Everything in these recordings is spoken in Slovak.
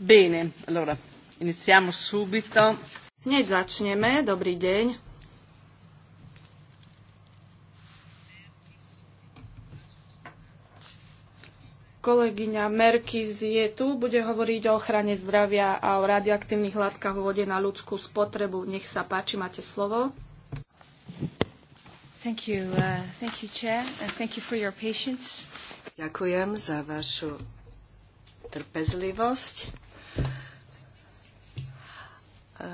Bene, allora, iniziamo subito. Hneď začneme. Dobrý deň. Kolegyňa Merkis je tu, bude hovoriť o ochrane zdravia a o radioaktívnych látkach v vode na ľudskú spotrebu. Nech sa páči, máte slovo. Thank you, uh, thank you, Chair, and thank you for your patience. Ďakujem za vašu trpezlivosť. Eh,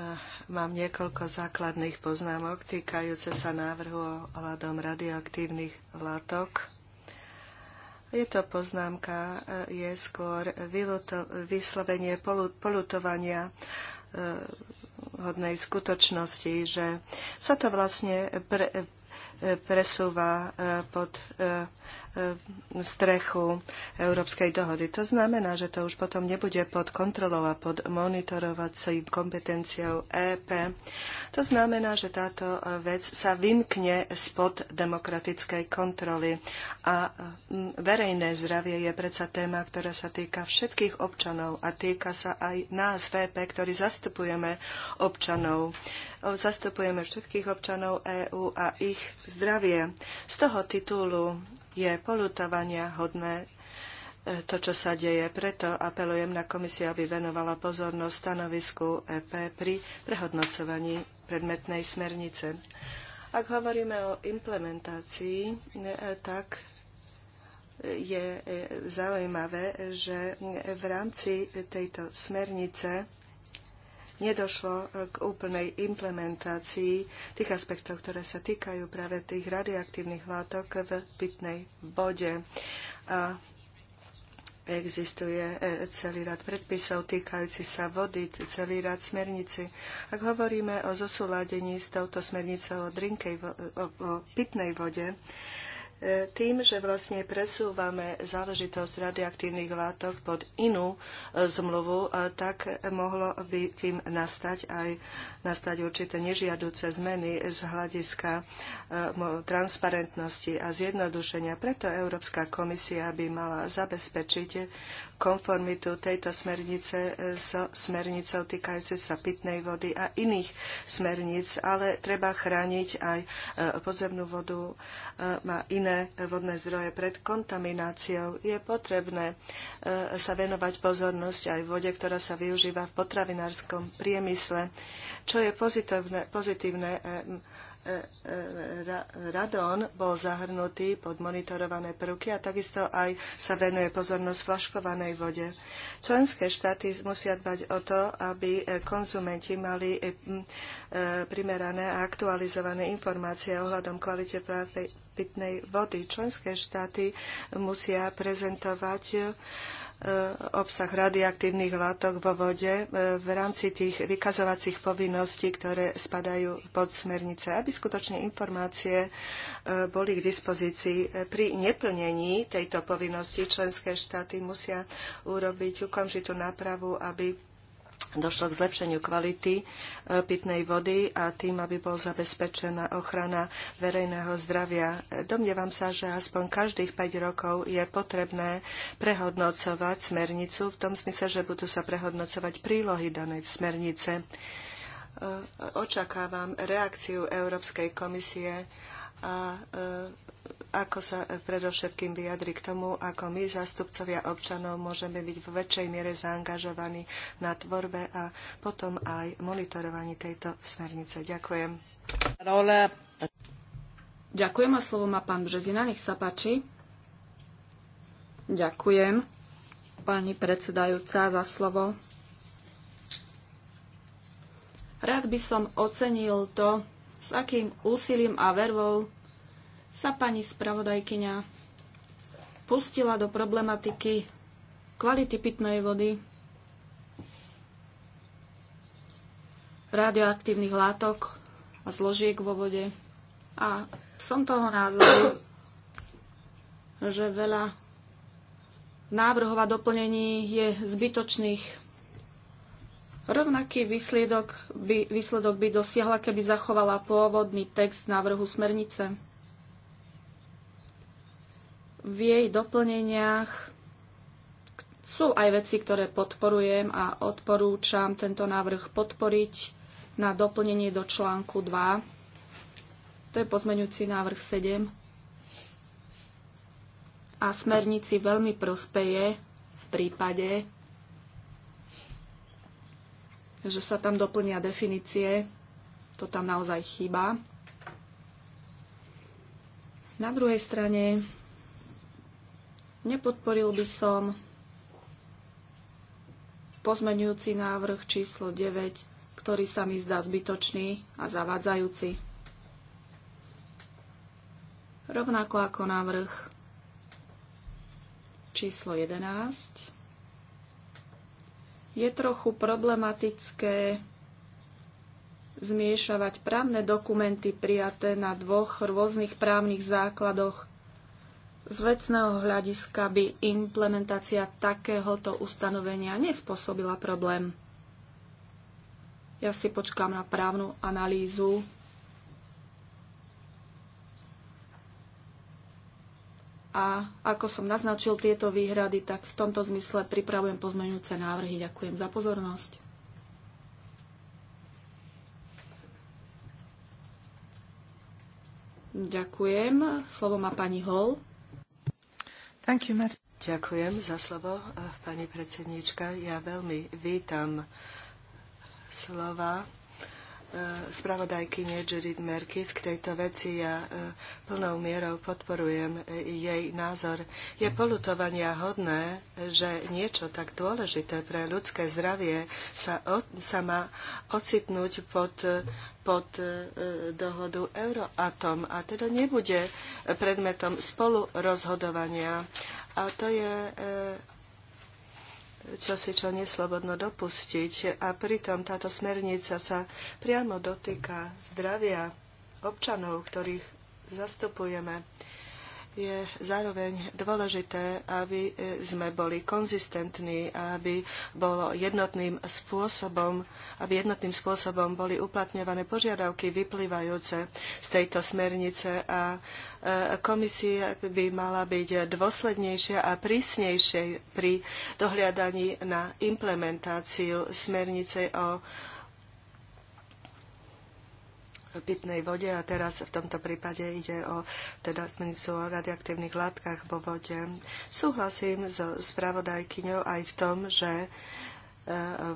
mám niekoľko základných poznámok týkajúce sa návrhu hľadom radioaktívnych látok. Je to poznámka, eh, je skôr vyluto, vyslovenie polutovania eh, hodnej skutočnosti, že sa to vlastne pre, presúva pod E, strechu Európskej dohody. To znamená, že to už potom nebude pod kontrolou a pod monitorovacím kompetenciou EP. To znamená, že táto vec sa vymkne spod demokratickej kontroly. A verejné zdravie je predsa téma, ktorá sa týka všetkých občanov a týka sa aj nás, VP, ktorí zastupujeme občanov zastupujeme všetkých občanov EÚ a ich zdravie. Z toho titulu je polutovania hodné e, to, čo sa deje. Preto apelujem na komisiu, aby venovala pozornosť stanovisku EP pri prehodnocovaní predmetnej smernice. Ak hovoríme o implementácii, e, tak je e, zaujímavé, že v rámci tejto smernice nedošlo e, k úplnej implementácii tých aspektov, ktoré sa týkajú práve tých radioaktívnych látok v pitnej vode. A existuje e, celý rad predpisov týkajúci sa vody, celý rad smernici. Ak hovoríme o zosúladení s touto smernicou o, drinkej, o, o pitnej vode, E, tým, že vlastne presúvame záležitosť radioaktívnych látok pod inú e, zmluvu, e, tak mohlo by tým nastať aj nastať určité nežiaduce zmeny z hľadiska transparentnosti a zjednodušenia. Preto Európska komisia by mala zabezpečiť konformitu tejto smernice e, so smernicou týkajúce sa pitnej vody a iných smerníc, ale treba chrániť aj e, podzemnú vodu a e, iné vodné zdroje pred kontamináciou. Je potrebné sa venovať pozornosť aj vode, ktorá sa využíva v potravinárskom priemysle, čo je pozitívne, pozitívne Radón bol zahrnutý pod monitorované prvky a takisto aj sa venuje pozornosť flaškovanej vode. Členské štáty musia dbať o to, aby konzumenti mali e, e, primerané a aktualizované informácie ohľadom kvalite pitnej vody. Členské štáty musia prezentovať E, obsah radioaktívnych látok vo vode e, v rámci tých vykazovacích povinností, ktoré spadajú pod smernice, aby skutočne informácie e, boli k dispozícii. Pri neplnení tejto povinnosti členské štáty musia urobiť okamžitú nápravu, aby došlo k zlepšeniu kvality e, pitnej vody a tým, aby bol zabezpečená ochrana verejného zdravia. E, domnievam sa, že aspoň každých 5 rokov je potrebné prehodnocovať smernicu v tom smysle, že budú sa prehodnocovať prílohy danej smernice. E, očakávam reakciu Európskej komisie a ako sa predovšetkým vyjadri k tomu, ako my, zástupcovia občanov, môžeme byť v väčšej miere zaangažovaní na tvorbe a potom aj monitorovaní tejto smernice. Ďakujem. Role. Ďakujem a slovo má pán Březina, nech sa páči. Ďakujem, pani predsedajúca, za slovo. Rád by som ocenil to, s akým úsilím a vervou sa pani spravodajkyňa pustila do problematiky kvality pitnej vody, radioaktívnych látok a zložiek vo vode. A som toho názoru, že veľa návrhov a doplnení je zbytočných. Rovnaký výsledok by, výsledok by dosiahla, keby zachovala pôvodný text návrhu smernice v jej doplneniach sú aj veci, ktoré podporujem a odporúčam tento návrh podporiť na doplnenie do článku 2. To je pozmeňujúci návrh 7. A smernici veľmi prospeje v prípade, že sa tam doplnia definície. To tam naozaj chýba. Na druhej strane Nepodporil by som pozmenujúci návrh číslo 9, ktorý sa mi zdá zbytočný a zavádzajúci. Rovnako ako návrh číslo 11 je trochu problematické zmiešavať právne dokumenty prijaté na dvoch rôznych právnych základoch. Z vecného hľadiska by implementácia takéhoto ustanovenia nespôsobila problém. Ja si počkám na právnu analýzu A ako som naznačil tieto výhrady, tak v tomto zmysle pripravujem pozmeňujúce návrhy. Ďakujem za pozornosť. Ďakujem. Slovo má pani Hol. Thank you, Ďakujem za slovo, eh, pani predsedníčka. Ja veľmi vítam slova spravodajkyne Judith Merkis k tejto veci. Ja e, plnou mierou podporujem e, jej názor. Je polutovania hodné, že niečo tak dôležité pre ľudské zdravie sa, o, sa má ocitnúť pod, pod e, dohodu Euroatom a teda nebude predmetom spolurozhodovania. A to je si čo neslobodno dopustiť. A pritom táto smernica sa priamo dotýka zdravia občanov, ktorých zastupujeme je zároveň dôležité, aby e, sme boli konzistentní, aby bolo jednotným spôsobom, aby jednotným spôsobom boli uplatňované požiadavky vyplývajúce z tejto smernice a e, komisia by mala byť dôslednejšia a prísnejšia pri dohľadaní na implementáciu smernice o pitnej vode a teraz v tomto prípade ide o teda smernicu o radioaktívnych látkach vo vode. Súhlasím so spravodajkyňou aj v tom, že e,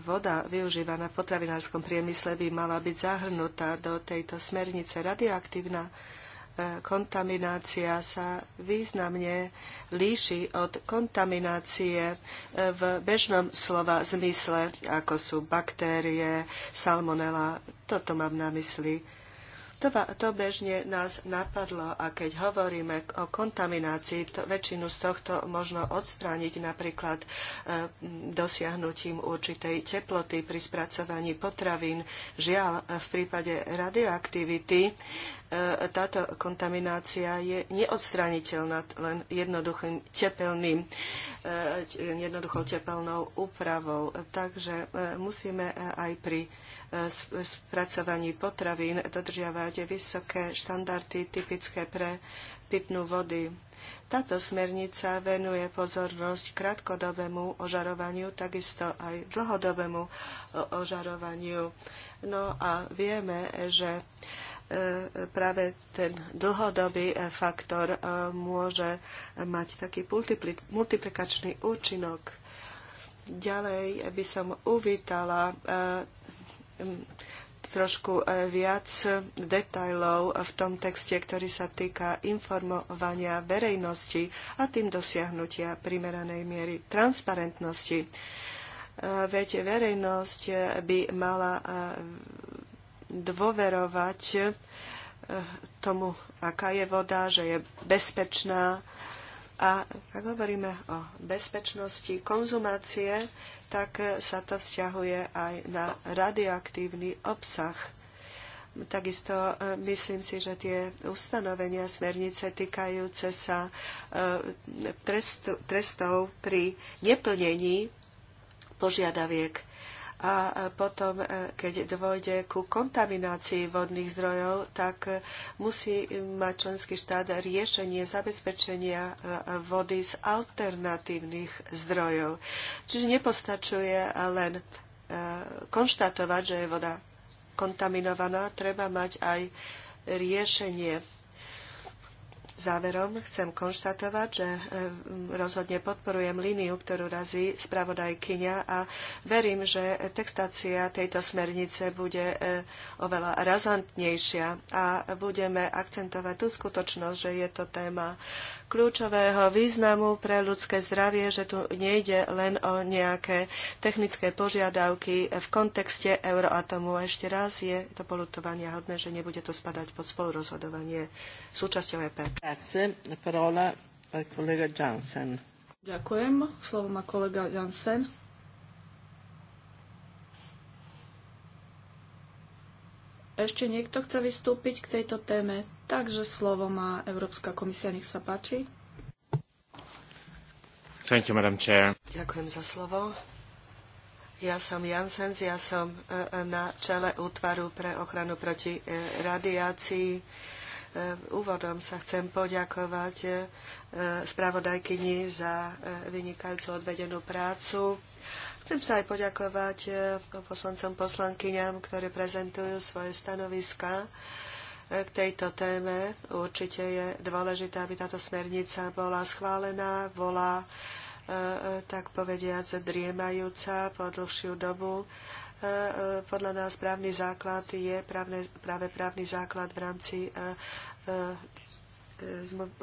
voda využívaná v potravinárskom priemysle by mala byť zahrnutá do tejto smernice. Radioaktívna e, kontaminácia sa významne líši od kontaminácie e, v bežnom slova zmysle, ako sú baktérie, salmonela, toto mám na mysli to, to bežne nás napadlo a keď hovoríme o kontaminácii, to, väčšinu z tohto možno odstrániť napríklad e, dosiahnutím určitej teploty pri spracovaní potravín. Žiaľ, v prípade radioaktivity e, E, táto kontaminácia je neodstraniteľná len jednoduchým tepelným, e, jednoduchou tepelnou úpravou. Takže e, musíme aj pri spracovaní potravín dodržiavať vysoké štandardy typické pre pitnú vody. Táto smernica venuje pozornosť krátkodobému ožarovaniu, takisto aj dlhodobému ožarovaniu. No a vieme, že E, práve ten dlhodobý e, faktor e, môže mať taký multiplikačný účinok. Ďalej by som uvítala trošku viac detajlov v tom texte, ktorý sa týka informovania verejnosti a tým dosiahnutia primeranej miery transparentnosti. Veď verejnosť by mala dôverovať e, tomu, aká je voda, že je bezpečná. A ak hovoríme o bezpečnosti konzumácie, tak sa to vzťahuje aj na radioaktívny obsah. Takisto e, myslím si, že tie ustanovenia smernice týkajúce sa e, trestov pri neplnení požiadaviek a potom, e, keď dôjde ku kontaminácii vodných zdrojov, tak e, musí mať členský štát riešenie zabezpečenia e, vody z alternatívnych zdrojov. Čiže nepostačuje len konštatovať, že je voda kontaminovaná, treba mať aj riešenie Záverom chcem konštatovať, že e, rozhodne podporujem líniu, ktorú razí spravodajkyňa a verím, že textácia tejto smernice bude e, oveľa razantnejšia a budeme akcentovať tú skutočnosť, že je to téma kľúčového významu pre ľudské zdravie, že tu nejde len o nejaké technické požiadavky v kontexte Euroatomu. A ešte raz je to polutovania hodné, že nebude to spadať pod spolurozhodovanie súčasťou EP. Ďakujem. Slovo má kolega Jansen. Ešte niekto chce vystúpiť k tejto téme? Takže slovo má Európska komisia, nech sa páči. Thank you, Madam Chair. Ďakujem za slovo. Ja som Jansens, ja som e, e, na čele útvaru pre ochranu proti e, radiácii. Úvodom sa chcem poďakovať spravodajkyni za vynikajúcu odvedenú prácu. Chcem sa aj poďakovať eh, poslancom, poslankyňam, ktorí prezentujú svoje stanoviska eh, k tejto téme. Určite je dôležité, aby táto smernica bola schválená, bola eh, tak povediac driemajúca po dlhšiu dobu. Podľa nás právny základ je právne, práve právny základ v rámci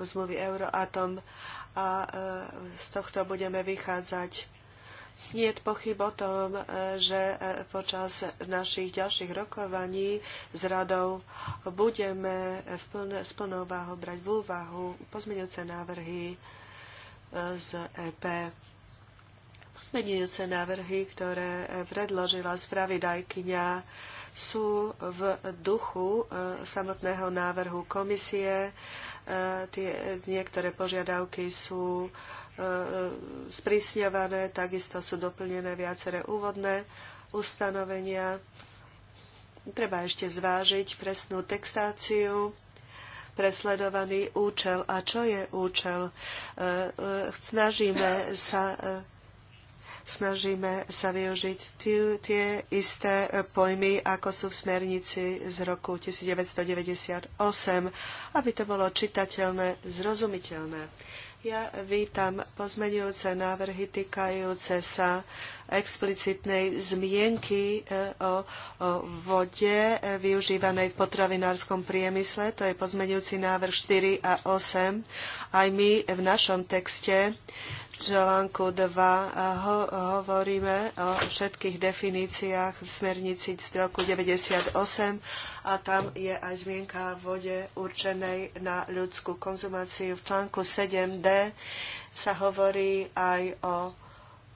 zmluvy Euroatom a z tohto budeme vychádzať nie je pochyb o tom, e, že e, počas našich ďalších rokovaní s radou budeme v pln- s plnou váhou brať v úvahu pozmeňujúce návrhy e, z EP. Pozmeňujúce návrhy, ktoré predložila spravidajkyňa, sú v duchu samotného návrhu komisie E, tie niektoré požiadavky sú e, e, sprísňované, takisto sú doplnené viaceré úvodné ustanovenia. Treba ešte zvážiť presnú textáciu, presledovaný účel a čo je účel. Snažíme sa snažíme sa využiť tie isté pojmy, ako sú v smernici z roku 1998, aby to bolo čitateľné, zrozumiteľné. Ja vítam pozmenujúce návrhy týkajúce sa uh, explicitnej zmienky e, o, vode e, využívanej v potravinárskom priemysle. To je pozmenujúci návrh 4 a 8. Aj my v našom texte článku 2 e, ho, hovoríme o všetkých definíciách v smernici z roku 98 a tam je aj zmienka v vode určenej na ľudskú konzumáciu. V článku 7d sa hovorí aj o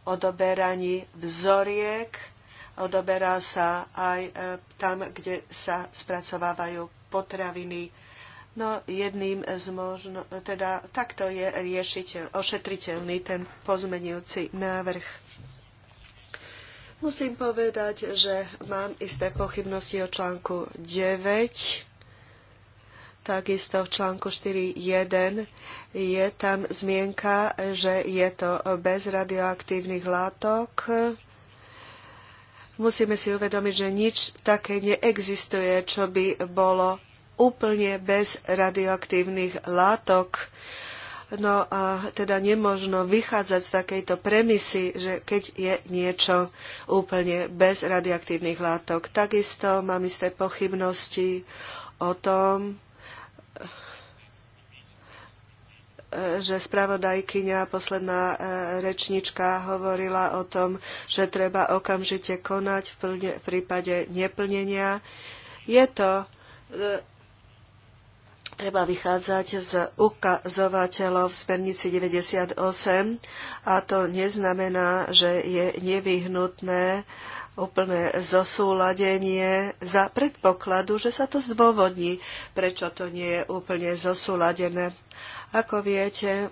odoberaní vzoriek, odoberá sa aj e, tam, kde sa spracovávajú potraviny. No jedným z možno, teda takto je riešiteľ, ošetriteľný ten pozmenujúci návrh. Musím povedať, že mám isté pochybnosti o článku 9 Takisto v článku 4.1 je tam zmienka, že je to bez radioaktívnych látok. Musíme si uvedomiť, že nič také neexistuje, čo by bolo úplne bez radioaktívnych látok. No a teda nemožno vychádzať z takejto premisy, že keď je niečo úplne bez radioaktívnych látok. Takisto mám isté pochybnosti o tom, že spravodajkyňa, posledná e, rečnička hovorila o tom, že treba okamžite konať v, plne, v prípade neplnenia. Je to, e, treba vychádzať z ukazovateľov v smernici 98 a to neznamená, že je nevyhnutné úplné zosúladenie za predpokladu, že sa to zdôvodní, prečo to nie je úplne zosúladené. Ako viete, e,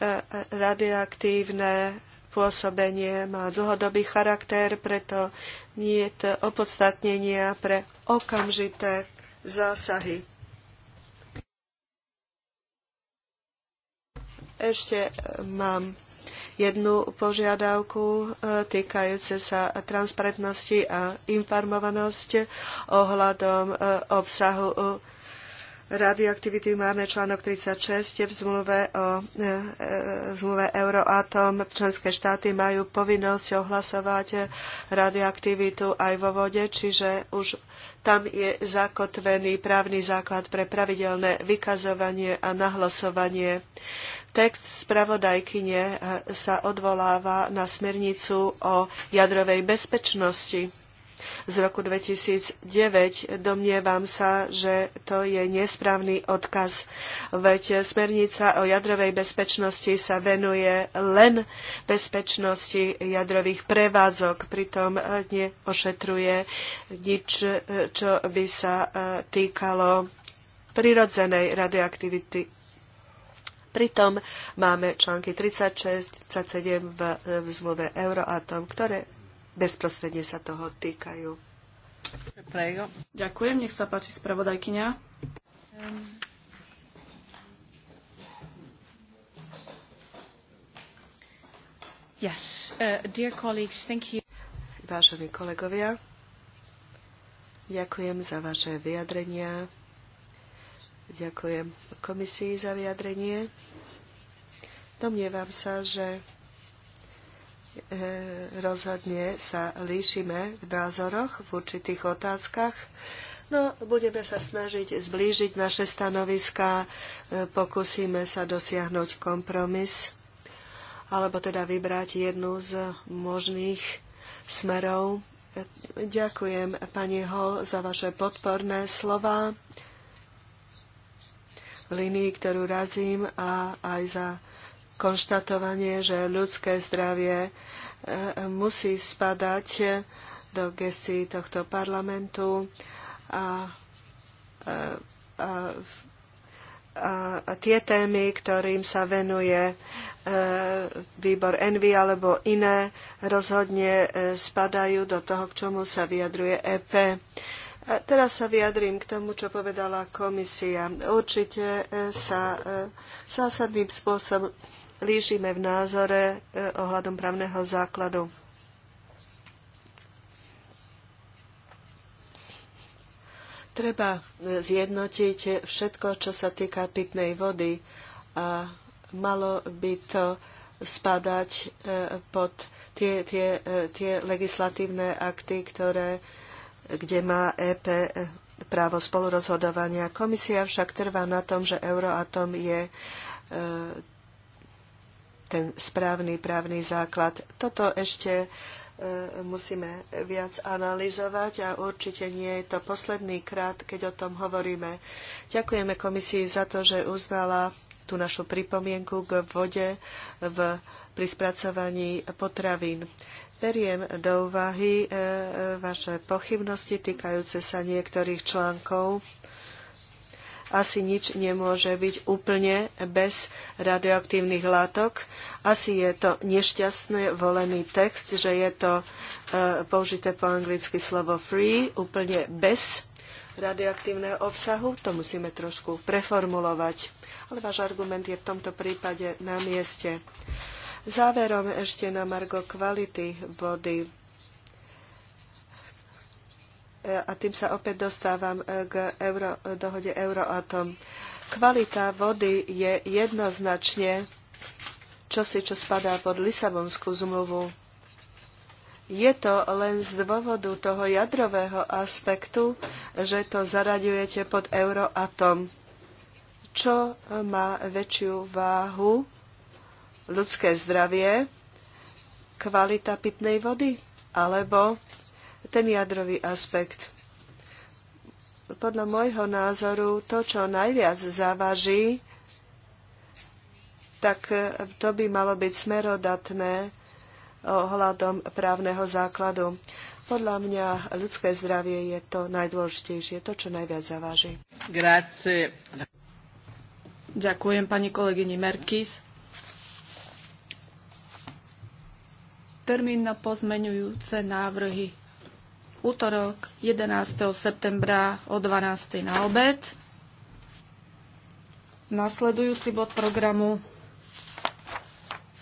e, radioaktívne pôsobenie má dlhodobý charakter, preto nie je to opodstatnenia pre okamžité zásahy. Ešte e, mám jednu požiadavku týkajúce sa transparentnosti a informovanosti ohľadom obsahu radioaktivity máme článok 36 v zmluve, o, e, e, v zmluve Euroatom. Členské štáty majú povinnosť ohlasovať radioaktivitu aj vo vode, čiže už tam je zakotvený právny základ pre pravidelné vykazovanie a nahlasovanie. Text spravodajkyne sa odvoláva na smernicu o jadrovej bezpečnosti z roku 2009. Domnievam sa, že to je nesprávny odkaz, veď smernica o jadrovej bezpečnosti sa venuje len bezpečnosti jadrových prevádzok, pritom neošetruje nič, čo by sa e, týkalo prirodzenej radioaktivity Pritom máme články 36, 37 v, e, v zmluve Euroatom, ktoré bezprostredne sa toho týkajú. Ďakujem, nech sa páči spravodajkynia. Yes, uh, dear colleagues, thank you. Vážení kolegovia, ďakujem za vaše vyjadrenia. Ďakujem komisii za vyjadrenie. Domnievam sa, že E, rozhodne sa líšime v názoroch v určitých otázkach. No, budeme sa snažiť zblížiť naše stanoviská, e, pokúsime sa dosiahnuť kompromis, alebo teda vybrať jednu z možných smerov. Ďakujem, pani Hol, za vaše podporné slova v linii, ktorú razím a aj za konštatovanie, že ľudské zdravie e, musí spadať do gestii tohto parlamentu a, e, a, a, a tie témy, ktorým sa venuje e, výbor Envy alebo iné, rozhodne spadajú do toho, k čomu sa vyjadruje EP. A teraz sa vyjadrím k tomu, čo povedala komisia. Určite sa zásadným spôsobom líšime v názore e, ohľadom právneho základu. Treba e, zjednotiť všetko, čo sa týka pitnej vody a malo by to spadať e, pod tie, tie, tie legislatívne akty, ktoré, kde má EP právo spolurozhodovania. Komisia však trvá na tom, že Euroatom je ten správny právny základ. Toto ešte e, musíme viac analyzovať a určite nie je to posledný krát, keď o tom hovoríme. Ďakujeme komisii za to, že uznala tú našu pripomienku k vode v, pri spracovaní potravín. Beriem do úvahy e, e, vaše pochybnosti týkajúce sa niektorých článkov asi nič nemôže byť úplne bez radioaktívnych látok. Asi je to nešťastne volený text, že je to e, použité po anglicky slovo free, úplne bez radioaktívneho obsahu. To musíme trošku preformulovať. Ale váš argument je v tomto prípade na mieste. Záverom ešte na margo kvality vody E, a tým sa opäť dostávam e, k euro, e, dohode Euroatom. Kvalita vody je jednoznačne čosi, čo spadá pod Lisabonskú zmluvu. Je to len z dôvodu toho jadrového aspektu, že to zaraďujete pod Euroatom, čo má väčšiu váhu ľudské zdravie, kvalita pitnej vody alebo ten jadrový aspekt. Podľa môjho názoru to, čo najviac závaží, tak e, to by malo byť smerodatné ohľadom právneho základu. Podľa mňa ľudské zdravie je to najdôležitejšie, to, čo najviac zaváži. Grazie. Ďakujem pani kolegyni Merkis. Termín na pozmeňujúce návrhy útorok 11. septembra o 12. na obed. Nasledujúci bod programu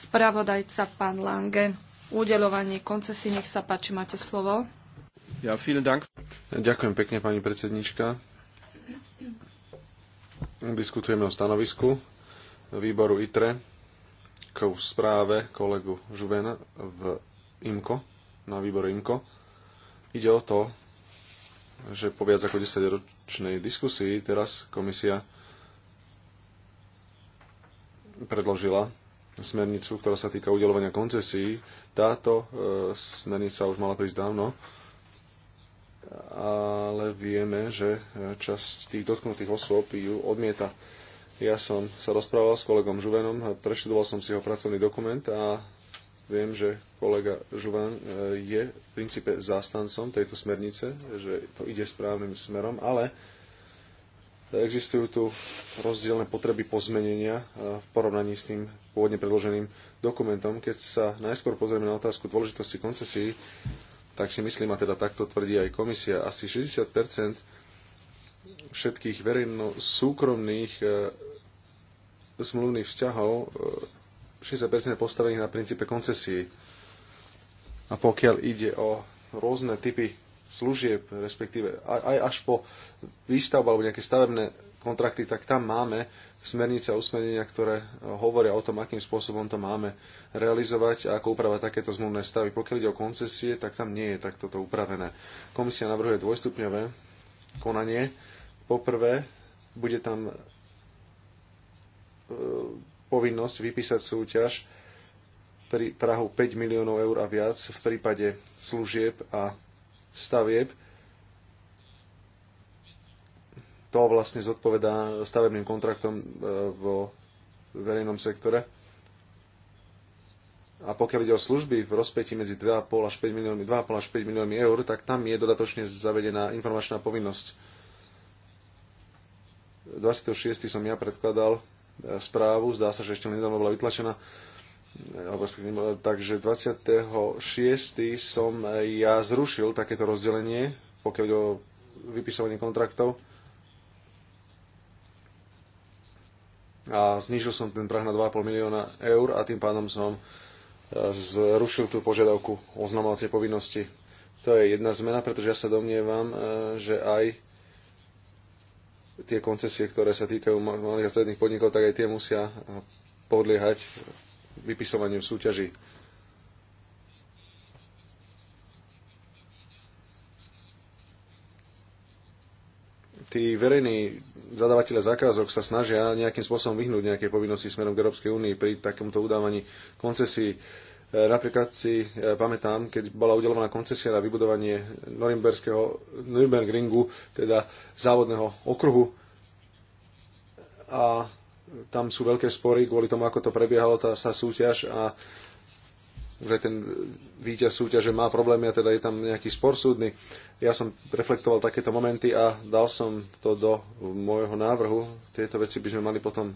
spravodajca pán Langen. Udelovanie koncesí, nech sa páči, máte slovo. Ja, vielen Dank. Ďakujem pekne, pani predsednička. Diskutujeme o stanovisku výboru ITRE k správe kolegu Žuvena v IMKO, na výbore IMKO Ide o to, že po viac ako 10-ročnej diskusii teraz komisia predložila smernicu, ktorá sa týka udelovania koncesí. Táto e, smernica už mala prísť dávno, ale vieme, že e, časť tých dotknutých osôb ju odmieta. Ja som sa rozprával s kolegom Žuvenom, preštudoval som si jeho pracovný dokument a Viem, že kolega Žuvan e, je v princípe zástancom tejto smernice, že to ide správnym smerom, ale existujú tu rozdielne potreby pozmenenia e, v porovnaní s tým pôvodne predloženým dokumentom. Keď sa najskôr pozrieme na otázku dôležitosti koncesií, tak si myslím, a teda takto tvrdí aj komisia, asi 60 všetkých verejno-súkromných e, zmluvných vzťahov 60% postavených na princípe koncesií. A pokiaľ ide o rôzne typy služieb, respektíve aj až po výstavbu alebo nejaké stavebné kontrakty, tak tam máme smernice a usmernenia, ktoré hovoria o tom, akým spôsobom to máme realizovať a ako upravať takéto zmluvné stavy. Pokiaľ ide o koncesie, tak tam nie je takto to upravené. Komisia navrhuje dvojstupňové konanie. Poprvé, bude tam e, povinnosť vypísať súťaž pri Prahu 5 miliónov eur a viac v prípade služieb a stavieb. To vlastne zodpovedá stavebným kontraktom e, vo verejnom sektore. A pokiaľ ide o služby v rozpätí medzi 2,5 až 5 miliónmi, 2,5 až 5 miliónmi eur, tak tam je dodatočne zavedená informačná povinnosť. 26. som ja predkladal správu. Zdá sa, že ešte nedávno bola vytlačená. E, Takže 26. som e, ja zrušil takéto rozdelenie, pokiaľ o vypisovanie kontraktov. A znížil som ten prah na 2,5 milióna eur a tým pádom som e, zrušil tú požiadavku oznamovacej povinnosti. To je jedna zmena, pretože ja sa domnievam, že aj tie koncesie, ktoré sa týkajú malých a stredných podnikov, tak aj tie musia e, podliehať vypisovaniu súťaží. Tí verejní zadavatelia zákazok sa snažia nejakým spôsobom vyhnúť nejakej povinnosti smerom k Európskej únii pri takomto udávaní koncesí Napríklad si e, pamätám, keď bola udelovaná koncesia na vybudovanie norimberského Nürburgringu, teda závodného okruhu. A tam sú veľké spory kvôli tomu, ako to prebiehalo, tá sa súťaž a že ten víťaz súťaže má problémy a teda je tam nejaký spor súdny. Ja som reflektoval takéto momenty a dal som to do môjho návrhu. Tieto veci by sme mali potom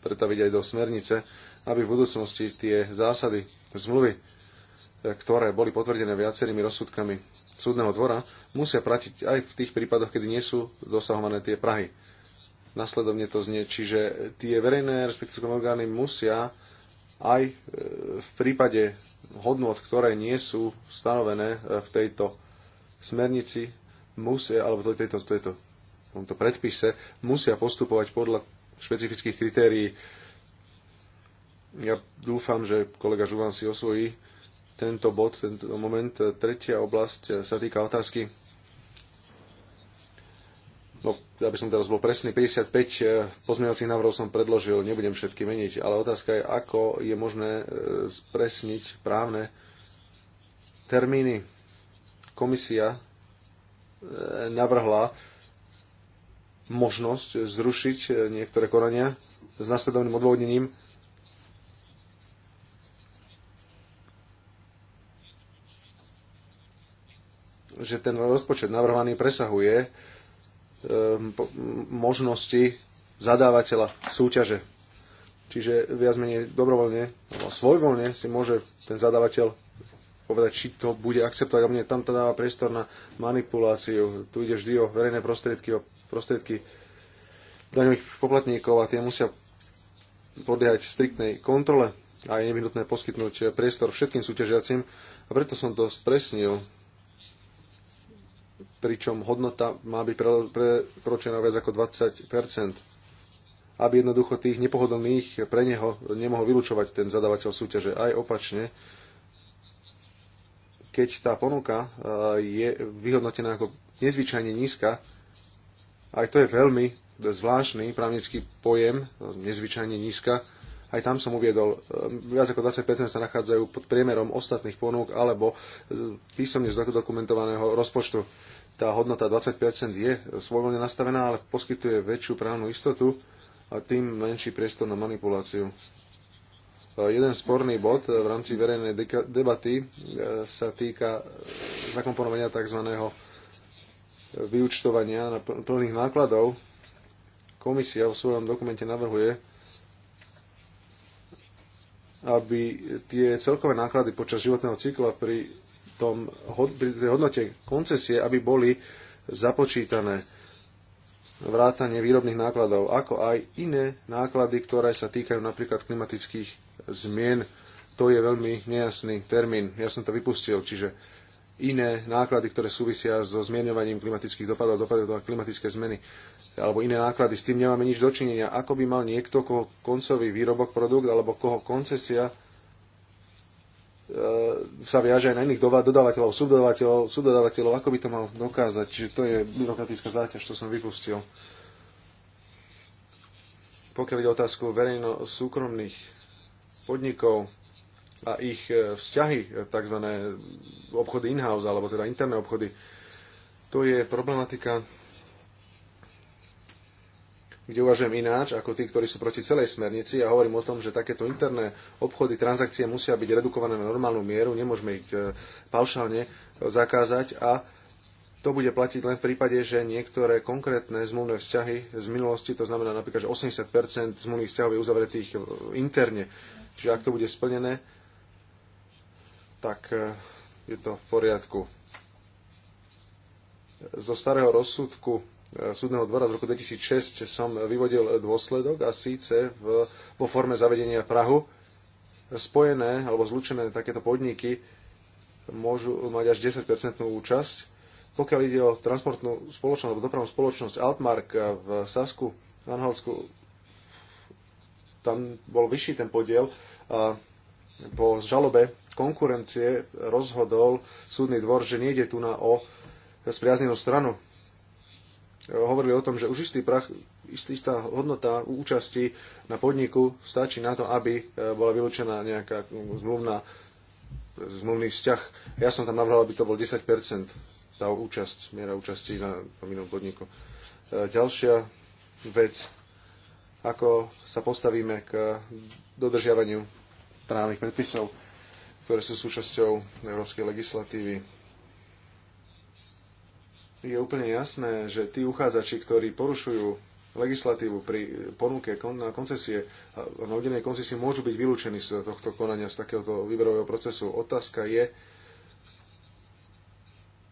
pretaviť aj do smernice, aby v budúcnosti tie zásady zmluvy, e, ktoré boli potvrdené viacerými rozsudkami súdneho dvora, musia platiť aj v tých prípadoch, kedy nie sú dosahované tie Prahy. Nasledovne to znie, čiže tie verejné respektíve orgány musia aj e, v prípade hodnot, ktoré nie sú stanovené e, v tejto smernici, musia, alebo v tejto, tejto, tomto predpise, musia postupovať podľa špecifických kritérií ja dúfam, že kolega Žuvan si osvojí tento bod, tento moment. Tretia oblasť sa týka otázky no, aby som teraz bol presný, 55 eh, pozmeňovacích návrhov som predložil, nebudem všetky meniť, ale otázka je, ako je možné eh, spresniť právne termíny. Komisia eh, navrhla možnosť zrušiť niektoré konania s následovným odvodnením že ten rozpočet navrhovaný presahuje e, možnosti zadávateľa súťaže. Čiže viac menej dobrovoľne, alebo svojvoľne si môže ten zadávateľ povedať, či to bude akceptovať. A mne tam to dáva priestor na manipuláciu. Tu ide vždy o verejné prostriedky, o prostriedky daňových poplatníkov a tie musia podliehať striktnej kontrole a je nevyhnutné poskytnúť priestor všetkým súťažiacim. A preto som to spresnil pričom hodnota má byť prekročená viac ako 20 aby jednoducho tých nepohodlných pre neho nemohol vylúčovať ten zadavateľ súťaže. Aj opačne, keď tá ponuka e, je vyhodnotená ako nezvyčajne nízka, aj to je veľmi zvláštny právnický pojem, nezvyčajne nízka, aj tam som uviedol, e, viac ako 20% sa nachádzajú pod priemerom ostatných ponúk alebo e, písomne dokumentovaného rozpočtu tá hodnota 20% je svojvoľne nastavená, ale poskytuje väčšiu právnu istotu a tým menší priestor na manipuláciu. Jeden sporný bod v rámci verejnej debaty e, sa týka e, zakomponovania tzv. vyučtovania na plných nákladov. Komisia v svojom dokumente navrhuje, aby tie celkové náklady počas životného cykla pri tom, pri tej hodnote koncesie, aby boli započítané vrátanie výrobných nákladov, ako aj iné náklady, ktoré sa týkajú napríklad klimatických zmien. To je veľmi nejasný termín. Ja som to vypustil, čiže iné náklady, ktoré súvisia so zmierňovaním klimatických dopadov, dopadov na klimatické zmeny, alebo iné náklady, s tým nemáme nič dočinenia. Ako by mal niekto, koho koncový výrobok, produkt, alebo koho koncesia E, sa viaže aj na iných dodávateľov, subdodávateľov, subdodávateľov, ako by to mal dokázať. Čiže to je byrokratická záťaž, čo som vypustil. Pokiaľ ide otázku verejno-súkromných podnikov a ich e, vzťahy, e, tzv. obchody in-house, alebo teda interné obchody, to je problematika kde uvažujem ináč ako tí, ktorí sú proti celej smernici a ja hovorím o tom, že takéto interné obchody, transakcie musia byť redukované na normálnu mieru, nemôžeme ich e, paušálne e, zakázať a to bude platiť len v prípade, že niektoré konkrétne zmluvné vzťahy z minulosti, to znamená napríklad, že 80 zmluvných vzťahov je uzavretých e, interne. Čiže ak to bude splnené, tak je to v poriadku. Zo starého rozsudku Eh, súdneho dvora z roku 2006 som vyvodil dôsledok a síce v, vo forme zavedenia Prahu spojené alebo zlučené takéto podniky môžu mať až 10-percentnú účasť. Pokiaľ ide o transportnú spoločnosť alebo dopravnú spoločnosť Altmark v Sasku, Anhalsku, tam bol vyšší ten podiel a po žalobe konkurencie rozhodol súdny dvor, že nejde tu na o spriaznenú stranu hovorili o tom, že už istý prach, istá hodnota účasti na podniku stačí na to, aby e, bola vylúčená nejaká zmluvná, zmluvný vzťah. Ja som tam navrhol, aby to bol 10% tá účasť, miera účasti na tom podniku. E, ďalšia vec, ako sa postavíme k dodržiavaniu právnych predpisov, ktoré sú súčasťou európskej legislatívy je úplne jasné, že tí uchádzači, ktorí porušujú legislatívu pri ponuke na koncesie, na udenej koncesie môžu byť vylúčení z tohto konania, z takéhoto výberového procesu. Otázka je,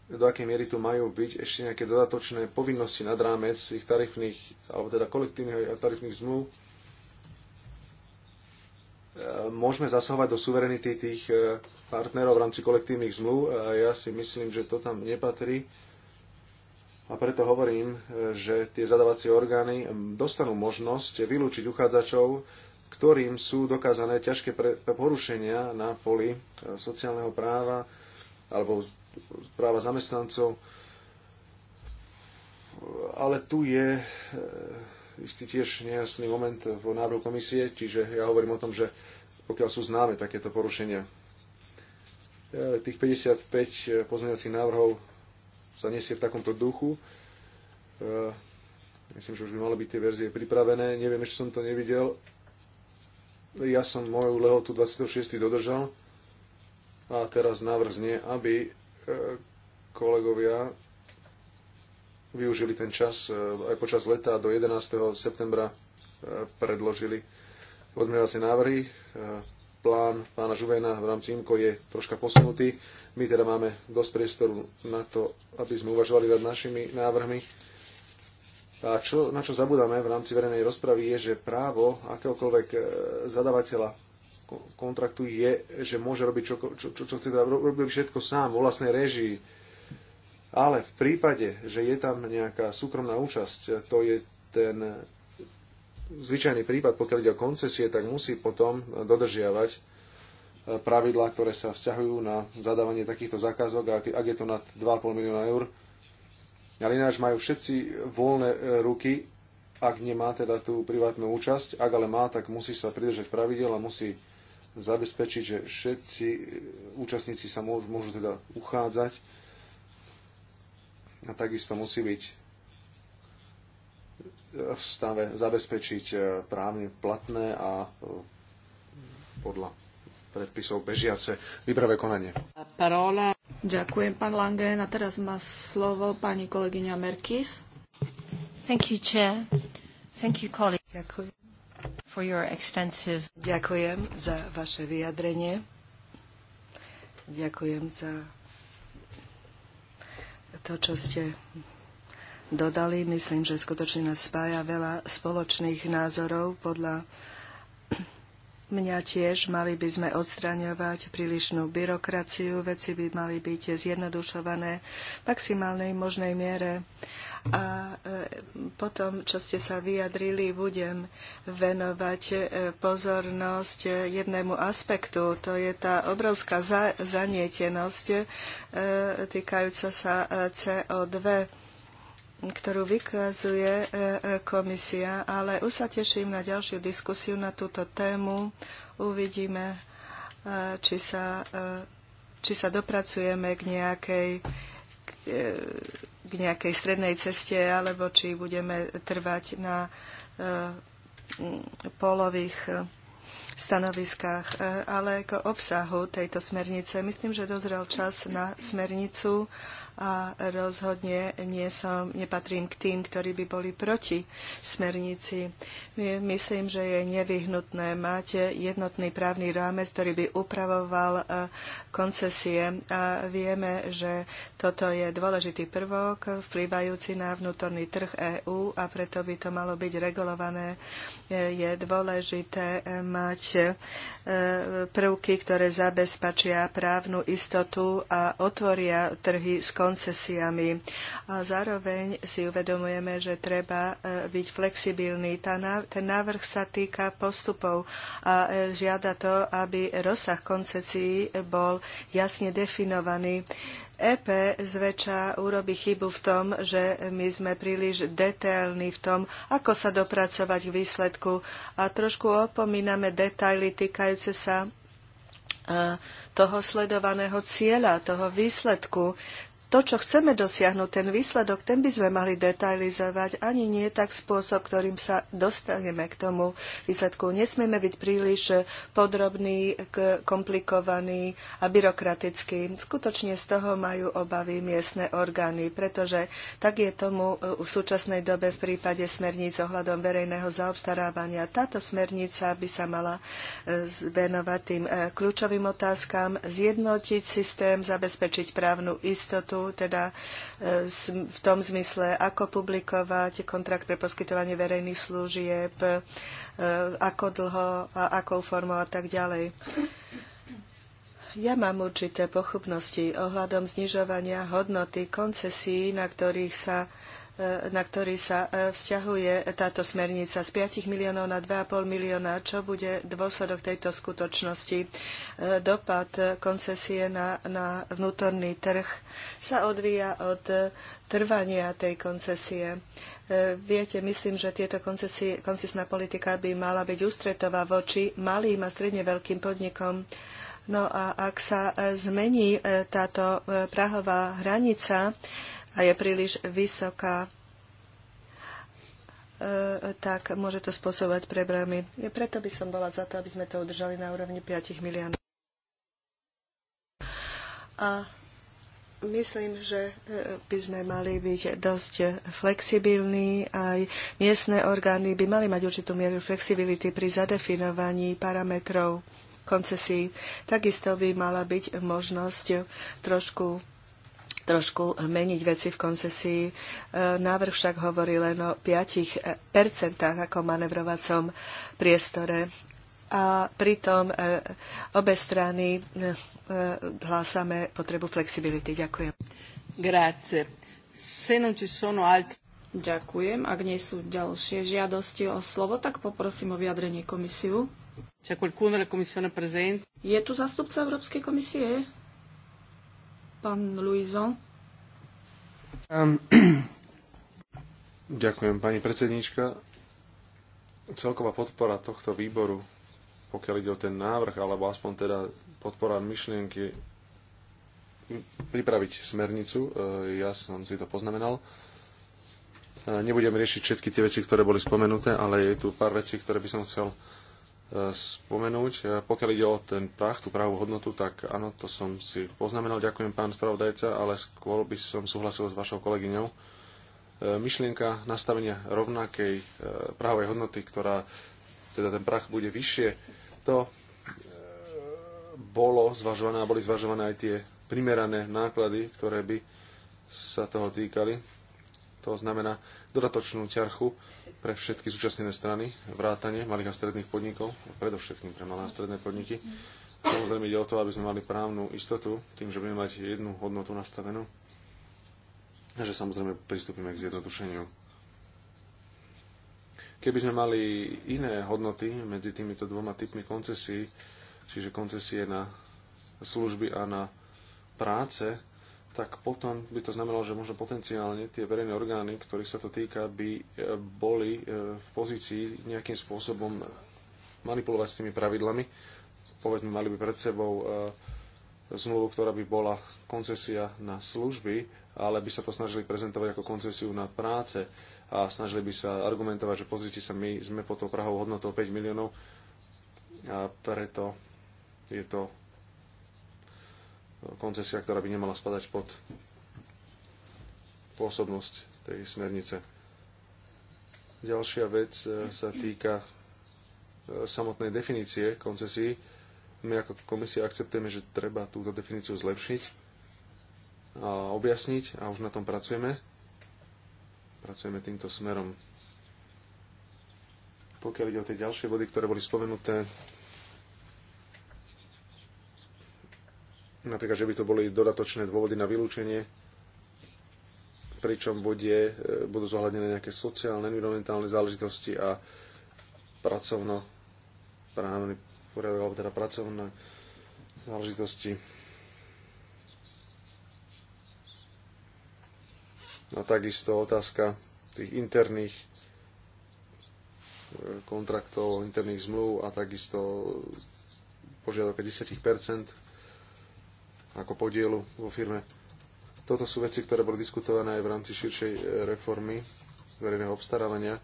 do akej miery tu majú byť ešte nejaké dodatočné povinnosti nad rámec ich tarifných, alebo teda kolektívnych a tarifných zmluv. Môžeme zasahovať do suverenity tých e, partnerov v rámci kolektívnych zmluv. Ja si myslím, že to tam nepatrí a preto hovorím, že tie zadávacie orgány dostanú možnosť vylúčiť uchádzačov, ktorým sú dokázané ťažké porušenia na poli e, sociálneho práva alebo práva zamestnancov. Ale tu je e, istý tiež nejasný moment vo návrhu komisie, čiže ja hovorím o tom, že pokiaľ sú známe takéto porušenia, e, tých 55 pozmeňovacích návrhov sa nesie v takomto duchu. E, myslím, že už by mali byť tie verzie pripravené. Neviem, ešte som to nevidel. Ja som moju lehotu 26. dodržal a teraz návrh znie, aby e, kolegovia využili ten čas e, aj počas leta do 11. septembra predložili pozmeňovacie návrhy plán pána Žuvena v rámci IMCO je troška posunutý. My teda máme dosť priestoru na to, aby sme uvažovali nad našimi návrhmi. A čo, na čo zabudáme v rámci verejnej rozpravy je, že právo akéhokoľvek e, zadavateľa kontraktu je, že môže robiť čo, čo, čo, čo chce, teda robiť všetko sám vo vlastnej režii. Ale v prípade, že je tam nejaká súkromná účasť, to je ten zvyčajný prípad, pokiaľ ide o koncesie, tak musí potom dodržiavať e, pravidlá, ktoré sa vzťahujú na zadávanie takýchto zákazok, ak, ak je to nad 2,5 milióna eur. Ale ináč majú všetci voľné e, ruky, ak nemá teda tú privátnu účasť, ak ale má, tak musí sa pridržať pravidel a musí zabezpečiť, že všetci e, účastníci sa môžu, môžu teda uchádzať a takisto musí byť v stave zabezpečiť e, právne platné a e, podľa predpisov bežiace výprave konanie. Parola. Ďakujem, pán Langen. A teraz má slovo pani kolegyňa Merkis. Thank you, chair. Thank you, colleague. Ďakujem. For your extensive... Ďakujem za vaše vyjadrenie. Ďakujem za to, čo ste dodali. Myslím, že skutočne nás spája veľa spoločných názorov. Podľa mňa tiež mali by sme odstraňovať prílišnú byrokraciu, veci by mali byť zjednodušované v maximálnej možnej miere. A e, potom, čo ste sa vyjadrili, budem venovať e, pozornosť e, jednému aspektu. To je tá obrovská zanietenosť týkajúca sa CO2 ktorú vykazuje e, e, komisia, ale už sa teším na ďalšiu diskusiu na túto tému. Uvidíme, e, či sa, či sa dopracujeme k nejakej, k nejakej strednej ceste, alebo či budeme trvať na polových stanoviskách, ale k obsahu tejto smernice. Myslím, že dozrel čas na smernicu a rozhodne nie som, nepatrím k tým, ktorí by boli proti smernici. Myslím, že je nevyhnutné mať jednotný právny rámec, ktorý by upravoval e, koncesie. A vieme, že toto je dôležitý prvok vplývajúci na vnútorný trh EÚ a preto by to malo byť regulované. E, je dôležité e, mať prvky, ktoré zabezpačia právnu istotu a otvoria trhy s kon- koncesiami. A zároveň si uvedomujeme, že treba e, byť flexibilný. Ten návrh sa týka postupov a e, žiada to, aby rozsah koncesií bol jasne definovaný. EP zväčša urobí chybu v tom, že my sme príliš detailní v tom, ako sa dopracovať k výsledku a trošku opomíname detaily týkajúce sa e, toho sledovaného cieľa, toho výsledku to, čo chceme dosiahnuť, ten výsledok, ten by sme mali detailizovať, ani nie tak spôsob, ktorým sa dostaneme k tomu výsledku. Nesmieme byť príliš podrobný, komplikovaný a byrokratický. Skutočne z toho majú obavy miestne orgány, pretože tak je tomu uh, v súčasnej dobe v prípade smerníc ohľadom verejného zaobstarávania. Táto smernica by sa mala uh, venovať tým uh, kľúčovým otázkam, zjednotiť systém, zabezpečiť právnu istotu, sú teda e, v tom zmysle, ako publikovať kontrakt pre poskytovanie verejných služieb, e, ako dlho a akou formou a tak ďalej. Ja mám určité pochybnosti ohľadom znižovania hodnoty koncesí, na ktorých sa E, na ktorý sa e, vzťahuje táto smernica z 5 miliónov na 2,5 milióna. Čo bude dôsledok tejto skutočnosti? E, dopad koncesie na, na vnútorný trh sa odvíja od trvania tej koncesie. Viete, myslím, že tieto koncesná politika by mala byť ústretová voči malým a stredne veľkým podnikom. No a ak sa zmení táto prahová hranica, a je príliš vysoká, e, tak môže to spôsobovať problémy. Preto by som bola za to, aby sme to udržali na úrovni 5 miliónov. A myslím, že e, by sme mali byť dosť flexibilní. Aj miestne orgány by mali mať určitú mieru flexibility pri zadefinovaní parametrov koncesí. Takisto by mala byť možnosť trošku trošku meniť veci v koncesii. E, návrh však hovorí len o 5% ako manevrovacom priestore. A pritom e, obe strany e, hlásame potrebu flexibility. Ďakujem. Grazie. Se non ci sono altri... Ďakujem. Ak nie sú ďalšie žiadosti o slovo, tak poprosím o vyjadrenie komisiu. Je tu zastupca Európskej komisie? Pán ďakujem, pani predsedníčka. Celková podpora tohto výboru, pokiaľ ide o ten návrh, alebo aspoň teda podpora myšlienky pripraviť smernicu, e, ja som si to poznamenal. E, nebudem riešiť všetky tie veci, ktoré boli spomenuté, ale je tu pár vecí, ktoré by som chcel spomenúť. E, pokiaľ ide o ten prach, tú pravú hodnotu, tak áno, to som si poznamenal. Ďakujem pán spravodajca, ale skôr by som súhlasil s vašou kolegyňou. E, myšlienka nastavenia rovnakej e, prahovej hodnoty, ktorá teda ten prach bude vyššie, to bolo zvažované a boli zvažované aj tie primerané náklady, ktoré by sa toho týkali. To znamená dodatočnú ťarchu pre všetky zúčastnené strany, vrátanie malých a stredných podnikov, predovšetkým pre malé a stredné podniky. Samozrejme ide o to, aby sme mali právnu istotu, tým, že budeme mať jednu hodnotu nastavenú, a že samozrejme pristúpime k zjednodušeniu. Keby sme mali iné hodnoty medzi týmito dvoma typmi koncesí, čiže koncesie na služby a na práce, tak potom by to znamenalo, že možno potenciálne tie verejné orgány, ktorých sa to týka, by e, boli e, v pozícii nejakým spôsobom manipulovať s tými pravidlami. Povedzme, mali by pred sebou e, zmluvu, ktorá by bola koncesia na služby, ale by sa to snažili prezentovať ako koncesiu na práce a snažili by sa argumentovať, že pozrite sa, my sme pod tou Prahou hodnotou 5 miliónov a preto je to koncesia, ktorá by nemala spadať pod pôsobnosť tej smernice. Ďalšia vec e, sa týka e, samotnej definície koncesí. My ako komisia akceptujeme, že treba túto definíciu zlepšiť a objasniť a už na tom pracujeme. Pracujeme týmto smerom. Pokiaľ ide o tie ďalšie body, ktoré boli spomenuté, Napríklad, že by to boli dodatočné dôvody na vylúčenie, pričom bude, e, budú zohľadnené nejaké sociálne, environmentálne záležitosti a pracovno právny poriadok, alebo teda pracovné záležitosti. A takisto otázka tých interných e, kontraktov, interných zmluv a takisto požiadavka 10 ako podielu vo firme. Toto sú veci, ktoré boli diskutované aj v rámci širšej e, reformy verejného obstarávania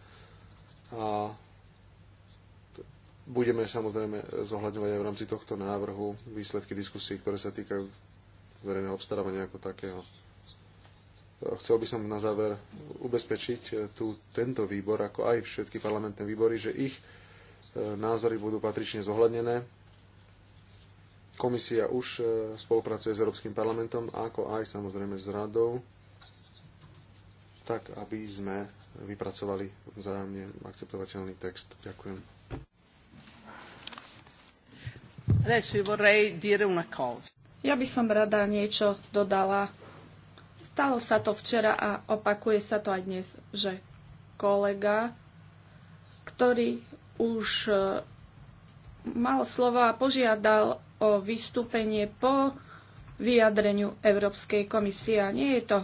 a budeme samozrejme e, zohľadňovať aj v rámci tohto návrhu výsledky diskusí, ktoré sa týkajú verejného obstarávania ako takého. E, chcel by som na záver ubezpečiť tu tento výbor, ako aj všetky parlamentné výbory, že ich názory budú patrične zohľadnené Komisia už e, spolupracuje s Európskym parlamentom, ako aj samozrejme s radou, tak aby sme vypracovali vzájomne akceptovateľný text. Ďakujem. Ja by som rada niečo dodala. Stalo sa to včera a opakuje sa to aj dnes, že kolega, ktorý už e, mal slova a požiadal o vystúpenie po vyjadreniu Európskej komisie. A nie je to...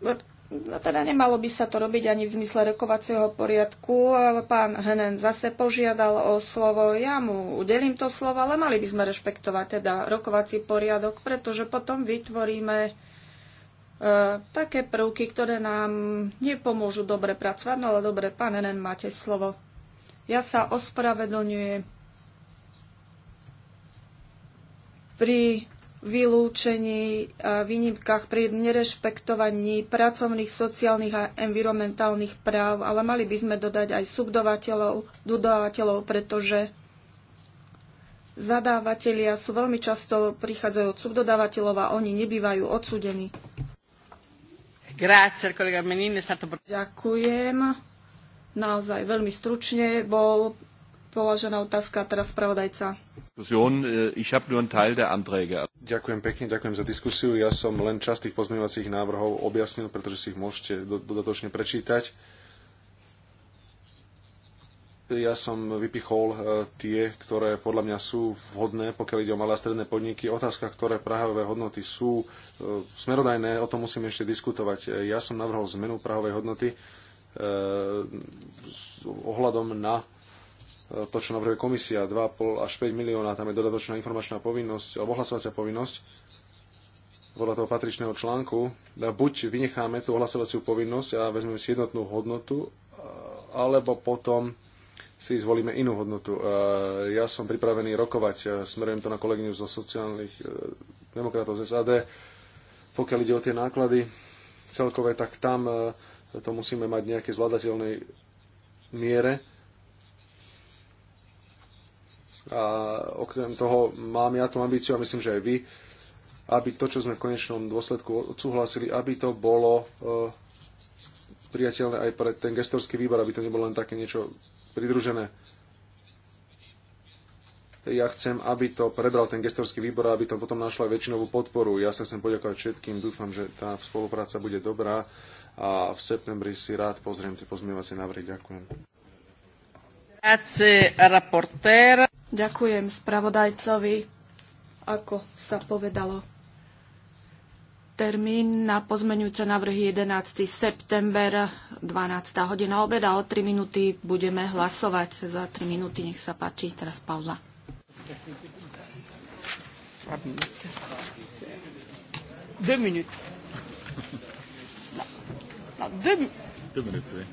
No, no teda nemalo by sa to robiť ani v zmysle rokovacieho poriadku, ale pán Henen zase požiadal o slovo. Ja mu udelím to slovo, ale mali by sme rešpektovať teda rokovací poriadok, pretože potom vytvoríme e, také prvky, ktoré nám nepomôžu dobre pracovať. No ale dobre, pán Henen, máte slovo. Ja sa ospravedlňujem. pri vylúčení, e, výnimkách pri nerešpektovaní pracovných, sociálnych a environmentálnych práv, ale mali by sme dodať aj subdovateľov, dodávateľov, pretože zadávateľia sú veľmi často prichádzajú od subdodávateľov a oni nebývajú odsúdení. Grazie, kolega Ďakujem. Naozaj veľmi stručne bol položená otázka teraz spravodajca. Äh, ďakujem pekne, ďakujem za diskusiu. Ja som len časť tých pozmeňovacích návrhov objasnil, pretože si ich môžete dodatočne prečítať. Ja som vypichol äh, tie, ktoré podľa mňa sú vhodné, pokiaľ ide o malé a stredné podniky. Otázka, ktoré prahové hodnoty sú äh, smerodajné, o tom musíme ešte diskutovať. Ja som navrhol zmenu prahovej hodnoty ohľadom na to, čo navrhuje komisia, 2,5 až 5 milióna, tam je dodatočná informačná povinnosť, alebo ohlasovacia povinnosť podľa toho patričného článku. Buď vynecháme tú ohlasovaciu povinnosť a vezmeme si jednotnú hodnotu, alebo potom si zvolíme inú hodnotu. Ja som pripravený rokovať, smerujem to na kolegyňu zo sociálnych e, demokratov z SAD, pokiaľ ide o tie náklady celkové, tak tam e, to musíme mať nejaké zvládateľnej miere a okrem toho mám ja tú ambíciu a myslím, že aj vy, aby to, čo sme v konečnom dôsledku odsúhlasili, aby to bolo e, priateľné aj pre ten gestorský výbor, aby to nebolo len také niečo pridružené. Ja chcem, aby to prebral ten gestorský výbor a aby to potom našlo aj väčšinovú podporu. Ja sa chcem poďakovať všetkým, dúfam, že tá spolupráca bude dobrá a v septembri si rád pozriem tie pozmievacie návrhy. Ďakujem. Grazie, Ďakujem spravodajcovi, ako sa povedalo. Termín na pozmeňujúce návrhy 11. september, 12. hodina obeda. O 3 minúty budeme hlasovať. Za 3 minúty nech sa páči. Teraz pauza. Dve minúty. Dve minúty. Dve minúty. Dve minúty.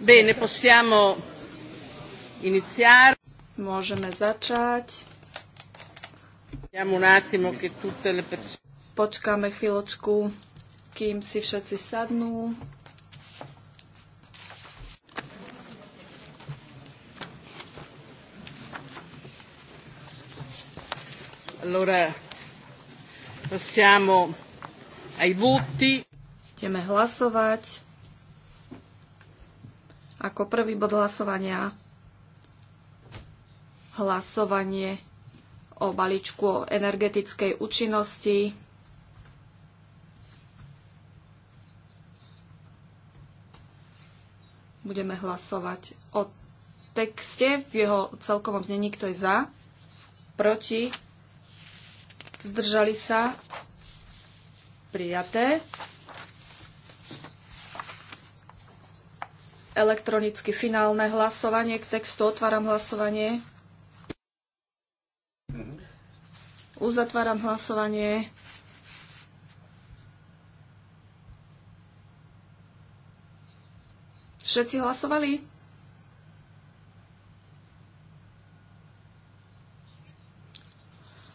Bene, possiamo iniziare. Môžeme začať. Počkáme chvíľočku, kým si všetci sadnú. Allora, passiamo ai voti. Ideme hlasovať ako prvý bod hlasovania hlasovanie o balíčku o energetickej účinnosti. Budeme hlasovať o texte v jeho celkovom znení, kto je za, proti, zdržali sa, prijaté. elektronicky finálne hlasovanie k textu. Otváram hlasovanie. Uzatváram hlasovanie. Všetci hlasovali?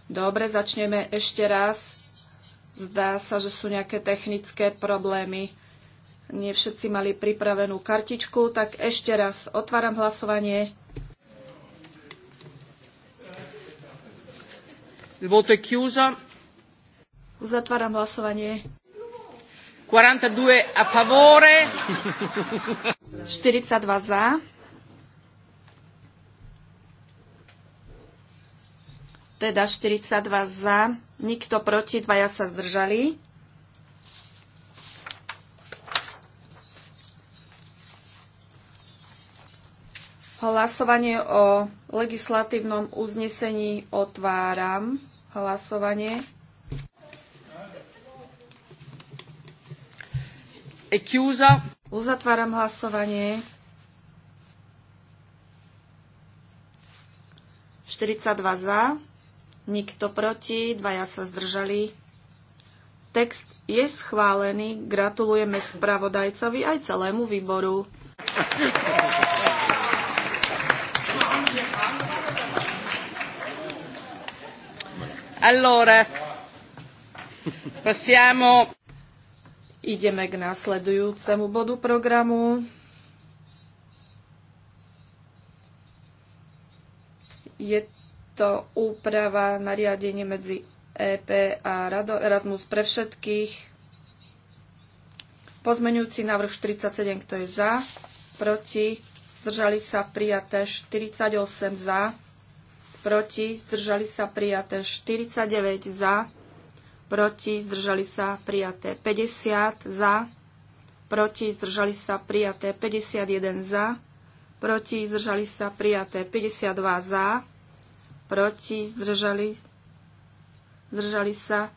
Dobre, začneme ešte raz. Zdá sa, že sú nejaké technické problémy nie všetci mali pripravenú kartičku, tak ešte raz otváram hlasovanie. Uzatváram hlasovanie. 42 a favore. 42 za. Teda 42 za, nikto proti, dvaja sa zdržali. Hlasovanie o legislatívnom uznesení otváram. Hlasovanie. Ekiúza. Uzatváram hlasovanie. 42 za, nikto proti, dvaja sa zdržali. Text je schválený. Gratulujeme spravodajcovi aj celému výboru. Allora, possiamo... Ideme k následujúcemu bodu programu. Je to úprava nariadenie medzi EP a Rado Erasmus pre všetkých. Pozmenujúci návrh 47, kto je za, proti, zdržali sa prijaté 48 za proti, zdržali sa prijaté 49 za, proti, zdržali sa prijaté 50 za, proti, zdržali sa prijaté 51 za, proti, zdržali sa prijaté 52 za, proti, zdržali, zdržali sa.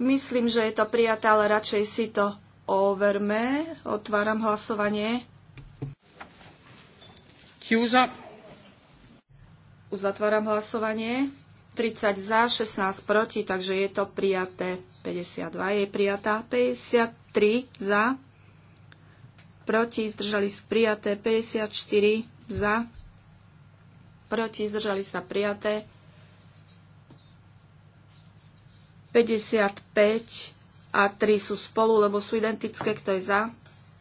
Myslím, že je to prijaté, ale radšej si to overme. Otváram hlasovanie. Chiusa. Uzatváram hlasovanie. 30 za, 16 proti, takže je to prijaté. 52 je prijatá. 53 za, proti, zdržali sa prijaté. 54 za, proti, zdržali sa prijaté. 55 a 3 sú spolu, lebo sú identické. Kto je za?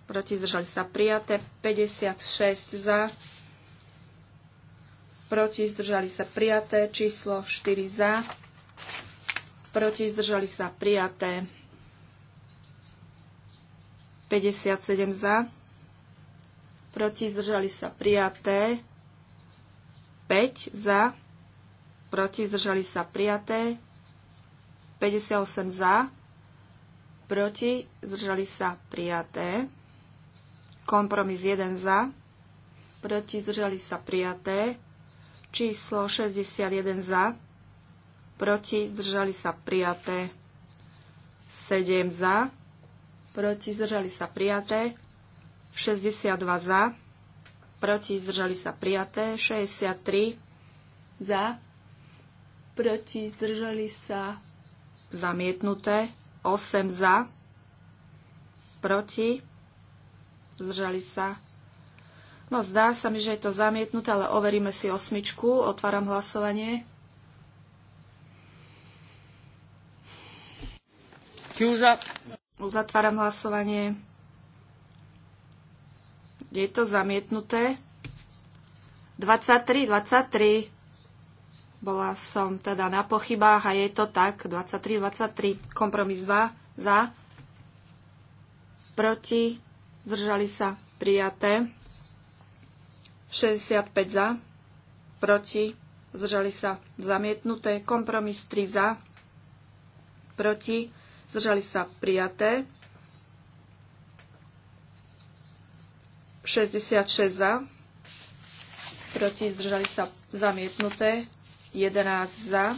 Proti, zdržali sa prijaté. 56 za, proti, zdržali sa prijaté, číslo 4 za, proti, zdržali sa prijaté, 57 za, proti, zdržali sa prijaté, 5 za, proti, zdržali sa prijaté, 58 za, proti, zdržali sa prijaté, kompromis 1 za, proti, zdržali sa prijaté, Číslo 61 za, proti, zdržali sa prijaté. 7 za, proti, zdržali sa prijaté. 62 za, proti, zdržali sa prijaté. 63 za, proti, zdržali sa zamietnuté. 8 za, proti, zdržali sa prijaté No zdá sa mi, že je to zamietnuté, ale overíme si osmičku. Otváram hlasovanie. Kiuža. Uzatváram hlasovanie. Je to zamietnuté. 23, 23. Bola som teda na pochybách a je to tak. 23, 23. Kompromis 2 za. Proti. Zdržali sa prijaté. 65 za, proti, zdržali sa zamietnuté, kompromis 3 za, proti, zdržali sa prijaté, 66 za, proti, zdržali sa zamietnuté, 11 za,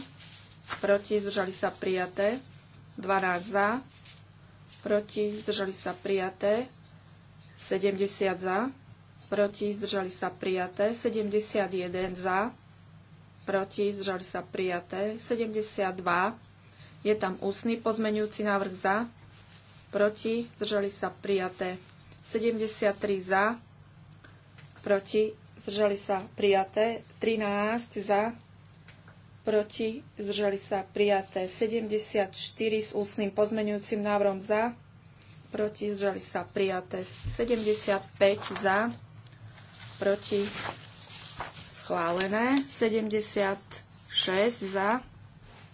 proti, zdržali sa prijaté, 12 za, proti, zdržali sa prijaté, 70 za, proti, zdržali sa prijaté, 71 za, proti, zdržali sa prijaté, 72, je tam ústny pozmenujúci návrh za, proti, zdržali sa prijaté, 73 za, proti, zdržali sa prijaté, 13 za, proti, zdržali sa prijaté, 74 s ústnym pozmenujúcim návrhom za, proti, zdržali sa prijaté, 75 za, proti, schválené. 76 za,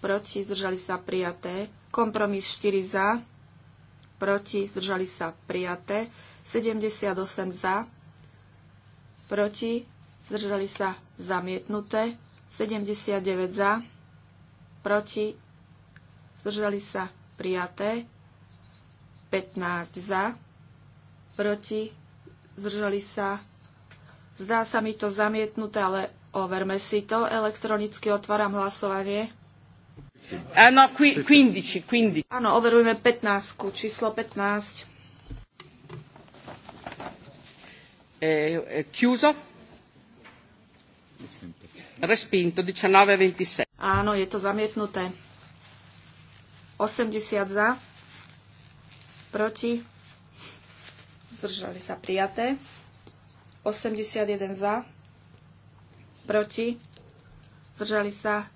proti, zdržali sa prijaté. Kompromis 4 za, proti, zdržali sa prijaté. 78 za, proti, zdržali sa zamietnuté. 79 za, proti, zdržali sa prijaté. 15 za, proti, zdržali sa Zdá sa mi to zamietnuté, ale overme si to. Elektronicky otváram hlasovanie. Eh, no, Áno, 15, 15. Áno, overujme 15, číslo 15. Eh, eh, chiuso. Respinto 19 e Áno, je to zamietnuté. 80 za, proti, zdržali sa prijaté. 81 za, proti, zdržali sa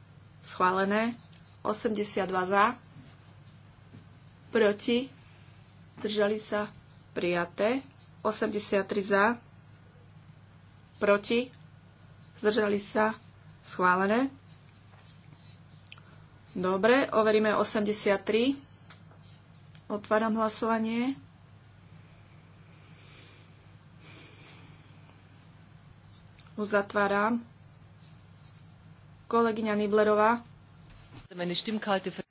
schválené, 82 za, proti, zdržali sa prijaté, 83 za, proti, zdržali sa schválené. Dobre, overíme 83. Otváram hlasovanie. uzatváram. Kolegyňa Niblerová.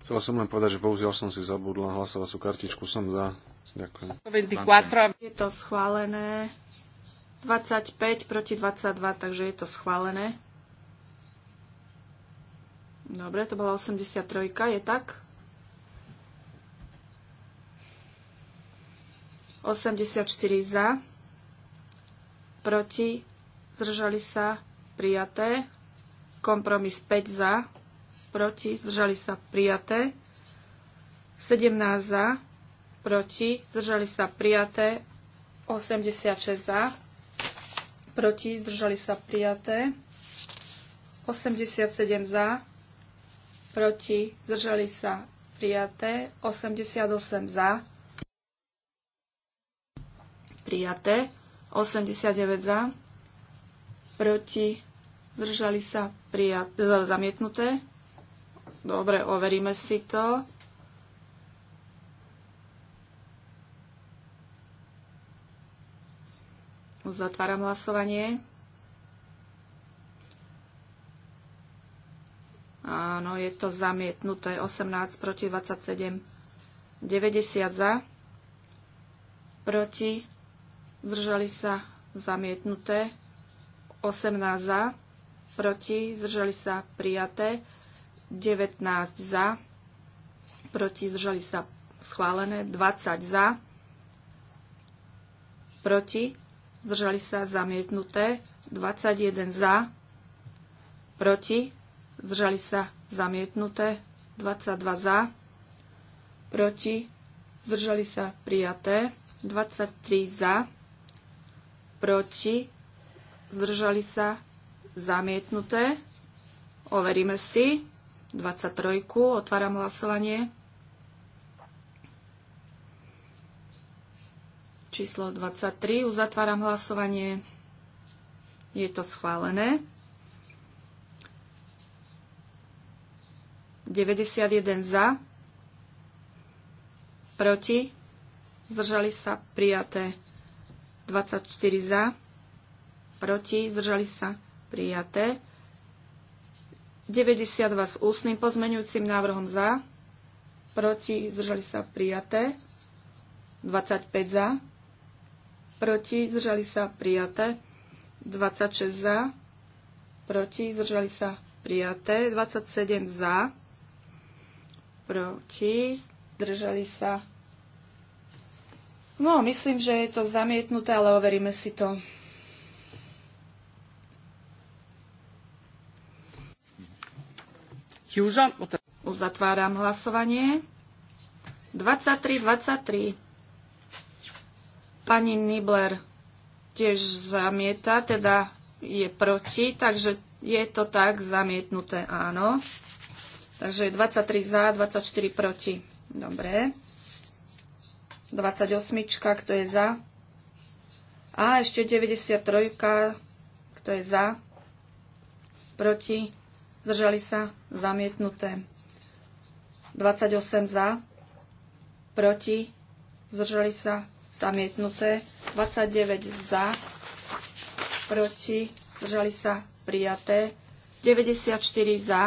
Chcela som len povedať, že bohužiaľ som si zabudla hlasovacú kartičku, som za. Ďakujem. Je to schválené. 25 proti 22, takže je to schválené. Dobre, to bola 83, je tak? 84 za, proti zdržali sa, prijaté. Kompromis 5 za, proti, zdržali sa, prijaté. 17 za, proti, zdržali sa, prijaté. 86 za, proti, zdržali sa, prijaté. 87 za, proti, zdržali sa, prijaté. 88 za, prijaté. 89 za, proti, zdržali sa prijat, zamietnuté. Dobre, overíme si to. Zatváram hlasovanie. Áno, je to zamietnuté. 18 proti 27. 90 za. Proti. Zdržali sa zamietnuté. 18 za, proti, zdržali sa prijaté, 19 za, proti, zdržali sa schválené, 20 za, proti, zdržali sa zamietnuté, 21 za, proti, zdržali sa zamietnuté, 22 za, proti, zdržali sa prijaté, 23 za, proti, zdržali sa, zamietnuté. Overíme si 23. Otváram hlasovanie. Číslo 23. Uzatváram hlasovanie. Je to schválené. 91 za, proti, zdržali sa prijaté 24 za, proti, zdržali sa prijaté. 92 s ústnym pozmenujúcim návrhom za, proti, zdržali sa prijaté. 25 za, proti, zdržali sa prijaté. 26 za, proti, zdržali sa prijaté. 27 za, proti, zdržali sa. No, myslím, že je to zamietnuté, ale overíme si to. Hughesom. Uzatváram hlasovanie. 23, 23. Pani Nibler tiež zamieta, teda je proti, takže je to tak zamietnuté, áno. Takže 23 za, 24 proti. Dobre. 28, kto je za? A ešte 93, kto je za? Proti? zdržali sa, zamietnuté. 28 za, proti, zdržali sa, zamietnuté. 29 za, proti, zdržali sa, prijaté. 94 za,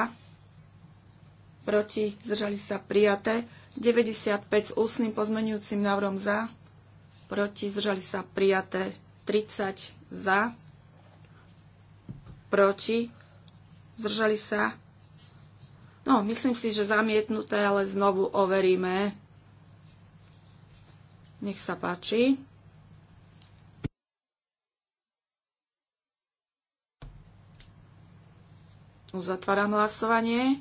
proti, zdržali sa, prijaté. 95 s ústnym pozmenujúcim návrhom za, proti, zdržali sa, prijaté. 30 za, proti, Zdržali sa? No, myslím si, že zamietnuté, ale znovu overíme. Nech sa páči. Uzatváram hlasovanie.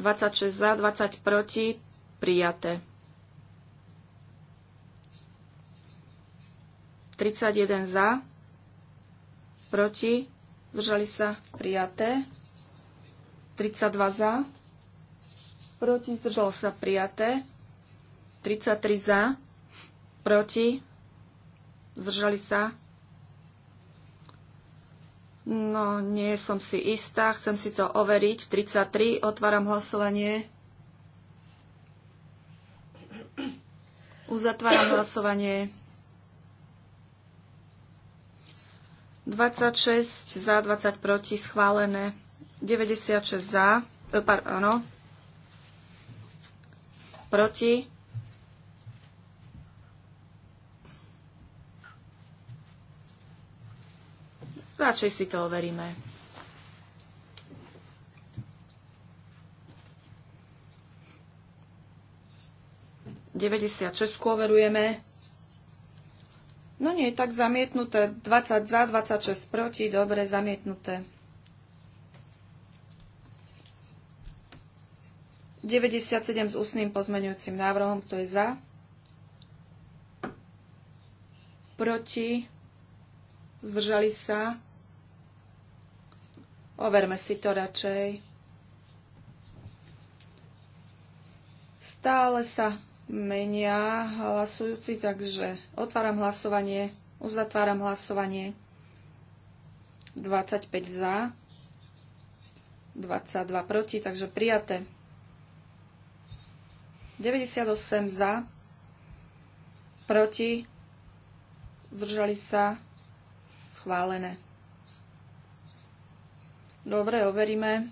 26 za, 20 proti, prijaté. 31 za, proti, zdržali sa prijaté, 32 za, proti, zdržalo sa prijaté, 33 za, proti, zdržali sa. No, nie som si istá, chcem si to overiť. 33, otváram hlasovanie. Uzatváram hlasovanie. 26 za, 20 proti, schválené. 96 za, e, par, áno, proti. Radšej si to overíme. Deväťdesiat šestku overujeme. No nie, tak zamietnuté. 20 za, 26 proti. Dobre, zamietnuté. 97 s ústnym pozmeňujúcim návrhom. Kto je za? Proti? Zdržali sa? Overme si to radšej. Stále sa menia hlasujúci, takže otváram hlasovanie, uzatváram hlasovanie. 25 za, 22 proti, takže prijaté. 98 za, proti, zdržali sa, schválené. Dobre, overíme.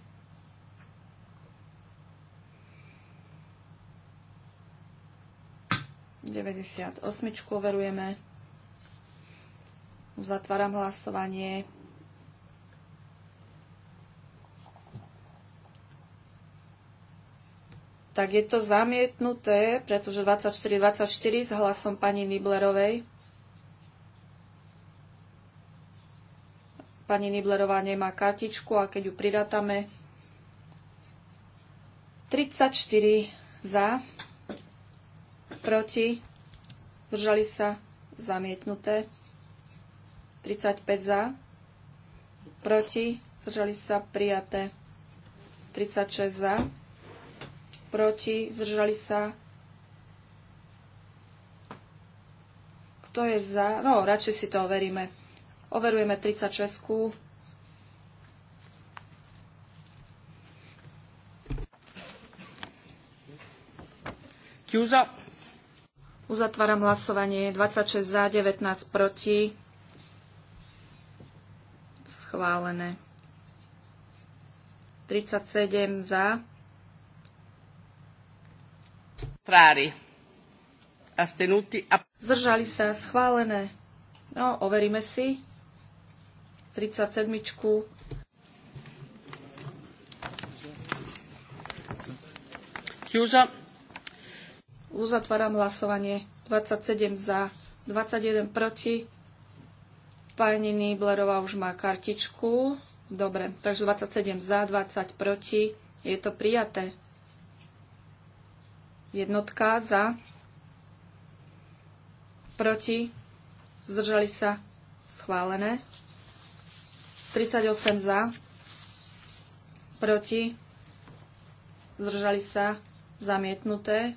98 overujeme. Uzatváram hlasovanie. Tak je to zamietnuté, pretože 24-24 s hlasom pani Niblerovej. Pani Niblerová nemá kartičku a keď ju prirátame, 34 za, proti, zdržali sa, zamietnuté. 35 za, proti, zdržali sa, prijaté. 36 za, proti, zdržali sa. Kto je za? No, radšej si to overíme. Overujeme 36. Kiuza. Chiusa. Uzatváram hlasovanie 26 za, 19 proti. Schválené. 37 za. Trári. Astenuti. A... Zdržali sa. Schválené. No, overíme si. 37. Chiusa. Uzatváram hlasovanie. 27 za, 21 proti. Pani Niblerová už má kartičku. Dobre, takže 27 za, 20 proti. Je to prijaté. Jednotka za, proti, zdržali sa, schválené. 38 za, proti, zdržali sa, zamietnuté.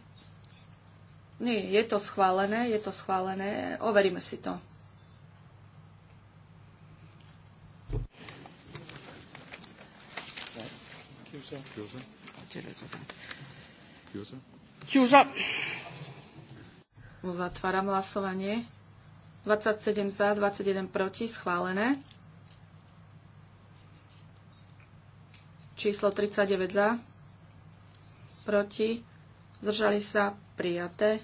Nie, je to schválené, je to schválené. Overíme si to. Chiusa. Zatváram hlasovanie. 27 za, 21 proti, schválené. Číslo 39 za, proti, zdržali sa prijaté.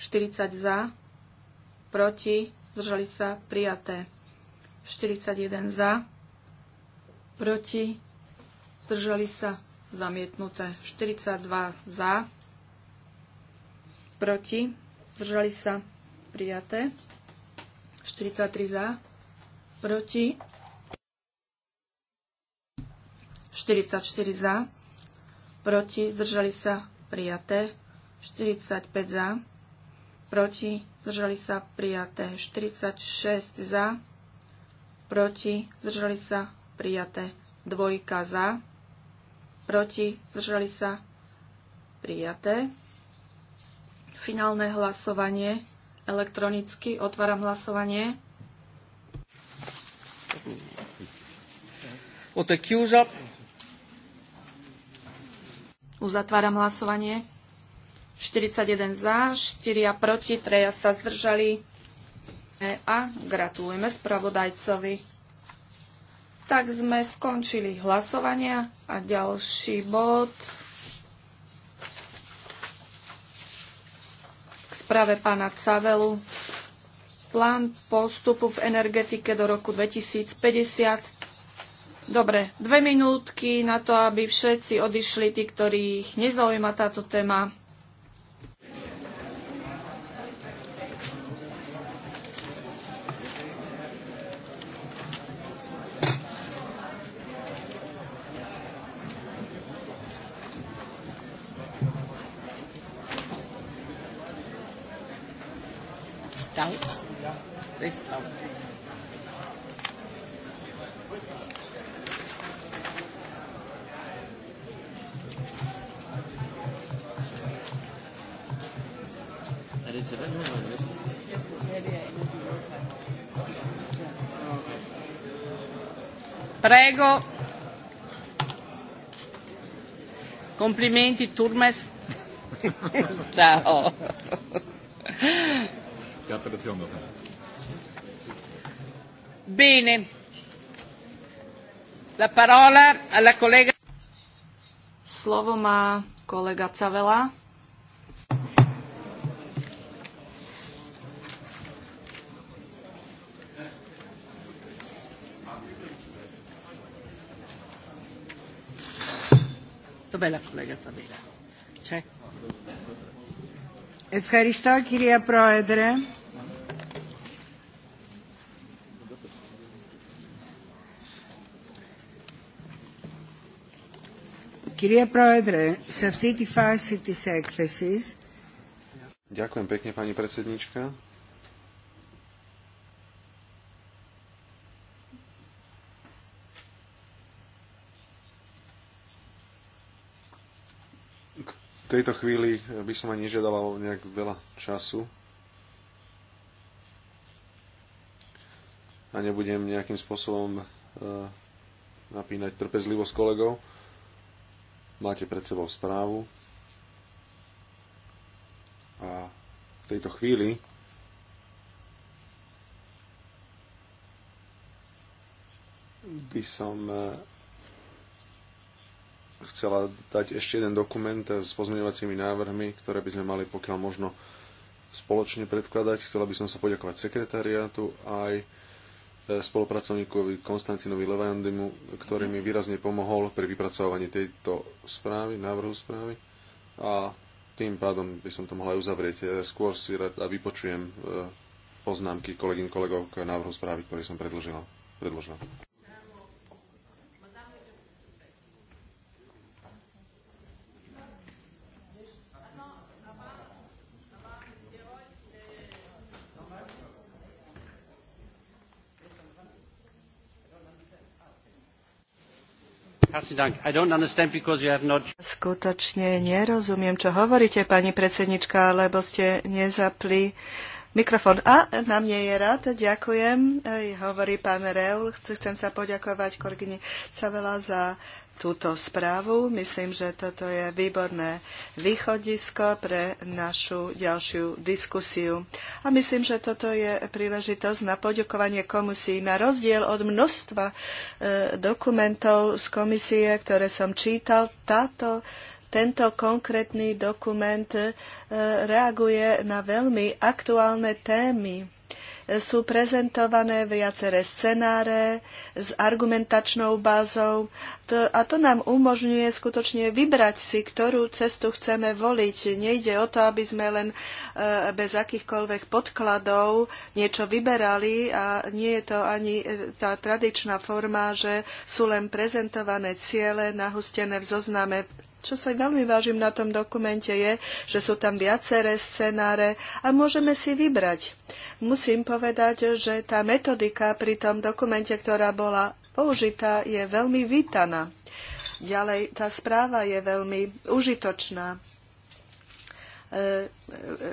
40 za, proti, zdržali sa, prijaté. 41 za, proti, zdržali sa, zamietnuté. 42 za, proti, zdržali sa, prijaté. 43 za, proti, 44 za, proti, zdržali sa, prijaté. 45 za, proti, zdržali sa prijaté. 46 za, proti, zdržali sa prijaté. Dvojka za, proti, zdržali sa prijaté. Finálne hlasovanie elektronicky. Otváram hlasovanie. Uzatváram hlasovanie. 41 za, 4 proti, 3 sa zdržali a gratulujeme spravodajcovi. Tak sme skončili hlasovania a ďalší bod k správe pána Cavelu. Plán postupu v energetike do roku 2050 Dobre, dve minútky na to, aby všetci odišli, tí, ktorých nezaujíma táto téma. cháu Prego. Complimenti, Turmes. Ciao. Bene. La parola alla collega. Slovo má kolega Cavela. Dov'è la collega Tabela? C'è? Ευχαριστώ κυρία Πρόεδρε. Κυρία Πρόεδρε, σε αυτή τη φάση της έκθεσης... Ďakujem pekne, pani predsednička. tejto chvíli by som ani nežiadala nejak veľa času. A nebudem nejakým spôsobom e, napínať trpezlivosť kolegov. Máte pred sebou správu a v tejto chvíli by som eh, chcela dať ešte jeden dokument eh, s pozmeňovacími návrhmi, ktoré by sme mali pokiaľ možno spoločne predkladať. Chcela by som sa poďakovať sekretariátu aj E, spolupracovníkovi Konstantinovi Levandimu, ktorý mi výrazne pomohol pri vypracovaní tejto správy, návrhu správy a tým pádom by som to mohla aj uzavrieť. E, skôr si rad a vypočujem e, poznámky kolegyn kolegov k návrhu správy, ktorý som predložila. predložila. Skutočne nerozumiem, čo hovoríte, pani predsednička, lebo ste nezapli mikrofón. A na mne je rád, ďakujem, eh, hovorí pán Reul. Chcem sa poďakovať kolegyni Cavela za túto správu. Myslím, že toto je výborné východisko pre našu ďalšiu diskusiu. A myslím, že toto je príležitosť na poďakovanie komisii. Na rozdiel od množstva e, dokumentov z komisie, ktoré som čítal, táto tento konkrétny dokument e, reaguje na veľmi aktuálne témy sú prezentované viaceré scenáre s argumentačnou bázou to, a to nám umožňuje skutočne vybrať si, ktorú cestu chceme voliť. Nejde o to, aby sme len e, bez akýchkoľvek podkladov niečo vyberali a nie je to ani e, tá tradičná forma, že sú len prezentované ciele nahustené v zozname čo sa veľmi vážim na tom dokumente, je, že sú tam viaceré scenáre a môžeme si vybrať. Musím povedať, že tá metodika pri tom dokumente, ktorá bola použitá, je veľmi vítaná. Ďalej, tá správa je veľmi užitočná. E, e, e,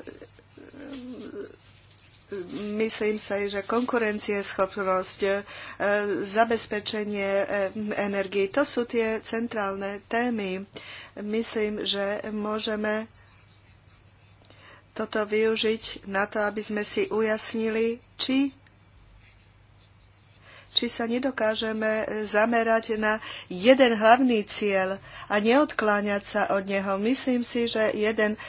myslím si, že konkurencieschopnosť, e, zabezpečenie e, energii, to sú tie centrálne témy. Myslím, že môžeme toto využiť na to, aby sme si ujasnili, či či sa nedokážeme zamerať na jeden hlavný cieľ a neodkláňať sa od neho. Myslím si, že jeden e,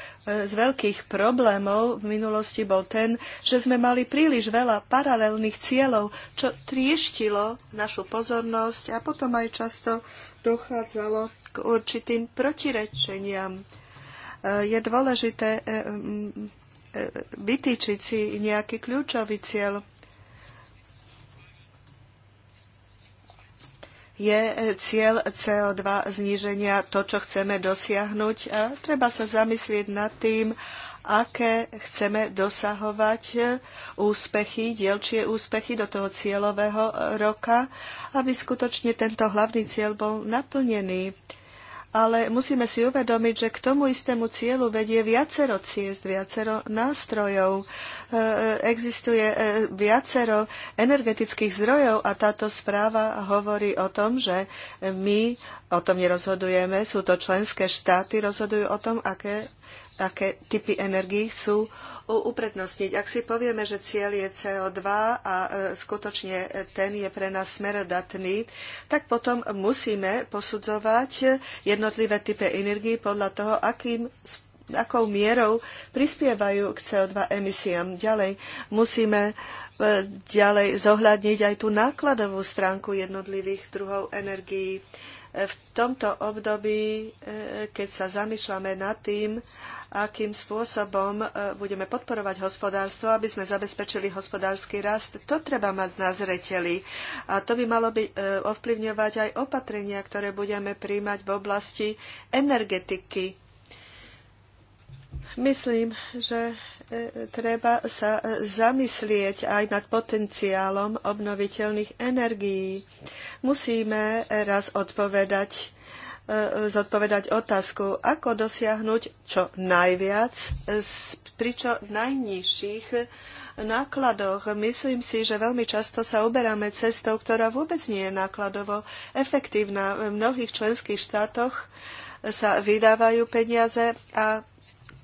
z veľkých problémov v minulosti bol ten, že sme mali príliš veľa paralelných cieľov, čo trieštilo našu pozornosť a potom aj často dochádzalo k určitým protirečeniam. E, je dôležité e, vytýčiť si nejaký kľúčový cieľ je e, cieľ CO2 zníženia to, čo chceme dosiahnuť. A treba sa zamyslieť nad tým, aké chceme dosahovať e, úspechy, dielčie úspechy do toho cieľového e, roka, aby skutočne tento hlavný cieľ bol naplnený ale musíme si uvedomiť, že k tomu istému cieľu vedie viacero ciest, viacero nástrojov. E, e, existuje e, viacero energetických zdrojov a táto správa hovorí o tom, že my o tom nerozhodujeme, sú to členské štáty, rozhodujú o tom, aké, aké typy energií chcú uprednostniť. Ak si povieme, že cieľ je CO2 a e, skutočne ten je pre nás smerodatný, tak potom musíme posudzovať jednotlivé typy energií podľa toho, akým akou mierou prispievajú k CO2 emisiám. Ďalej musíme e, ďalej zohľadniť aj tú nákladovú stránku jednotlivých druhov energií v tomto období, eh, keď sa zamýšľame nad tým, akým spôsobom eh, budeme podporovať hospodárstvo, aby sme zabezpečili hospodársky rast, to treba mať na zreteli. A to by malo by eh, ovplyvňovať aj opatrenia, ktoré budeme príjmať v oblasti energetiky. Myslím, že treba sa zamyslieť aj nad potenciálom obnoviteľných energií. Musíme raz odpovedať e, zodpovedať otázku, ako dosiahnuť čo najviac pri čo najnižších nákladoch. Myslím si, že veľmi často sa uberáme cestou, ktorá vôbec nie je nákladovo efektívna. V mnohých členských štátoch sa vydávajú peniaze a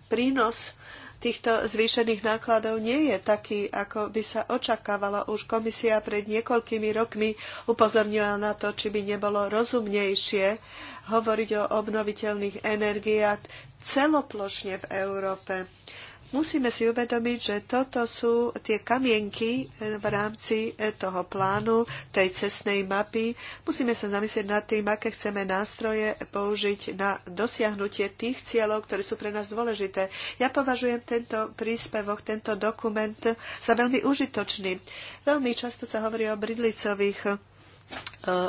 prínos týchto zvýšených nákladov nie je taký, ako by sa očakávalo. Už komisia pred niekoľkými rokmi upozornila na to, či by nebolo rozumnejšie hovoriť o obnoviteľných energiách celoplošne v Európe Musíme si uvedomiť, že toto sú tie kamienky v rámci e, toho plánu, tej cestnej mapy. Musíme sa zamyslieť nad tým, aké chceme nástroje použiť na dosiahnutie tých cieľov, ktoré sú pre nás dôležité. Ja považujem tento príspevok, tento dokument za veľmi užitočný. Veľmi často sa hovorí o bridlicových e,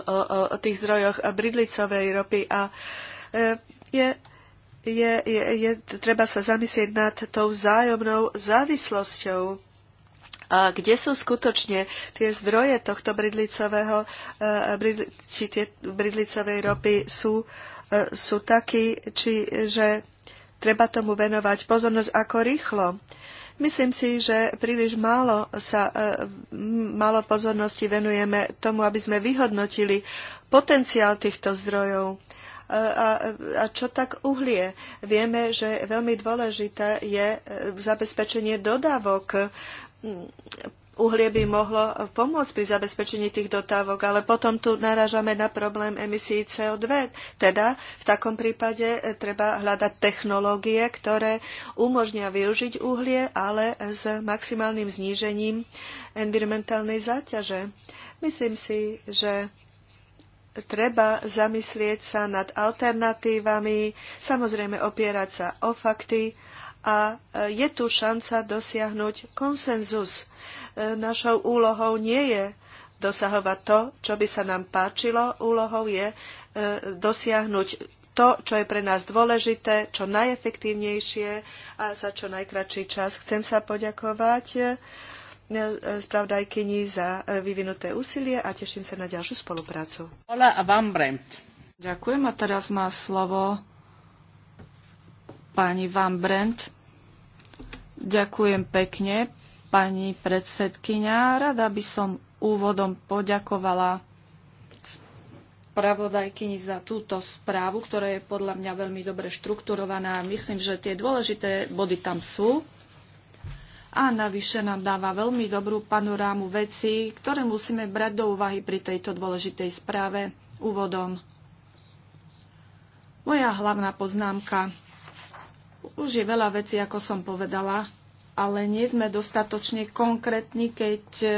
o, o, o tých zdrojoch bridlicovej ropy a e, je je, je, je treba sa zamyslieť nad tou vzájomnou závislosťou. A kde sú skutočne tie zdroje tohto bridlicového, eh, či tie bridlicovej ropy sú, eh, sú takí, či že treba tomu venovať pozornosť ako rýchlo. Myslím si, že príliš málo, sa, eh, málo pozornosti venujeme tomu, aby sme vyhodnotili potenciál týchto zdrojov a, a čo tak uhlie? Vieme, že veľmi dôležité je e, zabezpečenie dodávok mm, uhlie by mohlo pomôcť pri zabezpečení tých dotávok, ale potom tu naražame na problém emisí CO2. Teda v takom prípade e, treba hľadať technológie, ktoré umožnia využiť uhlie, ale s maximálnym znížením environmentálnej záťaže. Myslím si, že treba zamyslieť sa nad alternatívami, samozrejme opierať sa o fakty a e, je tu šanca dosiahnuť konsenzus. E, našou úlohou nie je dosahovať to, čo by sa nám páčilo. Úlohou je e, dosiahnuť to, čo je pre nás dôležité, čo najefektívnejšie a za čo najkračší čas. Chcem sa poďakovať E, spravdajkyni za e, vyvinuté úsilie a teším sa na ďalšiu spoluprácu. a vám Bremt. Ďakujem a teraz má slovo pani Van Brent. Ďakujem pekne, pani predsedkynia. Rada by som úvodom poďakovala spravodajkyni za túto správu, ktorá je podľa mňa veľmi dobre štrukturovaná. Myslím, že tie dôležité body tam sú a navyše nám dáva veľmi dobrú panorámu vecí, ktoré musíme brať do úvahy pri tejto dôležitej správe úvodom. Moja hlavná poznámka. Už je veľa vecí, ako som povedala, ale nie sme dostatočne konkrétni, keď e,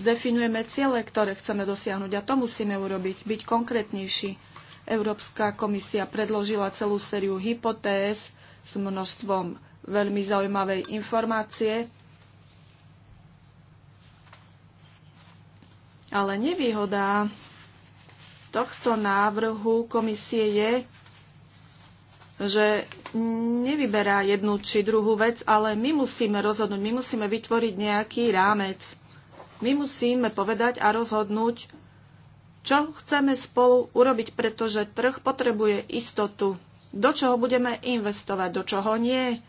definujeme ciele, ktoré chceme dosiahnuť. A to musíme urobiť, byť konkrétnejší. Európska komisia predložila celú sériu hypotéz s množstvom veľmi zaujímavej informácie Ale nevýhoda tohto návrhu komisie je, že nevyberá jednu či druhú vec, ale my musíme rozhodnúť, my musíme vytvoriť nejaký rámec. My musíme povedať a rozhodnúť, čo chceme spolu urobiť, pretože trh potrebuje istotu. Do čoho budeme investovať, do čoho nie,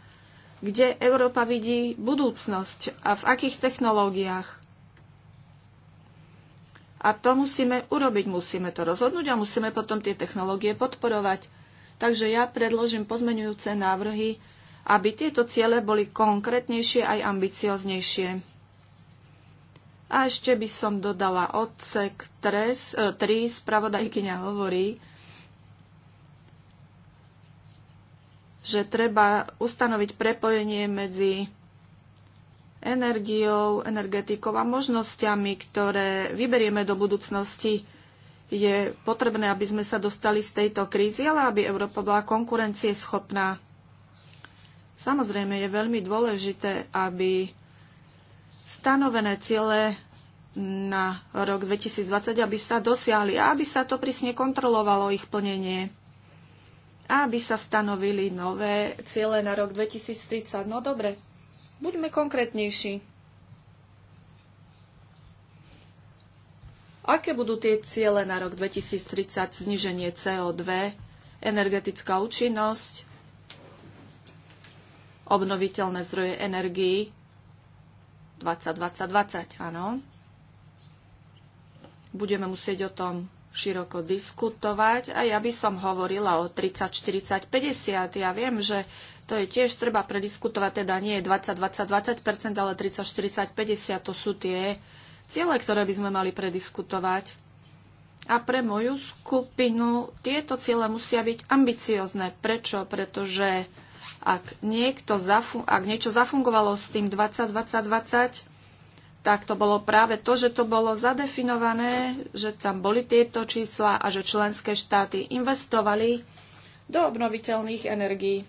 kde Európa vidí budúcnosť a v akých technológiách. A to musíme urobiť, musíme to rozhodnúť a musíme potom tie technológie podporovať. Takže ja predložím pozmenujúce návrhy, aby tieto ciele boli konkrétnejšie aj ambicioznejšie. A ešte by som dodala odsek 3, e, spravodajkyňa hovorí, že treba ustanoviť prepojenie medzi energiou, energetikou a možnosťami, ktoré vyberieme do budúcnosti. Je potrebné, aby sme sa dostali z tejto krízy, ale aby Európa bola konkurencieschopná. Samozrejme je veľmi dôležité, aby stanovené ciele na rok 2020, aby sa dosiahli a aby sa to prísne kontrolovalo ich plnenie a aby sa stanovili nové ciele na rok 2030. No dobre, Buďme konkrétnejší. Aké budú tie ciele na rok 2030? Zniženie CO2, energetická účinnosť, obnoviteľné zdroje energii 2020 2020 áno. Budeme musieť o tom široko diskutovať a ja by som hovorila o 30, 40, 50. Ja viem, že to je tiež treba prediskutovať, teda nie je 20, 20, 20 ale 30, 40, 50 to sú tie ciele, ktoré by sme mali prediskutovať. A pre moju skupinu tieto ciele musia byť ambiciozne. Prečo? Pretože ak, niekto zafu- ak niečo zafungovalo s tým 20-20-20, tak to bolo práve to, že to bolo zadefinované, že tam boli tieto čísla a že členské štáty investovali do obnoviteľných energií.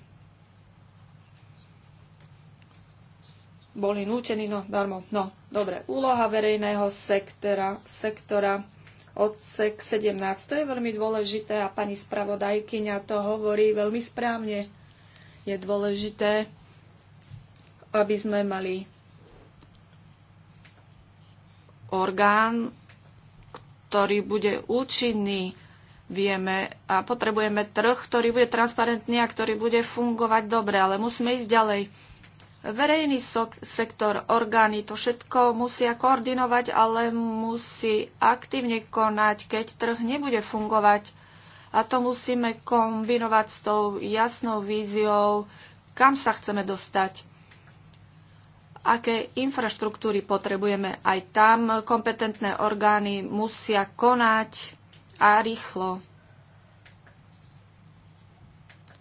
Boli nútení, no, darmo. No, dobre, úloha verejného sektora, sektora odsek 17, to je veľmi dôležité a pani spravodajkyňa to hovorí veľmi správne. Je dôležité, aby sme mali orgán, ktorý bude účinný. Vieme a potrebujeme trh, ktorý bude transparentný a ktorý bude fungovať dobre, ale musíme ísť ďalej. Verejný so- sektor, orgány, to všetko musia koordinovať, ale musí aktívne konať, keď trh nebude fungovať. A to musíme kombinovať s tou jasnou víziou, kam sa chceme dostať aké infraštruktúry potrebujeme. Aj tam kompetentné orgány musia konať a rýchlo.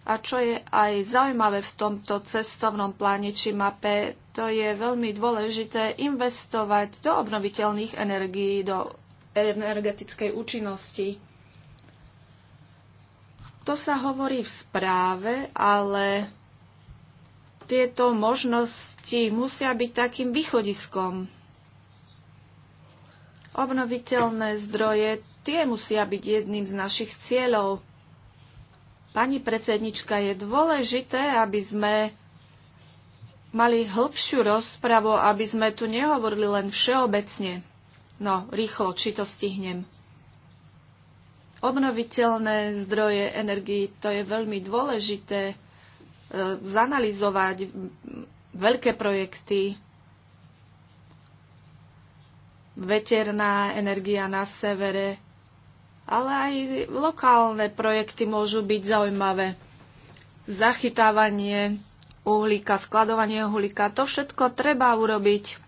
A čo je aj zaujímavé v tomto cestovnom pláne či mape, to je veľmi dôležité investovať do obnoviteľných energií, do energetickej účinnosti. To sa hovorí v správe, ale tieto možnosti musia byť takým východiskom. Obnoviteľné zdroje, tie musia byť jedným z našich cieľov. Pani predsednička, je dôležité, aby sme mali hĺbšiu rozpravu, aby sme tu nehovorili len všeobecne. No, rýchlo, či to stihnem. Obnoviteľné zdroje energii, to je veľmi dôležité E, zanalizovať veľké projekty, veterná energia na severe, ale aj lokálne projekty môžu byť zaujímavé. Zachytávanie uhlíka, skladovanie uhlíka, to všetko treba urobiť.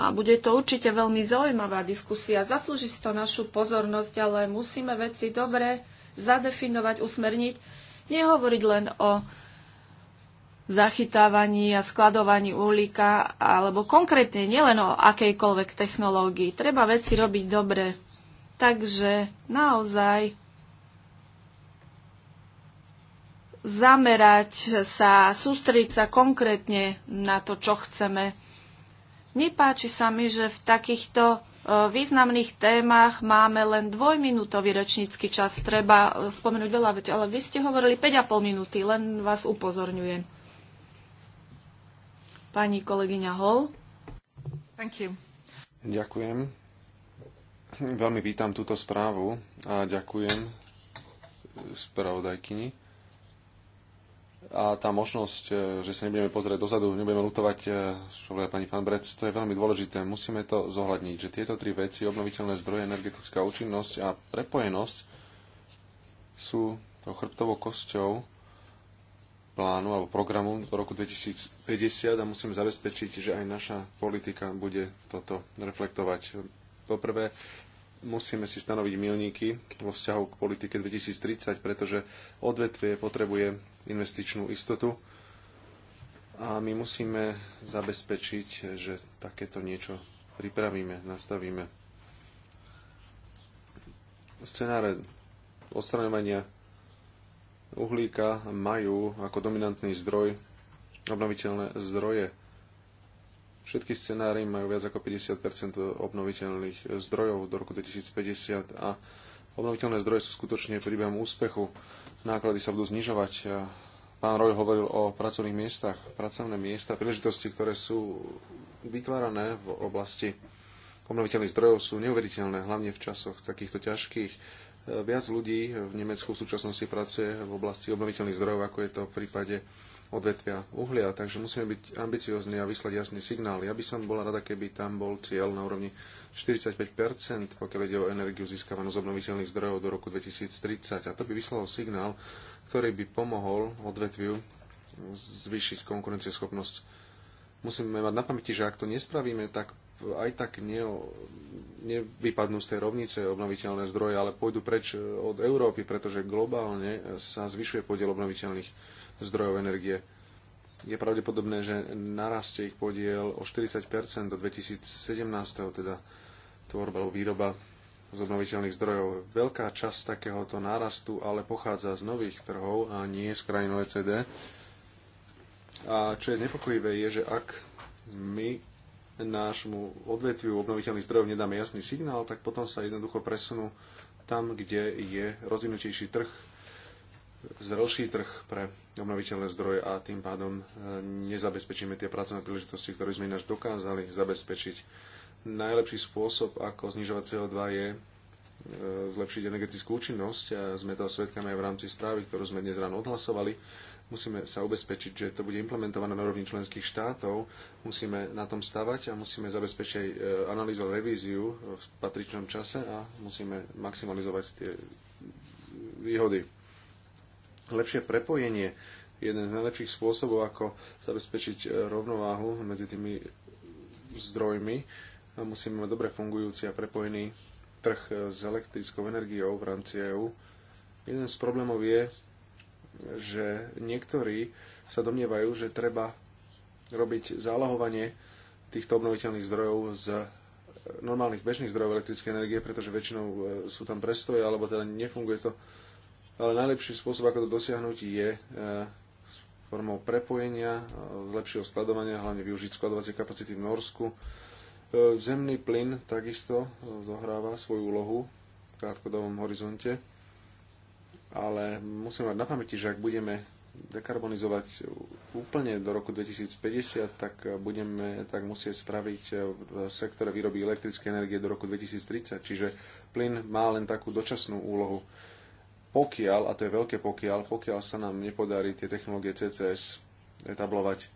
A bude to určite veľmi zaujímavá diskusia. Zaslúži si to našu pozornosť, ale musíme veci dobre zadefinovať, usmerniť, nehovoriť len o zachytávaní a skladovaní uhlíka, alebo konkrétne nielen o akejkoľvek technológii. Treba veci robiť dobre. Takže naozaj zamerať sa, sústrediť sa konkrétne na to, čo chceme. Nepáči sa mi, že v takýchto významných témach máme len dvojminútový rečnícky čas. Treba e, spomenúť veľa vecí, ale vy ste hovorili 5,5 minúty, len vás upozorňujem. Pani kolegyňa Hol. Thank you. Ďakujem. Veľmi vítam túto správu a ďakujem spravodajkyni a tá možnosť, e, že sa nebudeme pozrieť dozadu, nebudeme lutovať, e, čo hovorí pani pán Brec, to je veľmi dôležité. Musíme to zohľadniť, že tieto tri veci, obnoviteľné zdroje, energetická účinnosť a prepojenosť, sú tou chrbtovou kosťou plánu alebo programu do roku 2050 a musíme zabezpečiť, že aj naša politika bude toto reflektovať. Poprvé, musíme si stanoviť milníky vo vzťahu k politike 2030, pretože odvetvie potrebuje investičnú istotu a my musíme zabezpečiť, že takéto niečo pripravíme, nastavíme. Scenáre odstraňovania uhlíka majú ako dominantný zdroj obnoviteľné zdroje Všetky scenári majú viac ako 50 obnoviteľných zdrojov do roku 2050 a obnoviteľné zdroje sú skutočne príbehom úspechu. Náklady sa budú znižovať. Pán Roj hovoril o pracovných miestach, pracovné miesta, príležitosti, ktoré sú vytvárané v oblasti obnoviteľných zdrojov sú neuveriteľné, hlavne v časoch takýchto ťažkých. Viac ľudí v Nemecku v súčasnosti pracuje v oblasti obnoviteľných zdrojov, ako je to v prípade odvetvia uhlia, takže musíme byť ambiciozni a vyslať jasný signál. Ja by som bola rada, keby tam bol cieľ na úrovni 45 pokiaľ ide o energiu získavanú z obnoviteľných zdrojov do roku 2030. A to by vyslalo signál, ktorý by pomohol odvetviu zvýšiť konkurencieschopnosť. Musíme mať na pamäti, že ak to nespravíme, tak aj tak nevypadnú z tej rovnice obnoviteľné zdroje, ale pôjdu preč od Európy, pretože globálne sa zvyšuje podiel obnoviteľných zdrojov energie. Je pravdepodobné, že narastie ich podiel o 40 do 2017, teda tvorba alebo výroba z obnoviteľných zdrojov. Veľká časť takéhoto nárastu ale pochádza z nových trhov a nie z krajín OECD. A čo je znepokojivé je, že ak my nášmu odvetviu obnoviteľných zdrojov nedáme jasný signál, tak potom sa jednoducho presunú tam, kde je rozvinutejší trh zroší trh pre obnoviteľné zdroje a tým pádom e, nezabezpečíme tie pracovné príležitosti, ktoré sme ináč dokázali zabezpečiť. Najlepší spôsob, ako znižovať CO2 je e, zlepšiť energetickú účinnosť a sme to svedkami aj v rámci správy, ktorú sme dnes ráno odhlasovali. Musíme sa ubezpečiť, že to bude implementované na rovni členských štátov, musíme na tom stavať a musíme zabezpečiť aj e, analýzu a revíziu v patričnom čase a musíme maximalizovať tie výhody lepšie prepojenie. Jeden z najlepších spôsobov, ako zabezpečiť e, rovnováhu medzi tými zdrojmi. Musíme mať dobre fungujúci a prepojený trh e, s elektrickou energiou v rámci EÚ. Jeden z problémov je, že niektorí sa domnievajú, že treba robiť zálohovanie týchto obnoviteľných zdrojov z e, normálnych bežných zdrojov elektrickej energie, pretože väčšinou sú tam prestoje, alebo teda nefunguje to ale najlepší spôsob, ako to dosiahnuť, je e, formou prepojenia, e, lepšieho skladovania, hlavne využiť skladovacie kapacity v Norsku. E, zemný plyn takisto zohráva svoju úlohu v krátkodobom horizonte, ale musíme mať na pamäti, že ak budeme dekarbonizovať úplne do roku 2050, tak budeme tak musieť spraviť v sektore výroby elektrickej energie do roku 2030. Čiže plyn má len takú dočasnú úlohu pokiaľ, a to je veľké pokiaľ, pokiaľ sa nám nepodarí tie technológie CCS etablovať.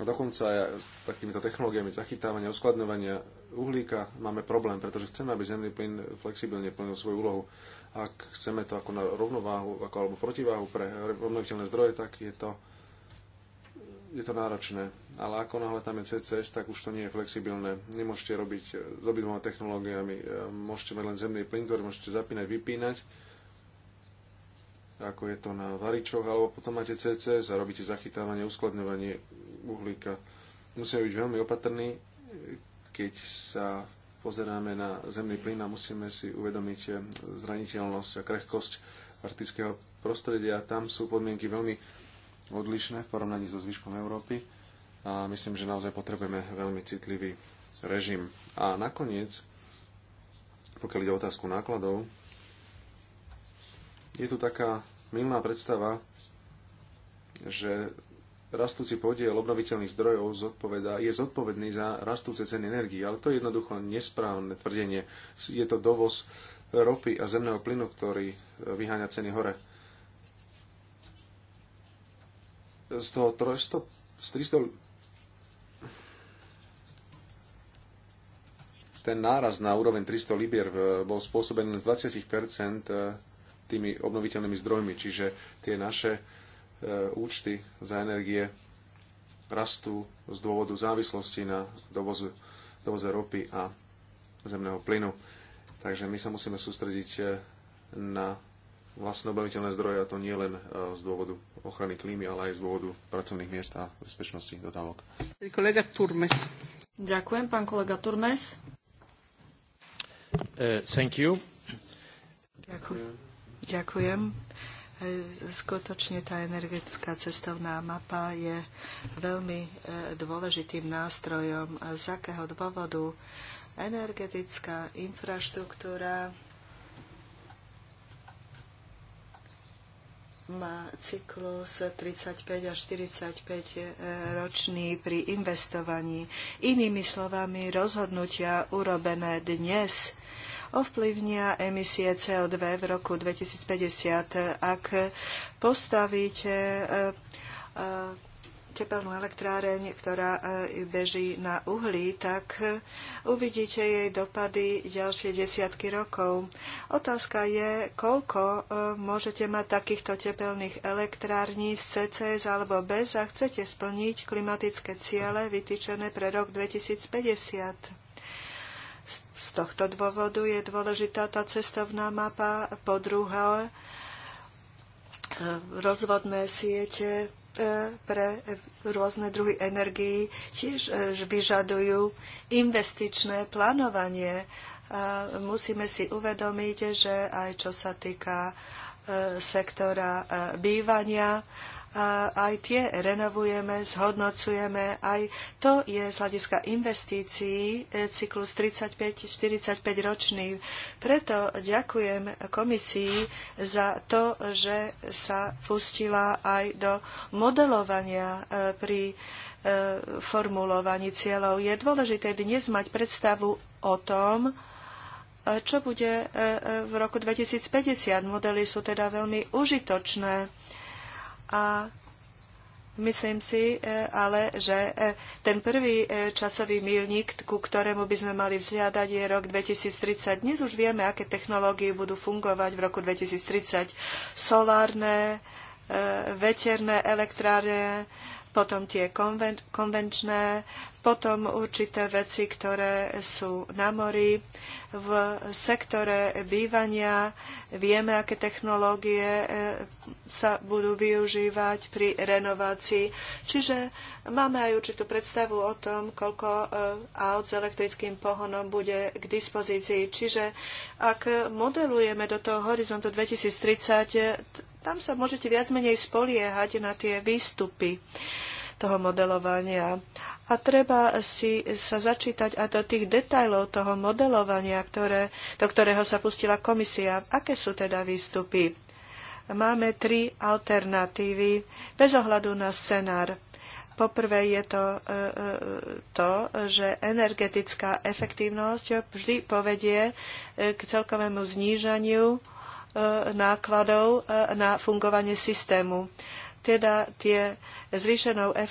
No dokonca takýmito technológiami zachytávania, uskladňovania uhlíka máme problém, pretože chceme, aby zemný plyn flexibilne plnil svoju úlohu. Ak chceme to ako na rovnováhu, ako alebo protiváhu pre obnoviteľné zdroje, tak je to, je to náročné. Ale ako náhle tam je CCS, tak už to nie je flexibilné. Nemôžete robiť s obidvoma technológiami. Môžete mať len zemný plyn, ktorý môžete zapínať, vypínať ako je to na varičoch, alebo potom máte CCS a robíte zachytávanie, uskladňovanie uhlíka. Musíme byť veľmi opatrní, keď sa pozeráme na zemný plyn a musíme si uvedomiť eh, zraniteľnosť a krehkosť arktického prostredia. Tam sú podmienky veľmi odlišné v porovnaní so zvyškom Európy a myslím, že naozaj potrebujeme veľmi citlivý režim. A nakoniec, pokiaľ ide o otázku nákladov, je tu taká milná predstava, že rastúci podiel obnoviteľných zdrojov zodpoveda, je zodpovedný za rastúce ceny energii, ale to je jednoducho nesprávne tvrdenie. Je to dovoz ropy a zemného plynu, ktorý e, vyháňa ceny hore. Z toho 300, z 300 ten náraz na úroveň 300 libier e, bol spôsobený z 20% tými obnoviteľnými zdrojmi, čiže tie naše e, účty za energie rastú z dôvodu závislosti na dovozu, dovoze ropy a zemného plynu. Takže my sa musíme sústrediť e, na vlastné obnoviteľné zdroje a to nie len e, z dôvodu ochrany klímy, ale aj z dôvodu pracovných miest a bezpečnosti dodávok. Kolega Turmes. Ďakujem, pán kolega Turmes. Uh, thank you. Ďakujem. Ďakujem. E, skutočne tá energetická cestovná mapa je veľmi e, dôležitým nástrojom. Z akého dôvodu energetická infraštruktúra má cyklus 35 až 45 e, ročný pri investovaní. Inými slovami, rozhodnutia urobené dnes ovplyvnia emisie CO2 v roku 2050. Ak postavíte eh, eh, tepelnú elektráreň, ktorá eh, beží na uhlí, tak uvidíte jej dopady ďalšie desiatky rokov. Otázka je, koľko môžete mať takýchto tepelných elektrární z CCS alebo bez a chcete splniť klimatické ciele vytýčené pre rok 2050 z tohto dôvodu je dôležitá tá cestovná mapa. Po druhé, e, rozvodné siete e, pre rôzne druhy energií tiež e, vyžadujú investičné plánovanie. Musíme si uvedomiť, že aj čo sa týka sektora bývania, a aj tie renovujeme, zhodnocujeme. Aj to je z hľadiska investícií e, cyklus 35-45 ročný. Preto ďakujem komisii za to, že sa pustila aj do modelovania e, pri e, formulovaní cieľov. Je dôležité dnes mať predstavu o tom, čo bude v roku 2050. Modely sú teda veľmi užitočné a myslím si e, ale, že e, ten prvý e, časový milník, ku ktorému by sme mali vzhľadať, je rok 2030. Dnes už vieme, aké technológie budú fungovať v roku 2030. Solárne, veterné elektrárne, potom tie konven- konvenčné, potom určité veci, ktoré sú na mori. V sektore bývania vieme, aké technológie e, sa budú využívať pri renovácii. Čiže máme aj určitú predstavu o tom, koľko e, aut s elektrickým pohonom bude k dispozícii. Čiže ak modelujeme do toho horizontu 2030 tam sa môžete viac menej spoliehať na tie výstupy toho modelovania. A treba si sa začítať aj do tých detajlov toho modelovania, ktoré, do ktorého sa pustila komisia. Aké sú teda výstupy? Máme tri alternatívy bez ohľadu na scenár. Poprvé je to e, e, to, že energetická efektívnosť vždy povedie e, k celkovému znížaniu E, nákladov e, na fungovanie systému. Teda tie zvýšenou e,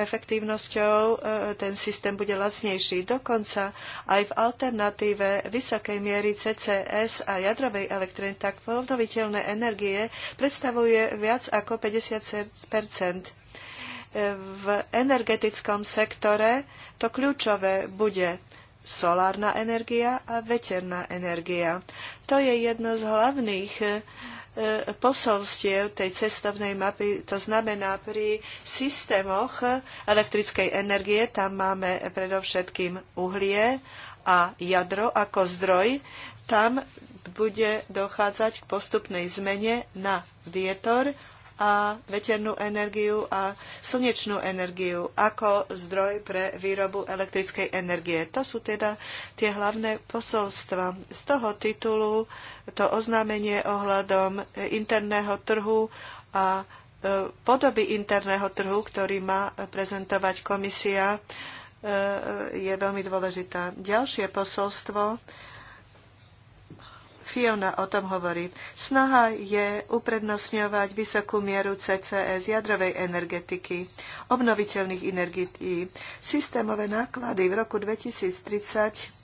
efektívnosťou ten systém bude lacnejší. Dokonca aj v alternatíve vysokej miery CCS a jadrovej elektriny, tak obnoviteľné energie predstavuje viac ako 50 v energetickom sektore to kľúčové bude solárna energia a veterná energia. To je jedno z hlavných eh, eh, posolstiev tej cestovnej mapy, to znamená pri systémoch elektrickej energie, tam máme predovšetkým uhlie a jadro ako zdroj. Tam bude dochádzať k postupnej zmene na vietor a veternú energiu a slnečnú energiu ako zdroj pre výrobu elektrickej energie. To sú teda tie hlavné posolstva. Z toho titulu to oznámenie ohľadom interného trhu a e, podoby interného trhu, ktorý má prezentovať komisia, e, e, je veľmi dôležitá. Ďalšie posolstvo Fiona o tom hovorí. Snaha je uprednostňovať vysokú mieru CCS jadrovej energetiky, obnoviteľných energií. Systémové náklady v roku 2030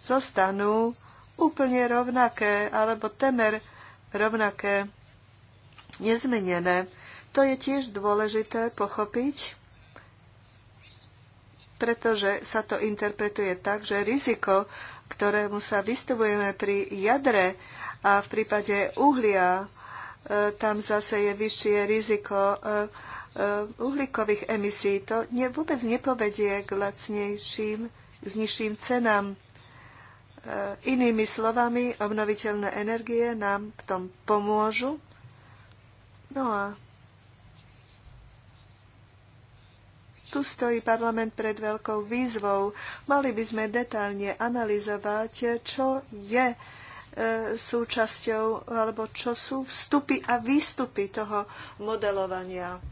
zostanú úplne rovnaké alebo temer rovnaké nezmenené. To je tiež dôležité pochopiť, pretože sa to interpretuje tak, že riziko ktorému sa vystavujeme pri jadre a v prípade uhlia e, tam zase je vyššie riziko e, e, uhlíkových emisí. To ne, vôbec nepovedie k lacnejším, k nižším cenám. Inými slovami, obnoviteľné energie nám v tom pomôžu. No a tu stojí parlament pred veľkou výzvou. Mali by sme detálne analyzovať, čo je e, súčasťou, alebo čo sú vstupy a výstupy toho modelovania. E,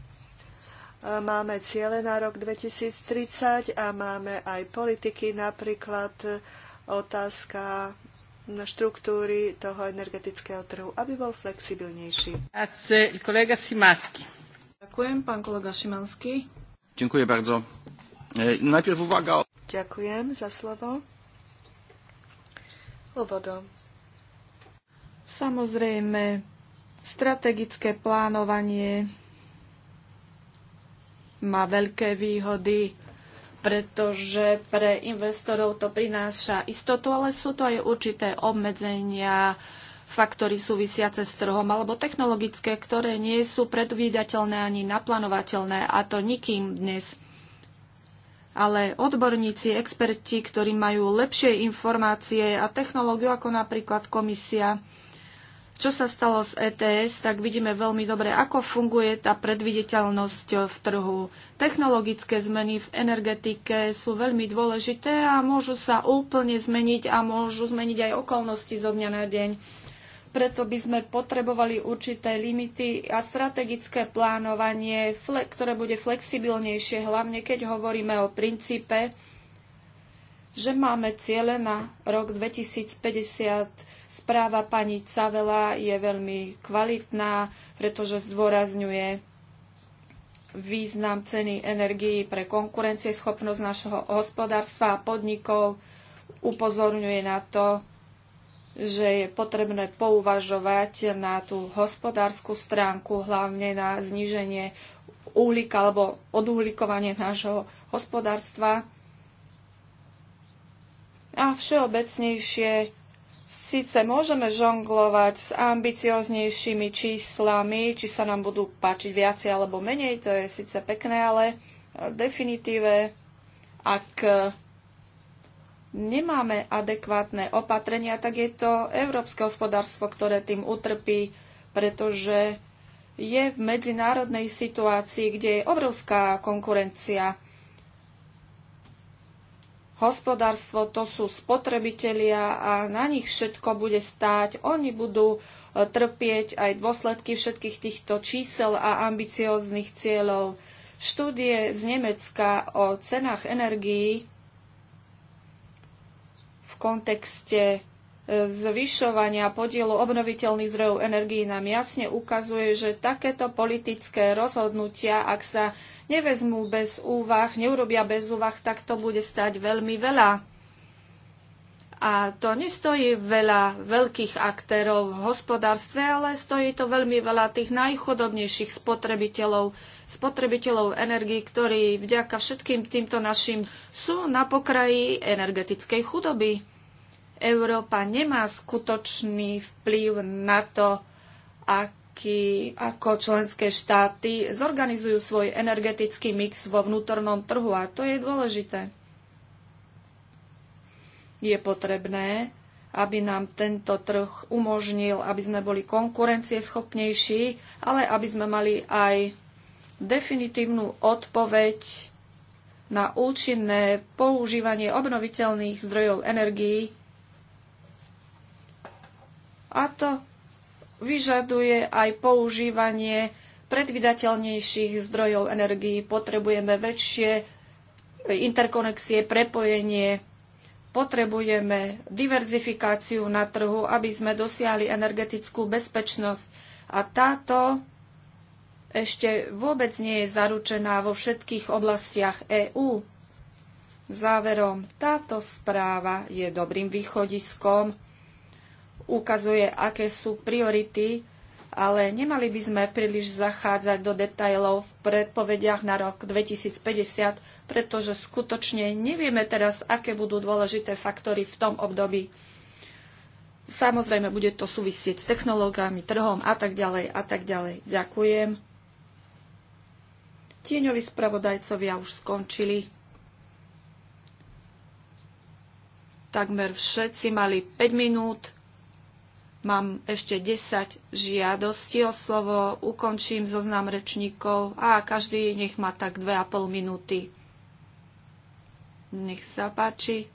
máme ciele na rok 2030 a máme aj politiky, napríklad e, otázka štruktúry toho energetického trhu, aby bol flexibilnejší. Ďakujem, pán kolega Šimanský. Dziękuję bardzo. E, najpierw uwaga. Ďakujem za slovo. Úvodom. Samozrejme, strategické plánovanie má veľké výhody, pretože pre investorov to prináša istotu, ale sú to aj určité obmedzenia, faktory súvisiace s trhom alebo technologické, ktoré nie sú predvídateľné ani naplánovateľné a to nikým dnes. Ale odborníci, experti, ktorí majú lepšie informácie a technológiu ako napríklad komisia, čo sa stalo s ETS, tak vidíme veľmi dobre, ako funguje tá predviditeľnosť v trhu. Technologické zmeny v energetike sú veľmi dôležité a môžu sa úplne zmeniť a môžu zmeniť aj okolnosti zo dňa na deň. Preto by sme potrebovali určité limity a strategické plánovanie, ktoré bude flexibilnejšie, hlavne keď hovoríme o princípe, že máme ciele na rok 2050. Správa pani Cavela je veľmi kvalitná, pretože zdôrazňuje význam ceny energií pre konkurencieschopnosť našho hospodárstva a podnikov, upozorňuje na to, že je potrebné pouvažovať na tú hospodárskú stránku, hlavne na zníženie uhlíka alebo odúhlikovanie nášho hospodárstva. A všeobecnejšie síce môžeme žonglovať s ambicioznejšími číslami, či sa nám budú páčiť viacej alebo menej, to je síce pekné, ale definitíve, ak nemáme adekvátne opatrenia, tak je to európske hospodárstvo, ktoré tým utrpí, pretože je v medzinárodnej situácii, kde je obrovská konkurencia. Hospodárstvo to sú spotrebitelia a na nich všetko bude stáť. Oni budú e, trpieť aj dôsledky všetkých týchto čísel a ambicióznych cieľov. Štúdie z Nemecka o cenách energií kontexte e, zvyšovania podielu obnoviteľných zdrojov energií nám jasne ukazuje, že takéto politické rozhodnutia, ak sa nevezmú bez úvah, neurobia bez úvah, tak to bude stať veľmi veľa. A to nestojí veľa veľkých aktérov v hospodárstve, ale stojí to veľmi veľa tých najchodobnejších spotrebiteľov, spotrebiteľov energii, ktorí vďaka všetkým týmto našim sú na pokraji energetickej chudoby. Európa nemá skutočný vplyv na to, aký, ako členské štáty zorganizujú svoj energetický mix vo vnútornom trhu a to je dôležité. Je potrebné, aby nám tento trh umožnil, aby sme boli konkurencieschopnejší, ale aby sme mali aj definitívnu odpoveď na účinné používanie obnoviteľných zdrojov energií a to vyžaduje aj používanie predvydateľnejších zdrojov energií. Potrebujeme väčšie interkonexie, prepojenie, potrebujeme diverzifikáciu na trhu, aby sme dosiahli energetickú bezpečnosť. A táto ešte vôbec nie je zaručená vo všetkých oblastiach EÚ. Záverom, táto správa je dobrým východiskom ukazuje, aké sú priority, ale nemali by sme príliš zachádzať do detajlov v predpovediach na rok 2050, pretože skutočne nevieme teraz, aké budú dôležité faktory v tom období. Samozrejme, bude to súvisieť s technológiami, trhom a tak ďalej a tak ďalej. Ďakujem. Tieňoví spravodajcovia už skončili. Takmer všetci mali 5 minút. Mám ešte 10 žiadostí o slovo, ukončím zoznam rečníkov a každý nech má tak 2,5 minúty. Nech sa páči.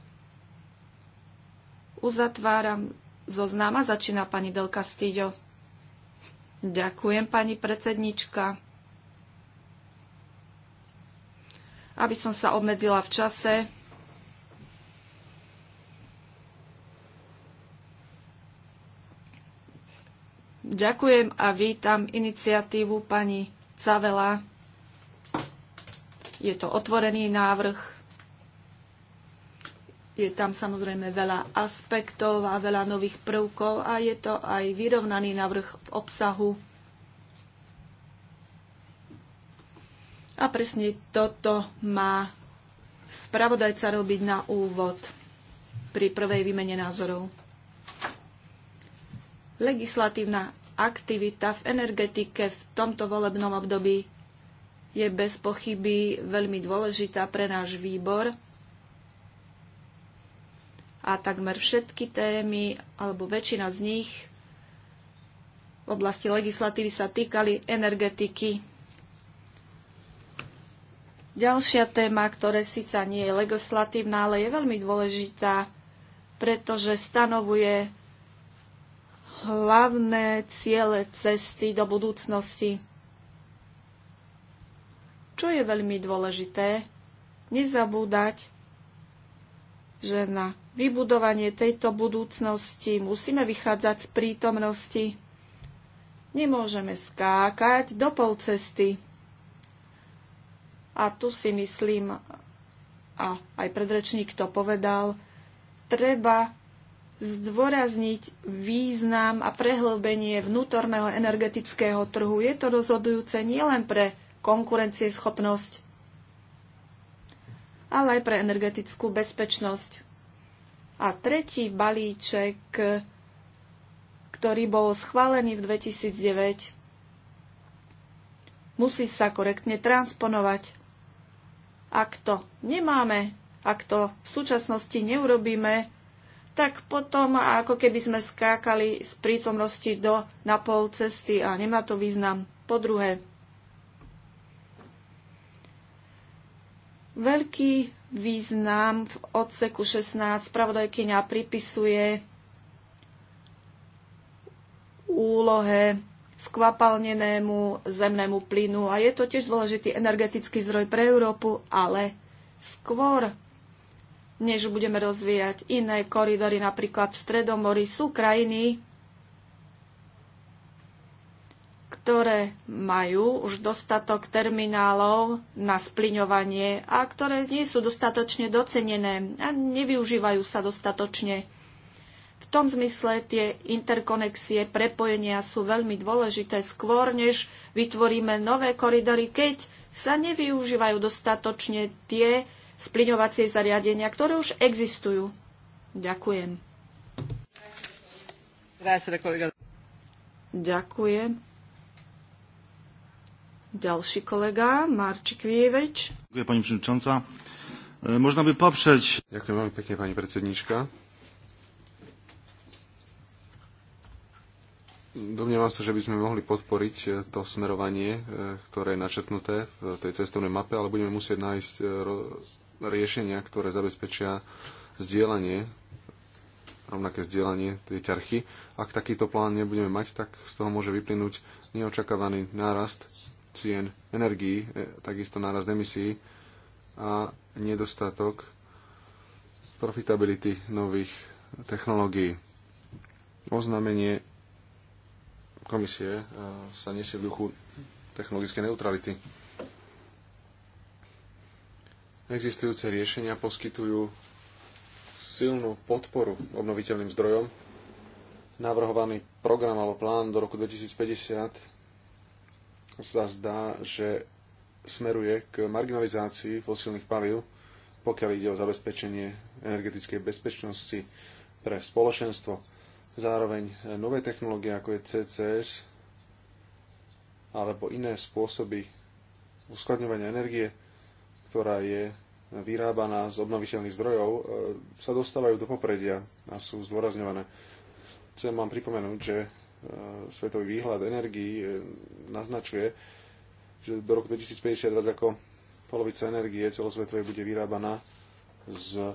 Uzatváram zoznam a začína pani delka Stýďo. Ďakujem, pani predsednička. Aby som sa obmedzila v čase, Ďakujem a vítam iniciatívu pani Cavela. Je to otvorený návrh. Je tam samozrejme veľa aspektov a veľa nových prvkov a je to aj vyrovnaný návrh v obsahu. A presne toto má spravodajca robiť na úvod pri prvej výmene názorov. Legislatívna aktivita v energetike v tomto volebnom období je bez pochyby veľmi dôležitá pre náš výbor a takmer všetky témy, alebo väčšina z nich v oblasti legislatívy sa týkali energetiky. Ďalšia téma, ktorá síca nie je legislatívna, ale je veľmi dôležitá, pretože stanovuje hlavné ciele cesty do budúcnosti. Čo je veľmi dôležité, nezabúdať, že na vybudovanie tejto budúcnosti musíme vychádzať z prítomnosti. Nemôžeme skákať do pol cesty. A tu si myslím, a aj predrečník to povedal, treba zdôrazniť význam a prehlbenie vnútorného energetického trhu. Je to rozhodujúce nielen pre konkurencieschopnosť, ale aj pre energetickú bezpečnosť. A tretí balíček, ktorý bol schválený v 2009, musí sa korektne transponovať. Ak to nemáme, ak to v súčasnosti neurobíme, tak potom ako keby sme skákali z prítomnosti do na pol cesty a nemá to význam. Po druhé, veľký význam v odseku 16 spravodajkyňa pripisuje úlohe skvapalnenému zemnému plynu a je to tiež dôležitý energetický zdroj pre Európu, ale skôr než budeme rozvíjať iné koridory, napríklad v Stredomori sú krajiny, ktoré majú už dostatok terminálov na splyňovanie a ktoré nie sú dostatočne docenené a nevyužívajú sa dostatočne. V tom zmysle tie interkonexie, prepojenia sú veľmi dôležité skôr, než vytvoríme nové koridory, keď sa nevyužívajú dostatočne tie splyňovacie zariadenia, ktoré už existujú. Ďakujem. Ďakujem. Ďalší kolega, Marčik Vievič. Ďakujem, pani przewodnicząca. E, Można by popřeť... Ďakujem veľmi pekne, pani predsednička. Domnievam sa, že by sme mohli podporiť e, to smerovanie, e, ktoré je načetnuté v tej cestovnej mape, ale budeme musieť nájsť riešenia, ktoré zabezpečia zdieľanie, rovnaké zdieľanie tej ťarchy. Ak takýto plán nebudeme mať, tak z toho môže vyplynúť neočakávaný nárast cien energií, e, takisto nárast emisí a nedostatok profitability nových technológií. Oznámenie komisie e, sa nesie v duchu technologickej neutrality Existujúce riešenia poskytujú silnú podporu obnoviteľným zdrojom. Navrhovaný program alebo plán do roku 2050 sa zdá, že smeruje k marginalizácii fosílnych palív, pokiaľ ide o zabezpečenie energetickej bezpečnosti pre spoločenstvo. Zároveň nové technológie, ako je CCS alebo iné spôsoby uskladňovania energie, ktorá je vyrábaná z obnoviteľných zdrojov, e, sa dostávajú do popredia a sú zdôrazňované. Chcem vám pripomenúť, že e, svetový výhľad energií e, naznačuje, že do roku 2050 viac ako polovica energie celosvetovej bude vyrábaná z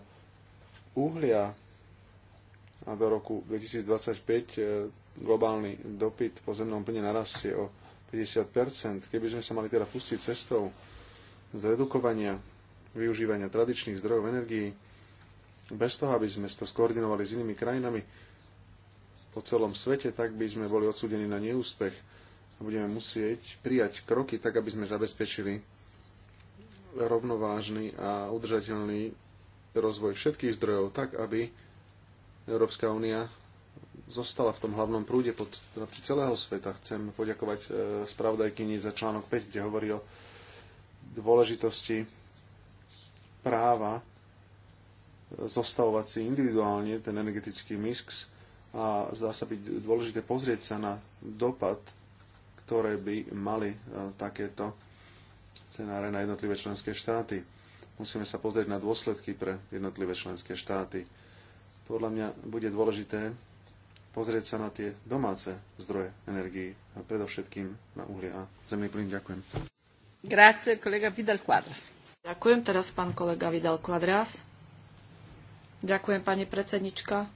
uhlia a do roku 2025 globálny dopyt po zemnom plne narastie o 50%. Keby sme sa mali teda pustiť cestou zredukovania využívania tradičných zdrojov energií, bez toho, aby sme to skoordinovali s inými krajinami po celom svete, tak by sme boli odsúdení na neúspech a budeme musieť prijať kroky tak, aby sme zabezpečili rovnovážny a udržateľný rozvoj všetkých zdrojov, tak aby Európska únia zostala v tom hlavnom prúde pod celého sveta. Chcem poďakovať e, spravodajkyni za článok 5, kde hovorí o dôležitosti práva zostavovať si individuálne ten energetický mix a zdá sa byť dôležité pozrieť sa na dopad, ktoré by mali e, takéto scenáre na jednotlivé členské štáty. Musíme sa pozrieť na dôsledky pre jednotlivé členské štáty. Podľa mňa bude dôležité pozrieť sa na tie domáce zdroje energii, a predovšetkým na uhlie a zemný plyn. Ďakujem. Ďakujem teraz pán kolega Vidal Quadras. Ďakujem pani predsednička.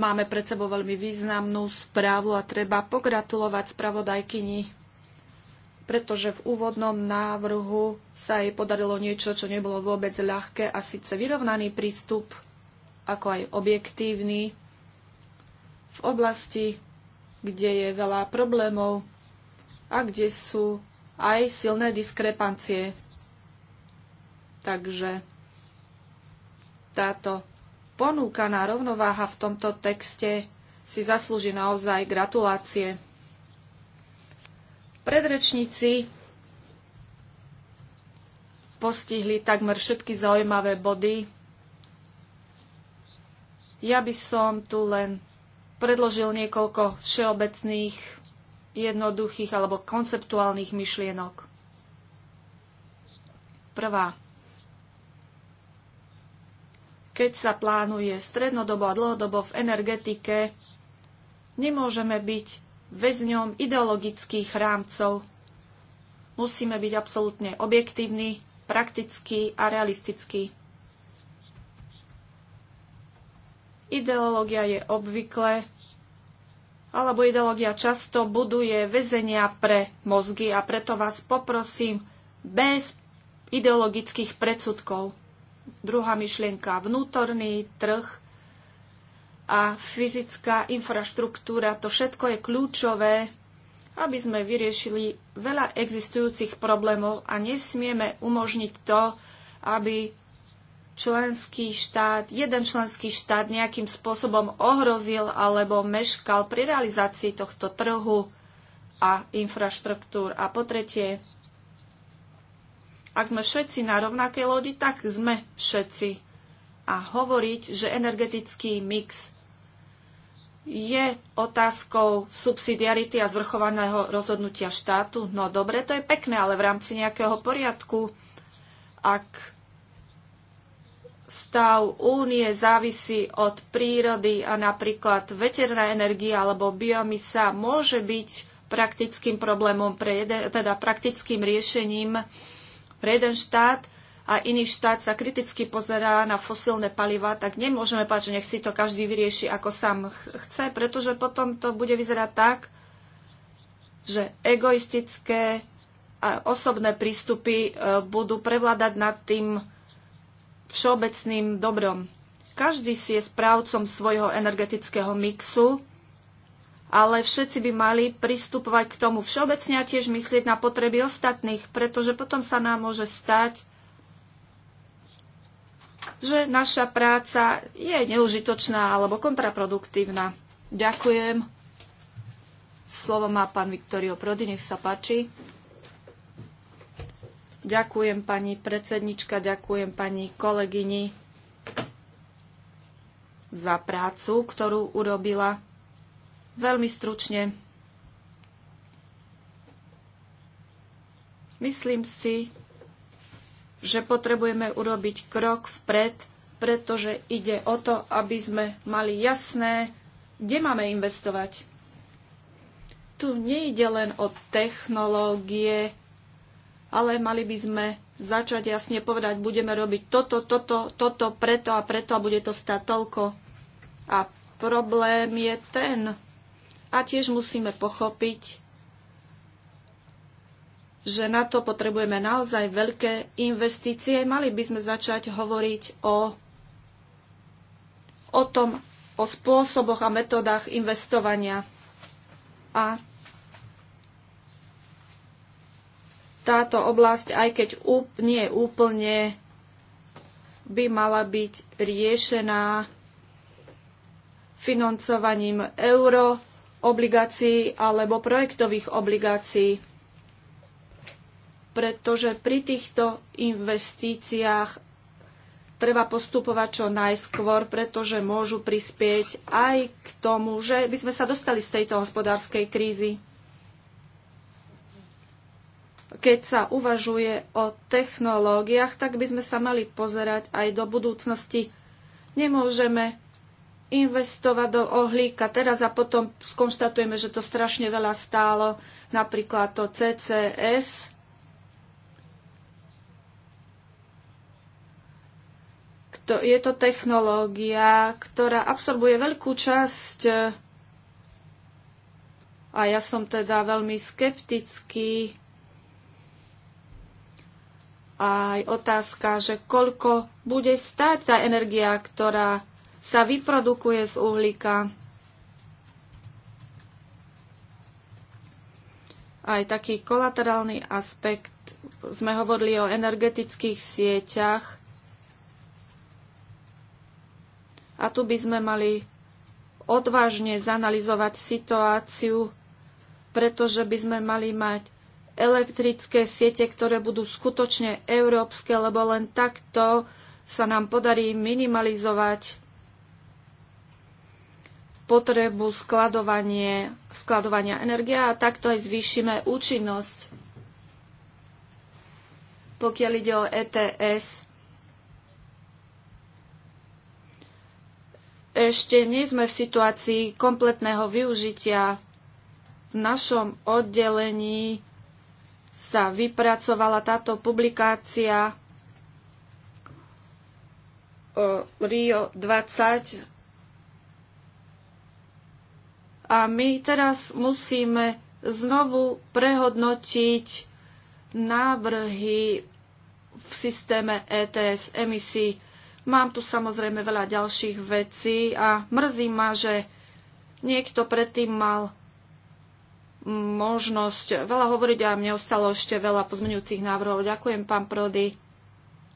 Máme pred sebou veľmi významnú správu a treba pogratulovať spravodajkyni, pretože v úvodnom návrhu sa jej podarilo niečo, čo nebolo vôbec ľahké a síce vyrovnaný prístup, ako aj objektívny v oblasti kde je veľa problémov a kde sú aj silné diskrepancie. Takže táto ponúkaná rovnováha v tomto texte si zaslúži naozaj gratulácie. Predrečníci postihli takmer všetky zaujímavé body. Ja by som tu len predložil niekoľko všeobecných, jednoduchých alebo konceptuálnych myšlienok. Prvá. Keď sa plánuje strednodobo a dlhodobo v energetike, nemôžeme byť väzňom ideologických rámcov. Musíme byť absolútne objektívni, praktickí a realistickí. Ideológia je obvykle, alebo ideológia často buduje väzenia pre mozgy a preto vás poprosím bez ideologických predsudkov. Druhá myšlienka, vnútorný trh a fyzická infraštruktúra, to všetko je kľúčové, aby sme vyriešili veľa existujúcich problémov a nesmieme umožniť to, aby členský štát, jeden členský štát nejakým spôsobom ohrozil alebo meškal pri realizácii tohto trhu a infraštruktúr. A po tretie, ak sme všetci na rovnakej lodi, tak sme všetci. A hovoriť, že energetický mix je otázkou subsidiarity a zvrchovaného rozhodnutia štátu. No dobre, to je pekné, ale v rámci nejakého poriadku, ak stav únie závisí od prírody a napríklad veterná energia alebo biomisa môže byť praktickým problémom, pre jeden, teda praktickým riešením pre jeden štát a iný štát sa kriticky pozerá na fosilné paliva, tak nemôžeme povedať, že nech si to každý vyrieši ako sám chce, pretože potom to bude vyzerať tak, že egoistické a osobné prístupy e, budú prevládať nad tým všeobecným dobrom. Každý si je správcom svojho energetického mixu, ale všetci by mali pristupovať k tomu všeobecne a tiež myslieť na potreby ostatných, pretože potom sa nám môže stať, že naša práca je neužitočná alebo kontraproduktívna. Ďakujem. Slovo má pán Viktorio Prody, nech sa páči. Ďakujem pani predsednička, ďakujem pani kolegyni za prácu, ktorú urobila. Veľmi stručne. Myslím si, že potrebujeme urobiť krok vpred, pretože ide o to, aby sme mali jasné, kde máme investovať. Tu nejde len o technológie, ale mali by sme začať jasne povedať, budeme robiť toto, toto, toto, preto a preto a bude to stať toľko. A problém je ten. A tiež musíme pochopiť, že na to potrebujeme naozaj veľké investície. Mali by sme začať hovoriť o, o tom, o spôsoboch a metodách investovania. A táto oblasť, aj keď úp- nie úplne, by mala byť riešená financovaním euro obligácií alebo projektových obligácií. Pretože pri týchto investíciách treba postupovať čo najskôr, pretože môžu prispieť aj k tomu, že by sme sa dostali z tejto hospodárskej krízy keď sa uvažuje o technológiách, tak by sme sa mali pozerať aj do budúcnosti. Nemôžeme investovať do ohlíka teraz a potom skonštatujeme, že to strašne veľa stálo, napríklad to CCS, je to technológia, ktorá absorbuje veľkú časť a ja som teda veľmi skeptický aj otázka, že koľko bude stať tá energia, ktorá sa vyprodukuje z uhlíka. Aj taký kolaterálny aspekt. Sme hovorili o energetických sieťach. A tu by sme mali odvážne zanalizovať situáciu, pretože by sme mali mať elektrické siete, ktoré budú skutočne európske, lebo len takto sa nám podarí minimalizovať potrebu skladovanie, skladovania energie a takto aj zvýšime účinnosť. Pokiaľ ide o ETS, ešte nie sme v situácii kompletného využitia. V našom oddelení sa vypracovala táto publikácia Rio 20 a my teraz musíme znovu prehodnotiť návrhy v systéme ETS emisí. Mám tu samozrejme veľa ďalších vecí a mrzí ma, že niekto predtým mal možnosť veľa hovoriť a mne ostalo ešte veľa pozmeňujúcich návrhov. Ďakujem, pán Prody.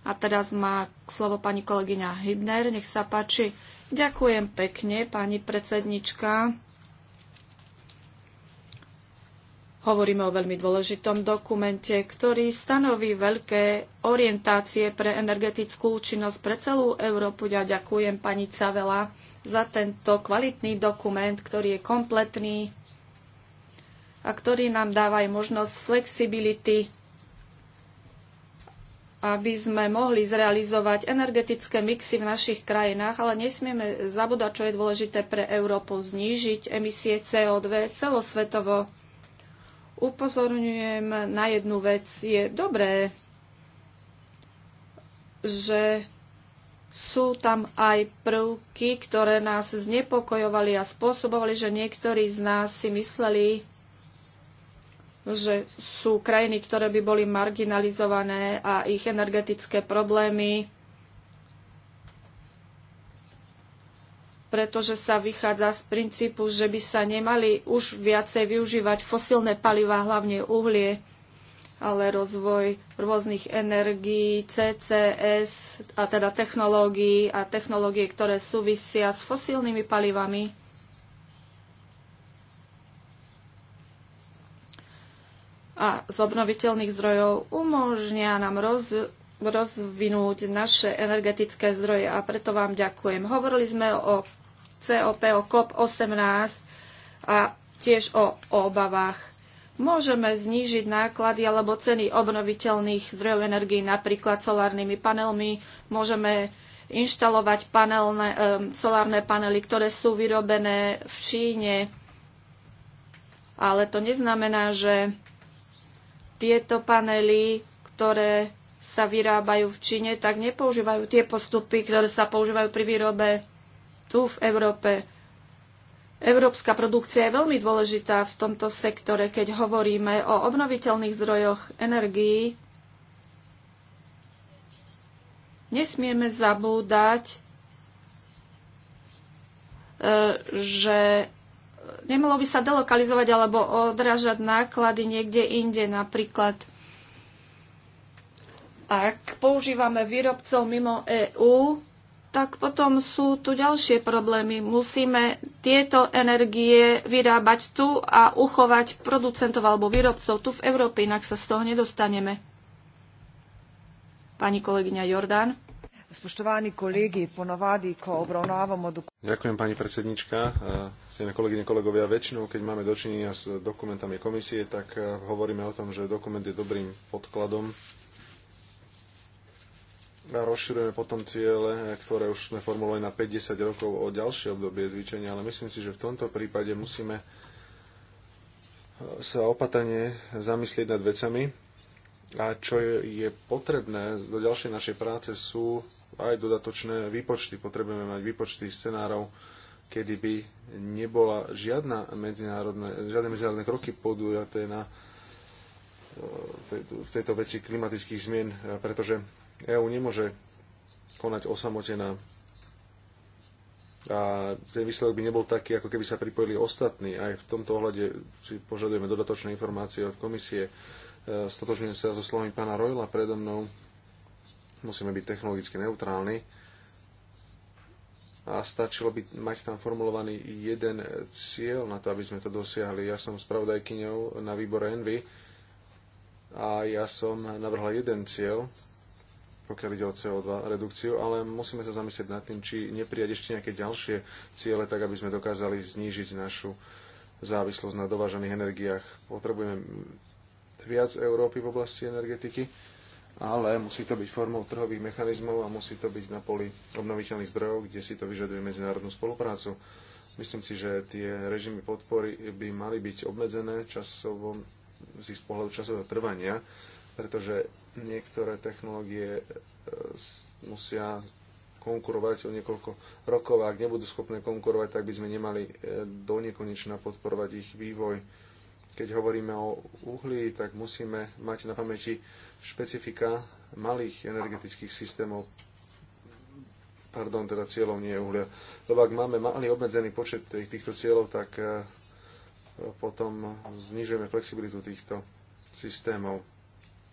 A teraz má slovo pani kolegyňa Hybner. Nech sa páči. Ďakujem pekne, pani predsednička. Hovoríme o veľmi dôležitom dokumente, ktorý stanoví veľké orientácie pre energetickú účinnosť pre celú Európu. Ja ďakujem pani Cavela za tento kvalitný dokument, ktorý je kompletný a ktorý nám dáva aj možnosť flexibility, aby sme mohli zrealizovať energetické mixy v našich krajinách, ale nesmieme zabúdať, čo je dôležité pre Európu, znížiť emisie CO2 celosvetovo. Upozorňujem na jednu vec. Je dobré, že sú tam aj prvky, ktoré nás znepokojovali a spôsobovali, že niektorí z nás si mysleli, že sú krajiny, ktoré by boli marginalizované a ich energetické problémy, pretože sa vychádza z princípu, že by sa nemali už viacej využívať fosilné paliva, hlavne uhlie, ale rozvoj rôznych energií, CCS, a teda technológií a technológie, ktoré súvisia s fosílnymi palivami a z obnoviteľných zdrojov umožnia nám roz, rozvinúť naše energetické zdroje a preto vám ďakujem. Hovorili sme o COP, o COP18 a tiež o obavách. Môžeme znížiť náklady alebo ceny obnoviteľných zdrojov energii, napríklad solárnymi panelmi. Môžeme inštalovať panelne, um, solárne panely, ktoré sú vyrobené v Číne. Ale to neznamená, že tieto panely, ktoré sa vyrábajú v Číne, tak nepoužívajú tie postupy, ktoré sa používajú pri výrobe tu v Európe. Európska produkcia je veľmi dôležitá v tomto sektore, keď hovoríme o obnoviteľných zdrojoch energií. Nesmieme zabúdať, e, že nemalo by sa delokalizovať alebo odrážať náklady niekde inde. Napríklad, ak používame výrobcov mimo EÚ, tak potom sú tu ďalšie problémy. Musíme tieto energie vyrábať tu a uchovať producentov alebo výrobcov tu v Európe, inak sa z toho nedostaneme. Pani kolegyňa Jordán. Spoštovani kolegi, ko obravnavamo Ďakujem, pani predsednička. kolegyne, kolegovia, väčšinou, keď máme dočinenia s dokumentami komisie, tak hovoríme o tom, že dokument je dobrým podkladom a rozširujeme potom ciele, ktoré už sme formulovali na 50 rokov o ďalšie obdobie zvyčenia, ale myslím si, že v tomto prípade musíme sa opatrne zamyslieť nad vecami, a čo je, je potrebné do ďalšej našej práce sú aj dodatočné výpočty. Potrebujeme mať výpočty scenárov, kedy by nebola žiadna medzinárodné, žiadne medzinárodné kroky podujaté na e, v tejto veci klimatických zmien, e, pretože EÚ nemôže konať osamotená a ten výsledok by nebol taký, ako keby sa pripojili ostatní. Aj v tomto ohľade si požadujeme dodatočné informácie od komisie. E, stotožňujem sa so slovami pána Rojla predo mnou musíme byť technologicky neutrálni. A stačilo by mať tam formulovaný jeden cieľ na to, aby sme to dosiahli. Ja som spravodajkyňou na výbore Envy a ja som navrhla jeden cieľ, pokiaľ ide o CO2 redukciu, ale musíme sa zamyslieť nad tým, či neprijať ešte nejaké ďalšie ciele, tak aby sme dokázali znížiť našu závislosť na dovážených energiách. Potrebujeme viac Európy v oblasti energetiky ale musí to byť formou trhových mechanizmov a musí to byť na poli obnoviteľných zdrojov, kde si to vyžaduje medzinárodnú spoluprácu. Myslím si, že tie režimy podpory by mali byť obmedzené časovo, z ich pohľadu časového trvania, pretože niektoré technológie e, musia konkurovať o niekoľko rokov a ak nebudú schopné konkurovať, tak by sme nemali e, do nekonečna podporovať ich vývoj. Keď hovoríme o uhli, tak musíme mať na pamäti špecifika malých energetických systémov, pardon, teda cieľov nie je uhlia. Lebo ak máme malý obmedzený počet týchto cieľov, tak eh, potom znižujeme flexibilitu týchto systémov.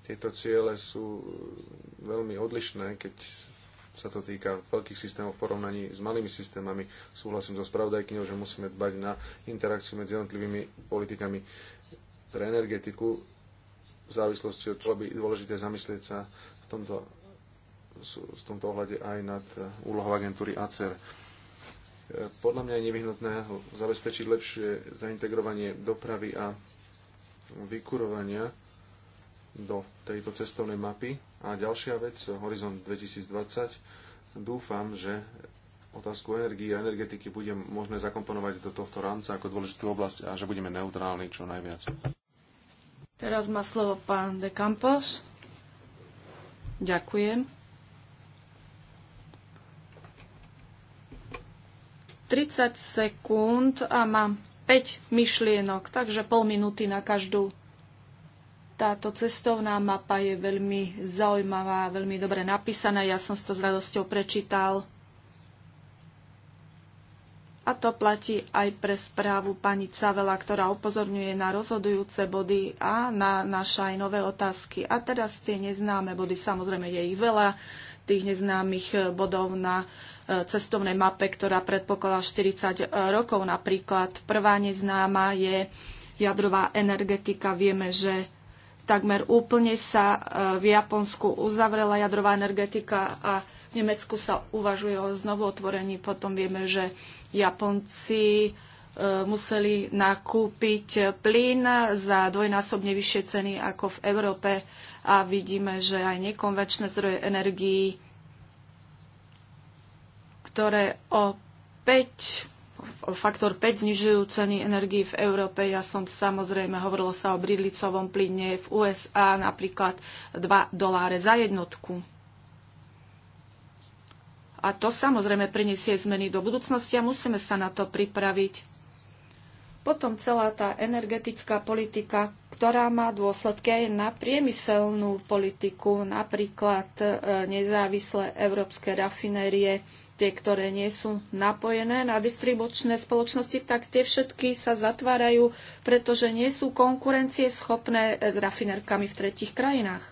Tieto ciele sú veľmi odlišné, keď sa to týka veľkých systémov v porovnaní s malými systémami. Súhlasím so spravodajkyňou, že musíme dbať na interakciu medzi jednotlivými politikami pre energetiku v závislosti od toho by dôležité zamyslieť sa v tomto, v tomto ohľade aj nad eh, úlohou agentúry ACER. Eh, podľa mňa je nevyhnutné zabezpečiť lepšie zaintegrovanie dopravy a vykurovania do tejto cestovnej mapy. A ďalšia vec, Horizont 2020, dúfam, že otázku energie a energetiky bude možné zakomponovať do tohto rámca ako dôležitú oblasť a že budeme neutrálni čo najviac. Teraz má slovo pán De Campos. Ďakujem. 30 sekúnd a mám 5 myšlienok, takže pol minúty na každú. Táto cestovná mapa je veľmi zaujímavá, veľmi dobre napísaná. Ja som si to s radosťou prečítal. A to platí aj pre správu pani Cavela, ktorá upozorňuje na rozhodujúce body a na naše aj nové otázky. A teraz tie neznáme body, samozrejme je ich veľa, tých neznámych bodov na e, cestovnej mape, ktorá predpokladá 40 e, rokov. Napríklad prvá neznáma je jadrová energetika. Vieme, že takmer úplne sa e, v Japonsku uzavrela jadrová energetika a v Nemecku sa uvažuje o znovu otvorení. Potom vieme, že Japonci e, museli nakúpiť plyn za dvojnásobne vyššie ceny ako v Európe a vidíme, že aj nekonvenčné zdroje energií, ktoré o 5, o faktor 5 znižujú ceny energii v Európe. Ja som samozrejme hovorila sa o bridlicovom plyne v USA napríklad 2 doláre za jednotku. A to samozrejme prinesie zmeny do budúcnosti a musíme sa na to pripraviť. Potom celá tá energetická politika, ktorá má dôsledky aj na priemyselnú politiku, napríklad e, nezávislé európske rafinérie, tie, ktoré nie sú napojené na distribučné spoločnosti, tak tie všetky sa zatvárajú, pretože nie sú konkurencie schopné e, s rafinérkami v tretich krajinách.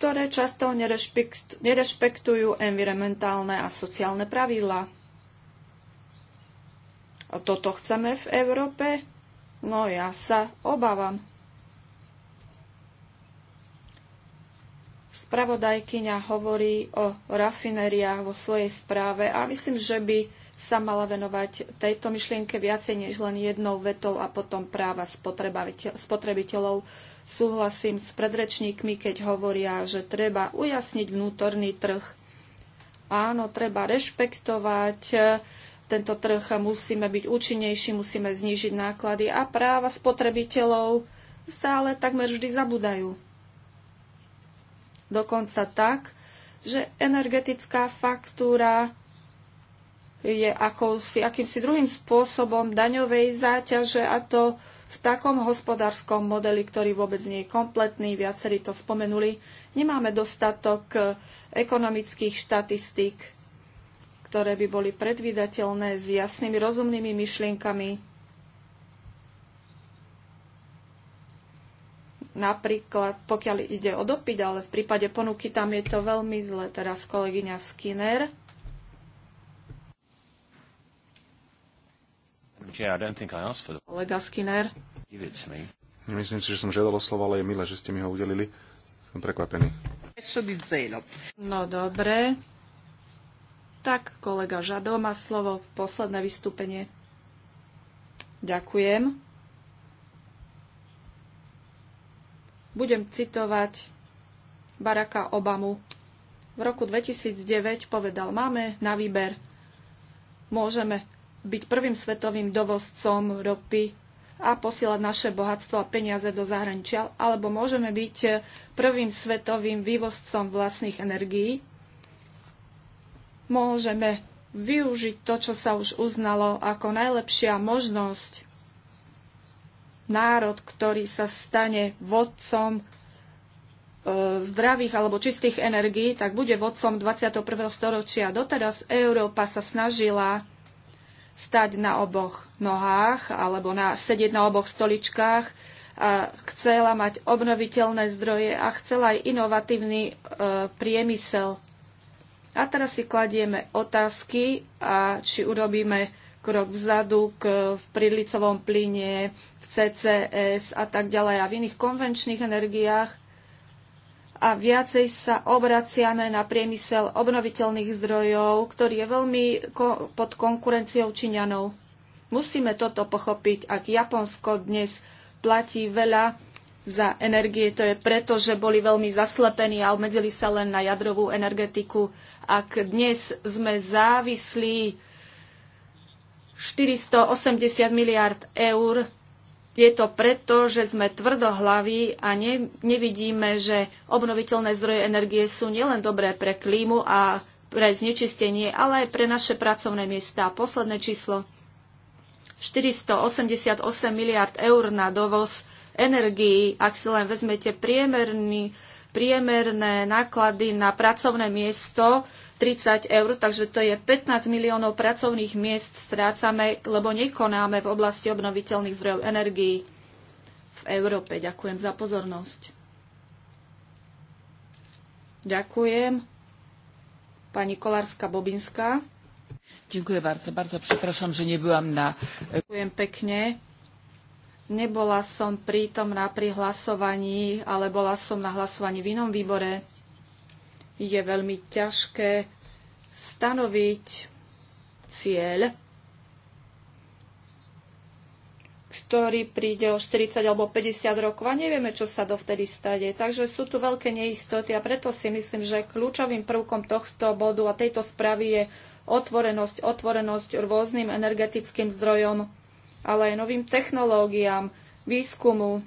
ktoré často nerešpekt, nerešpektujú environmentálne a sociálne pravidlá. A toto chceme v Európe? No ja sa obávam. Spravodajkyňa hovorí o rafinériách vo svojej správe a myslím, že by sa mala venovať tejto myšlienke viacej než len jednou vetou a potom práva spotrebiteľov Súhlasím s predrečníkmi, keď hovoria, že treba ujasniť vnútorný trh. Áno, treba rešpektovať e, tento trh, musíme byť účinnejší, musíme znížiť náklady a práva spotrebiteľov sa ale takmer vždy zabudajú. Dokonca tak, že energetická faktúra je akousi, akýmsi druhým spôsobom daňovej záťaže a to v takom hospodárskom modeli, ktorý vôbec nie je kompletný, viacerí to spomenuli, nemáme dostatok e, ekonomických štatistík, ktoré by boli predvídateľné s jasnými, rozumnými myšlienkami. Napríklad, pokiaľ ide o dopyt, ale v prípade ponuky tam je to veľmi zle. Teraz kolegyňa Skinner. Yeah, Kolega Skinner. Myslím si, že som žiadal slovo, ale je milé, že ste mi ho udelili. Som prekvapený. No dobre. Tak, kolega Žado má slovo. Posledné vystúpenie. Ďakujem. Budem citovať Baracka Obamu. V roku 2009 povedal, máme na výber. Môžeme byť prvým svetovým dovozcom ropy a posielať naše bohatstvo a peniaze do zahraničia, alebo môžeme byť prvým svetovým vývozcom vlastných energií. Môžeme využiť to, čo sa už uznalo ako najlepšia možnosť. Národ, ktorý sa stane vodcom e, zdravých alebo čistých energií, tak bude vodcom 21. storočia. Doteraz Európa sa snažila stať na oboch nohách alebo na, sedieť na oboch stoličkách a chcela mať obnoviteľné zdroje a chcela aj inovatívny e, priemysel. A teraz si kladieme otázky, a či urobíme krok vzadu k, v prílicovom plyne, v CCS a tak ďalej a v iných konvenčných energiách a viacej sa obraciame na priemysel obnoviteľných zdrojov, ktorý je veľmi ko- pod konkurenciou Číňanov. Musíme toto pochopiť, ak Japonsko dnes platí veľa za energie, to je preto, že boli veľmi zaslepení a obmedzili sa len na jadrovú energetiku. Ak dnes sme závislí 480 miliard eur je to preto, že sme tvrdohlaví a ne, nevidíme, že obnoviteľné zdroje energie sú nielen dobré pre klímu a pre znečistenie, ale aj pre naše pracovné miesta. Posledné číslo. 488 miliard eur na dovoz energií, ak si len vezmete priemerný, priemerné náklady na pracovné miesto, 30 eur, takže to je 15 miliónov pracovných miest strácame, lebo nekonáme v oblasti obnoviteľných zdrojov energií v Európe. Ďakujem za pozornosť. Ďakujem. Pani Kolárska-Bobinská. Ďakujem bardzo, bardzo przepraszam, že nebyłam na... Ďakujem pekne. Nebola som prítomná pri hlasovaní, ale bola som na hlasovaní v inom výbore je veľmi ťažké stanoviť cieľ, ktorý príde o 40 alebo 50 rokov a nevieme, čo sa dovtedy stane. Takže sú tu veľké neistoty a preto si myslím, že kľúčovým prvkom tohto bodu a tejto správy je otvorenosť, otvorenosť rôznym energetickým zdrojom, ale aj novým technológiám, výskumu,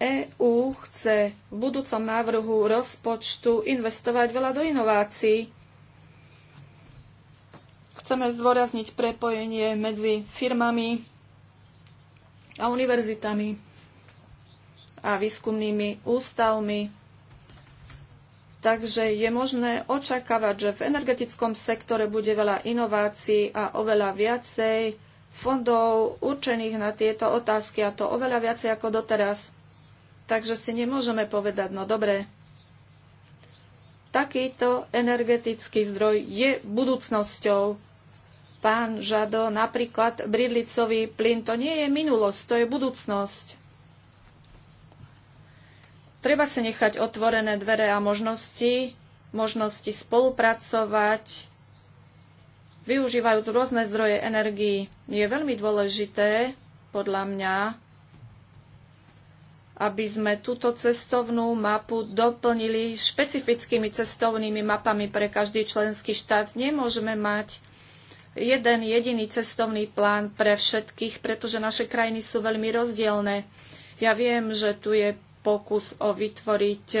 EÚ chce v budúcom návrhu rozpočtu investovať veľa do inovácií. Chceme zdôrazniť prepojenie medzi firmami a univerzitami a výskumnými ústavmi. Takže je možné očakávať, že v energetickom sektore bude veľa inovácií a oveľa viacej fondov určených na tieto otázky, a to oveľa viacej ako doteraz. Takže si nemôžeme povedať, no dobre, takýto energetický zdroj je budúcnosťou. Pán Žado, napríklad bridlicový plyn, to nie je minulosť, to je budúcnosť. Treba sa nechať otvorené dvere a možnosti, možnosti spolupracovať, využívajúc rôzne zdroje energii. Je veľmi dôležité, podľa mňa, aby sme túto cestovnú mapu doplnili špecifickými cestovnými mapami pre každý členský štát. Nemôžeme mať jeden jediný cestovný plán pre všetkých, pretože naše krajiny sú veľmi rozdielne. Ja viem, že tu je pokus o vytvoriť e,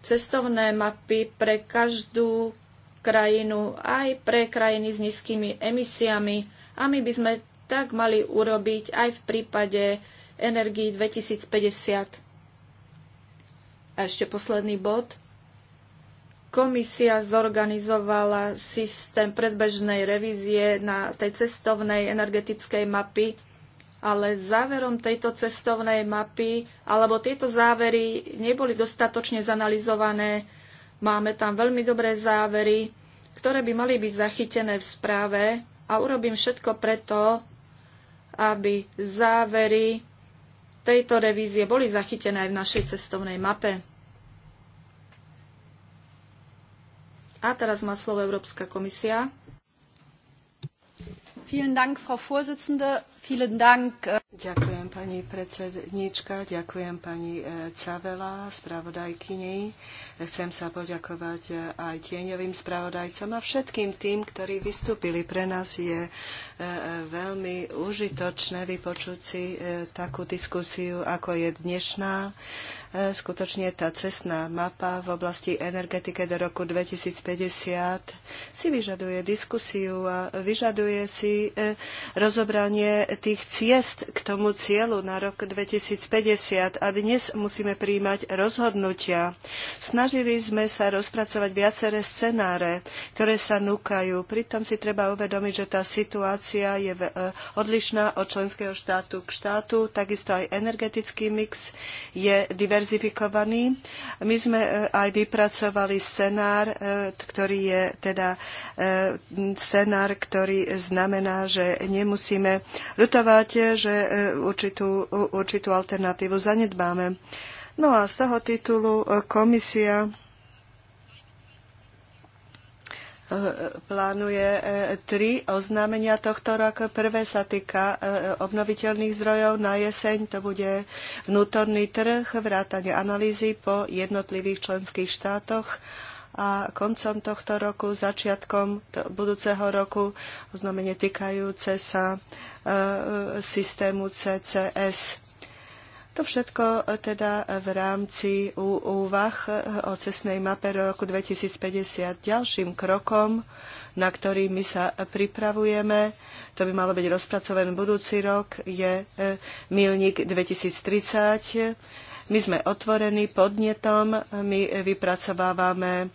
cestovné mapy pre každú krajinu, aj pre krajiny s nízkymi emisiami. A my by sme tak mali urobiť aj v prípade energii 2050. A ešte posledný bod. Komisia zorganizovala systém predbežnej revízie na tej cestovnej energetickej mapy, ale záverom tejto cestovnej mapy, alebo tieto závery neboli dostatočne zanalizované. Máme tam veľmi dobré závery, ktoré by mali byť zachytené v správe a urobím všetko preto, aby závery tejto revízie boli zachytené aj v našej cestovnej mape. A teraz má slovo Európska komisia. Vielen Dank, Frau Vorsitzende. Vielen Dank. Ďakujem pani predsedníčka, ďakujem pani e, Cavela, spravodajkyni. Chcem sa poďakovať e, aj tieňovým spravodajcom a všetkým tým, ktorí vystúpili. Pre nás je e, veľmi užitočné vypočuť si takú diskusiu, ako je dnešná skutočne tá cestná mapa v oblasti energetike do roku 2050 si vyžaduje diskusiu a vyžaduje si e, rozobranie tých ciest k tomu cieľu na rok 2050 a dnes musíme príjmať rozhodnutia. Snažili sme sa rozpracovať viaceré scenáre, ktoré sa núkajú. Pritom si treba uvedomiť, že tá situácia je e, odlišná od členského štátu k štátu, takisto aj energetický mix je diverzifikačný diverzifikovaný. My sme e, aj vypracovali scenár, e, ktorý je teda e, scenár, ktorý znamená, že nemusíme lutovať, že určitú, určitú alternatívu zanedbáme. No a z toho titulu komisia plánuje e, tri oznámenia tohto roku. Prvé sa týka e, obnoviteľných zdrojov na jeseň. To bude vnútorný trh, vrátanie analýzy po jednotlivých členských štátoch a koncom tohto roku, začiatkom budúceho roku, oznámenie týkajúce sa e, systému CCS. To všetko e, teda v rámci úvah e, o cestnej mape roku 2050. Ďalším krokom, na ktorý my sa pripravujeme, to by malo byť rozpracovaný budúci rok, je e, milník 2030. My sme otvorení podnetom, my vypracovávame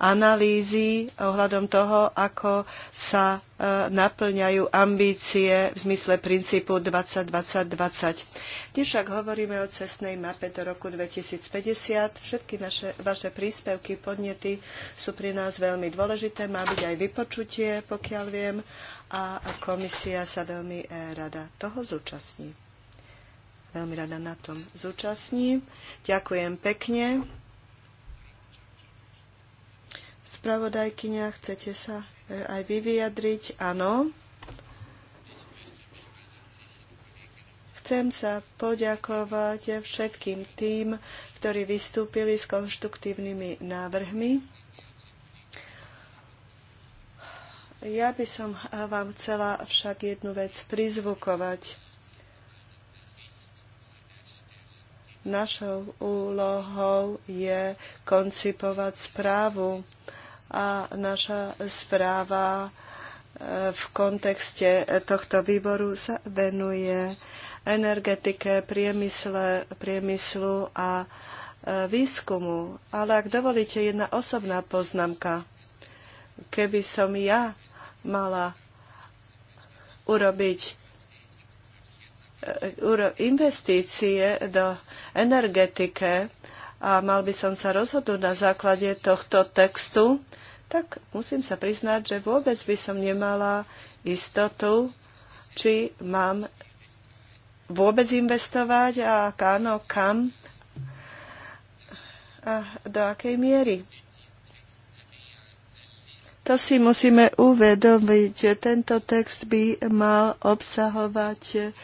analýzy ohľadom toho, ako sa e, naplňajú ambície v zmysle princípu 2020-2020. Tiež však hovoríme o cestnej mape do roku 2050. Všetky naše, vaše príspevky, podnety sú pri nás veľmi dôležité. Má byť aj vypočutie, pokiaľ viem, a komisia sa veľmi e, rada toho zúčastní. Veľmi rada na tom zúčastní. Ďakujem pekne. Spravodajkyňa, chcete sa e, aj vy vyjadriť? Áno. Chcem sa poďakovať všetkým tým, ktorí vystúpili s konštruktívnymi návrhmi. Ja by som vám chcela však jednu vec prizvukovať. Našou úlohou je koncipovať správu a naša správa e, v kontexte tohto výboru sa venuje energetike, priemysle, priemyslu a e, výskumu. Ale ak dovolíte, jedna osobná poznámka. Keby som ja mala urobiť e, investície do energetike, a mal by som sa rozhodnúť na základe tohto textu, tak musím sa priznať, že vôbec by som nemala istotu, či mám vôbec investovať a ak áno, kam a do akej miery. To si musíme uvedomiť, že tento text by mal obsahovať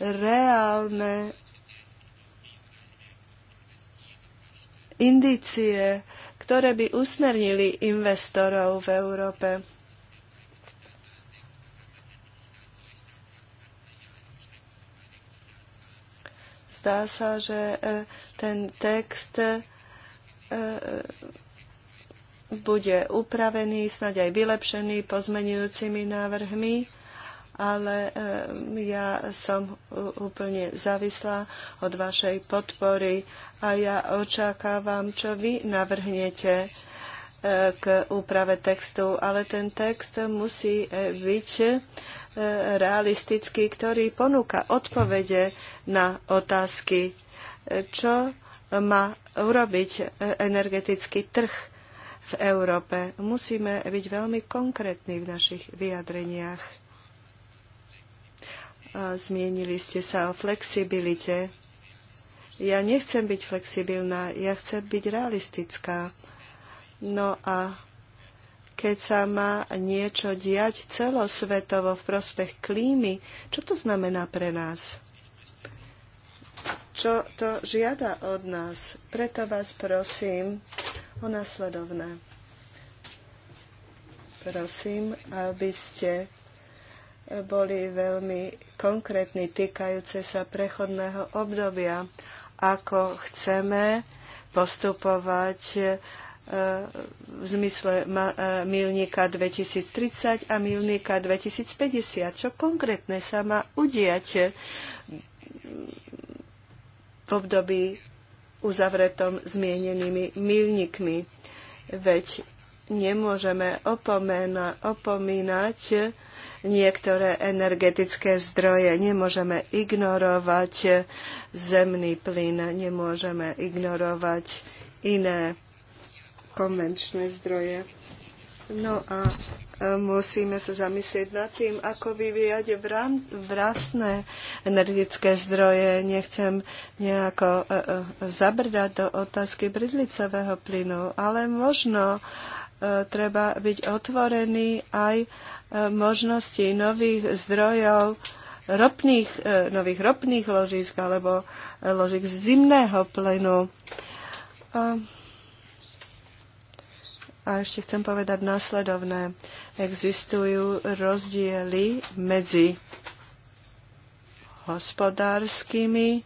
reálne indície, ktoré by usmernili investorov v Európe. Zdá sa, že e, ten text e, e, bude upravený, snáď aj vylepšený pozmenujúcimi návrhmi ale e, ja som úplne závislá od vašej podpory a ja očakávam, čo vy navrhnete e, k úprave textu, ale ten text musí e, byť realistický, ktorý ponúka odpovede na otázky, čo má urobiť energetický trh v Európe. Musíme byť veľmi konkrétni v našich vyjadreniach zmienili ste sa o flexibilite. Ja nechcem byť flexibilná, ja chcem byť realistická. No a keď sa má niečo diať celosvetovo v prospech klímy, čo to znamená pre nás? Čo to žiada od nás? Preto vás prosím o následovné. Prosím, aby ste boli veľmi konkrétni týkajúce sa prechodného obdobia, ako chceme postupovať e, v zmysle e, milníka 2030 a milníka 2050. Čo konkrétne sa má udiať v období uzavretom zmienenými milníkmi? Veď nemôžeme opomena, opomínať niektoré energetické zdroje. Nemôžeme ignorovať zemný plyn, nemôžeme ignorovať iné konvenčné zdroje. No a musíme sa zamyslieť nad tým, ako vyvíjať vlastné energetické zdroje. Nechcem nejako e, e, zabrdať do otázky bridlicového plynu, ale možno e, treba byť otvorený aj možnosti nových zdrojov ropných, e, nových ropných ložisk alebo e, ložisk zimného plynu. A, a ešte chcem povedať následovné. Existujú rozdiely medzi hospodárskymi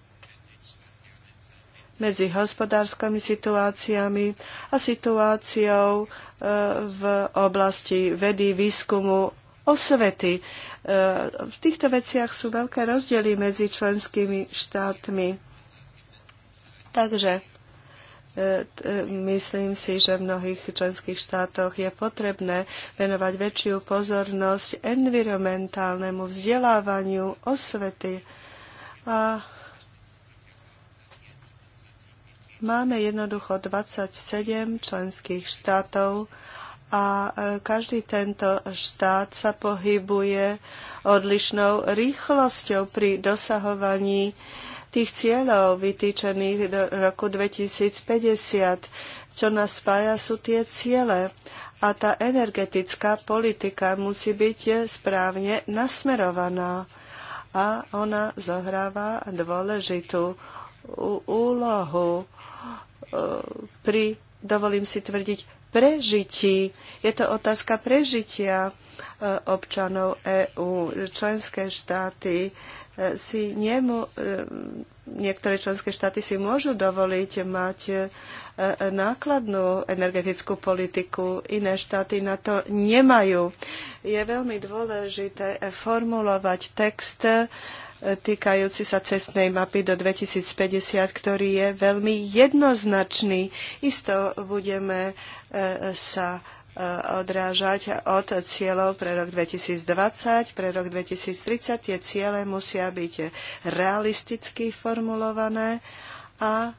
medzi hospodárskými situáciami a situáciou e, v oblasti vedy, výskumu osvety. E, v týchto veciach sú veľké rozdiely medzi členskými štátmi. Takže e, myslím si, že v mnohých členských štátoch je potrebné venovať väčšiu pozornosť environmentálnemu vzdelávaniu osvety. A máme jednoducho 27 členských štátov a e, každý tento štát sa pohybuje odlišnou rýchlosťou pri dosahovaní tých cieľov vytýčených do roku 2050. Čo nás spája sú tie ciele a tá energetická politika musí byť správne nasmerovaná a ona zohráva dôležitú úlohu e, pri, dovolím si tvrdiť, prežití. Je to otázka prežitia e, občanov EÚ. Členské štáty e, si nemu, e, niektoré členské štáty si môžu dovoliť mať nákladnú energetickú politiku, iné štáty na to nemajú. Je veľmi dôležité formulovať text týkajúci sa cestnej mapy do 2050, ktorý je veľmi jednoznačný. Isto budeme sa e, odrážať od cieľov pre rok 2020, pre rok 2030. Tie ciele musia byť realisticky formulované a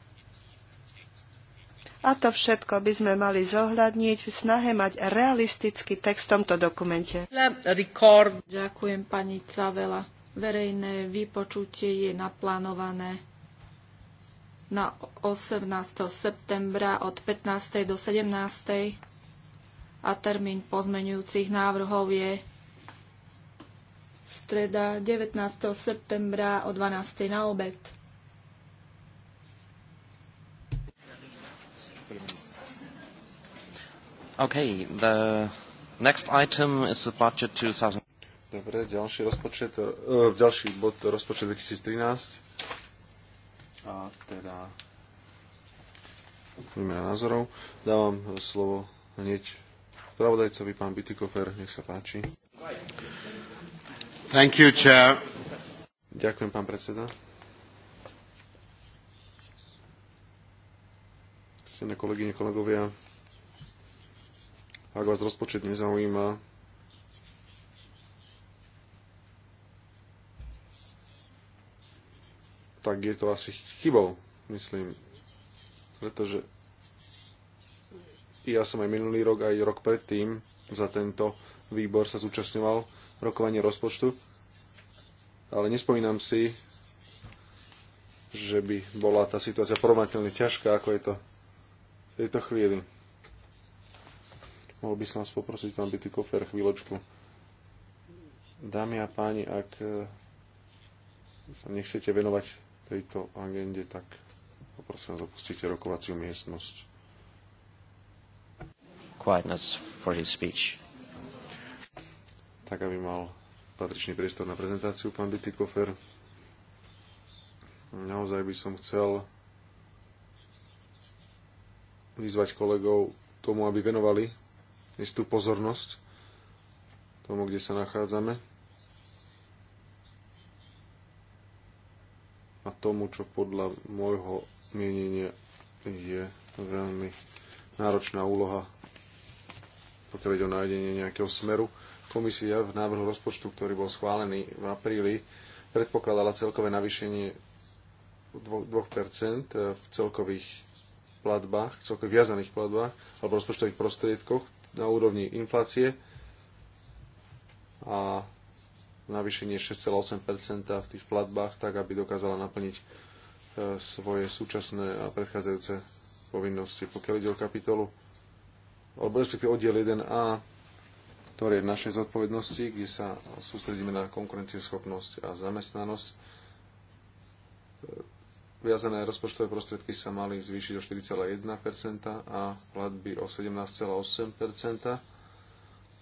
a to všetko by sme mali zohľadniť v snahe mať realistický text v tomto dokumente. Ďakujem pani Cavela. Verejné vypočutie je naplánované na 18. septembra od 15. do 17. a termín pozmenujúcich návrhov je streda 19. septembra o 12. na obed. Okay, the next item is the budget 2000. Dobre, ďalší rozpočet, uh, ďalší bod rozpočet 2013 a teda výmena názorov. Dávam slovo hneď spravodajcovi, pán Bitikofer, nech sa páči. Thank you, chair. Ďakujem, pán predseda. Ctené kolegyne, kolegovia, ak vás rozpočet nezaujíma, tak je to asi chybou, myslím. Pretože ja som aj minulý rok, aj rok predtým za tento výbor sa zúčastňoval rokovanie rozpočtu, ale nespomínam si, že by bola tá situácia porovnateľne ťažká, ako je to v tejto chvíli. Mohol by som vás poprosiť, pán kofer chvíľočku. Dámy a páni, ak sa nechcete venovať tejto agende, tak poprosím vás, opustite rokovaciu miestnosť. Quietness for his speech. Tak, aby mal patričný priestor na prezentáciu, pán Bitikofer. Naozaj by som chcel vyzvať kolegov tomu, aby venovali istú pozornosť tomu, kde sa nachádzame. tomu, čo podľa môjho mienenia je veľmi náročná úloha, pokiaľ ide o nájdenie nejakého smeru. Komisia v návrhu rozpočtu, ktorý bol schválený v apríli, predpokladala celkové navýšenie 2% eh, v celkových platbách, celkových viazaných platbách alebo rozpočtových prostriedkoch na úrovni inflácie a navýšenie 6,8 v tých platbách, tak aby dokázala naplniť e, svoje súčasné a predchádzajúce povinnosti. Pokiaľ ide o kapitolu, alebo respektíve oddiel 1a, ktorý je v našej zodpovednosti, kde sa sústredíme na konkurencieschopnosť a zamestnanosť. E, viazané rozpočtové prostriedky sa mali zvýšiť o 4,1% a platby o 17,8%.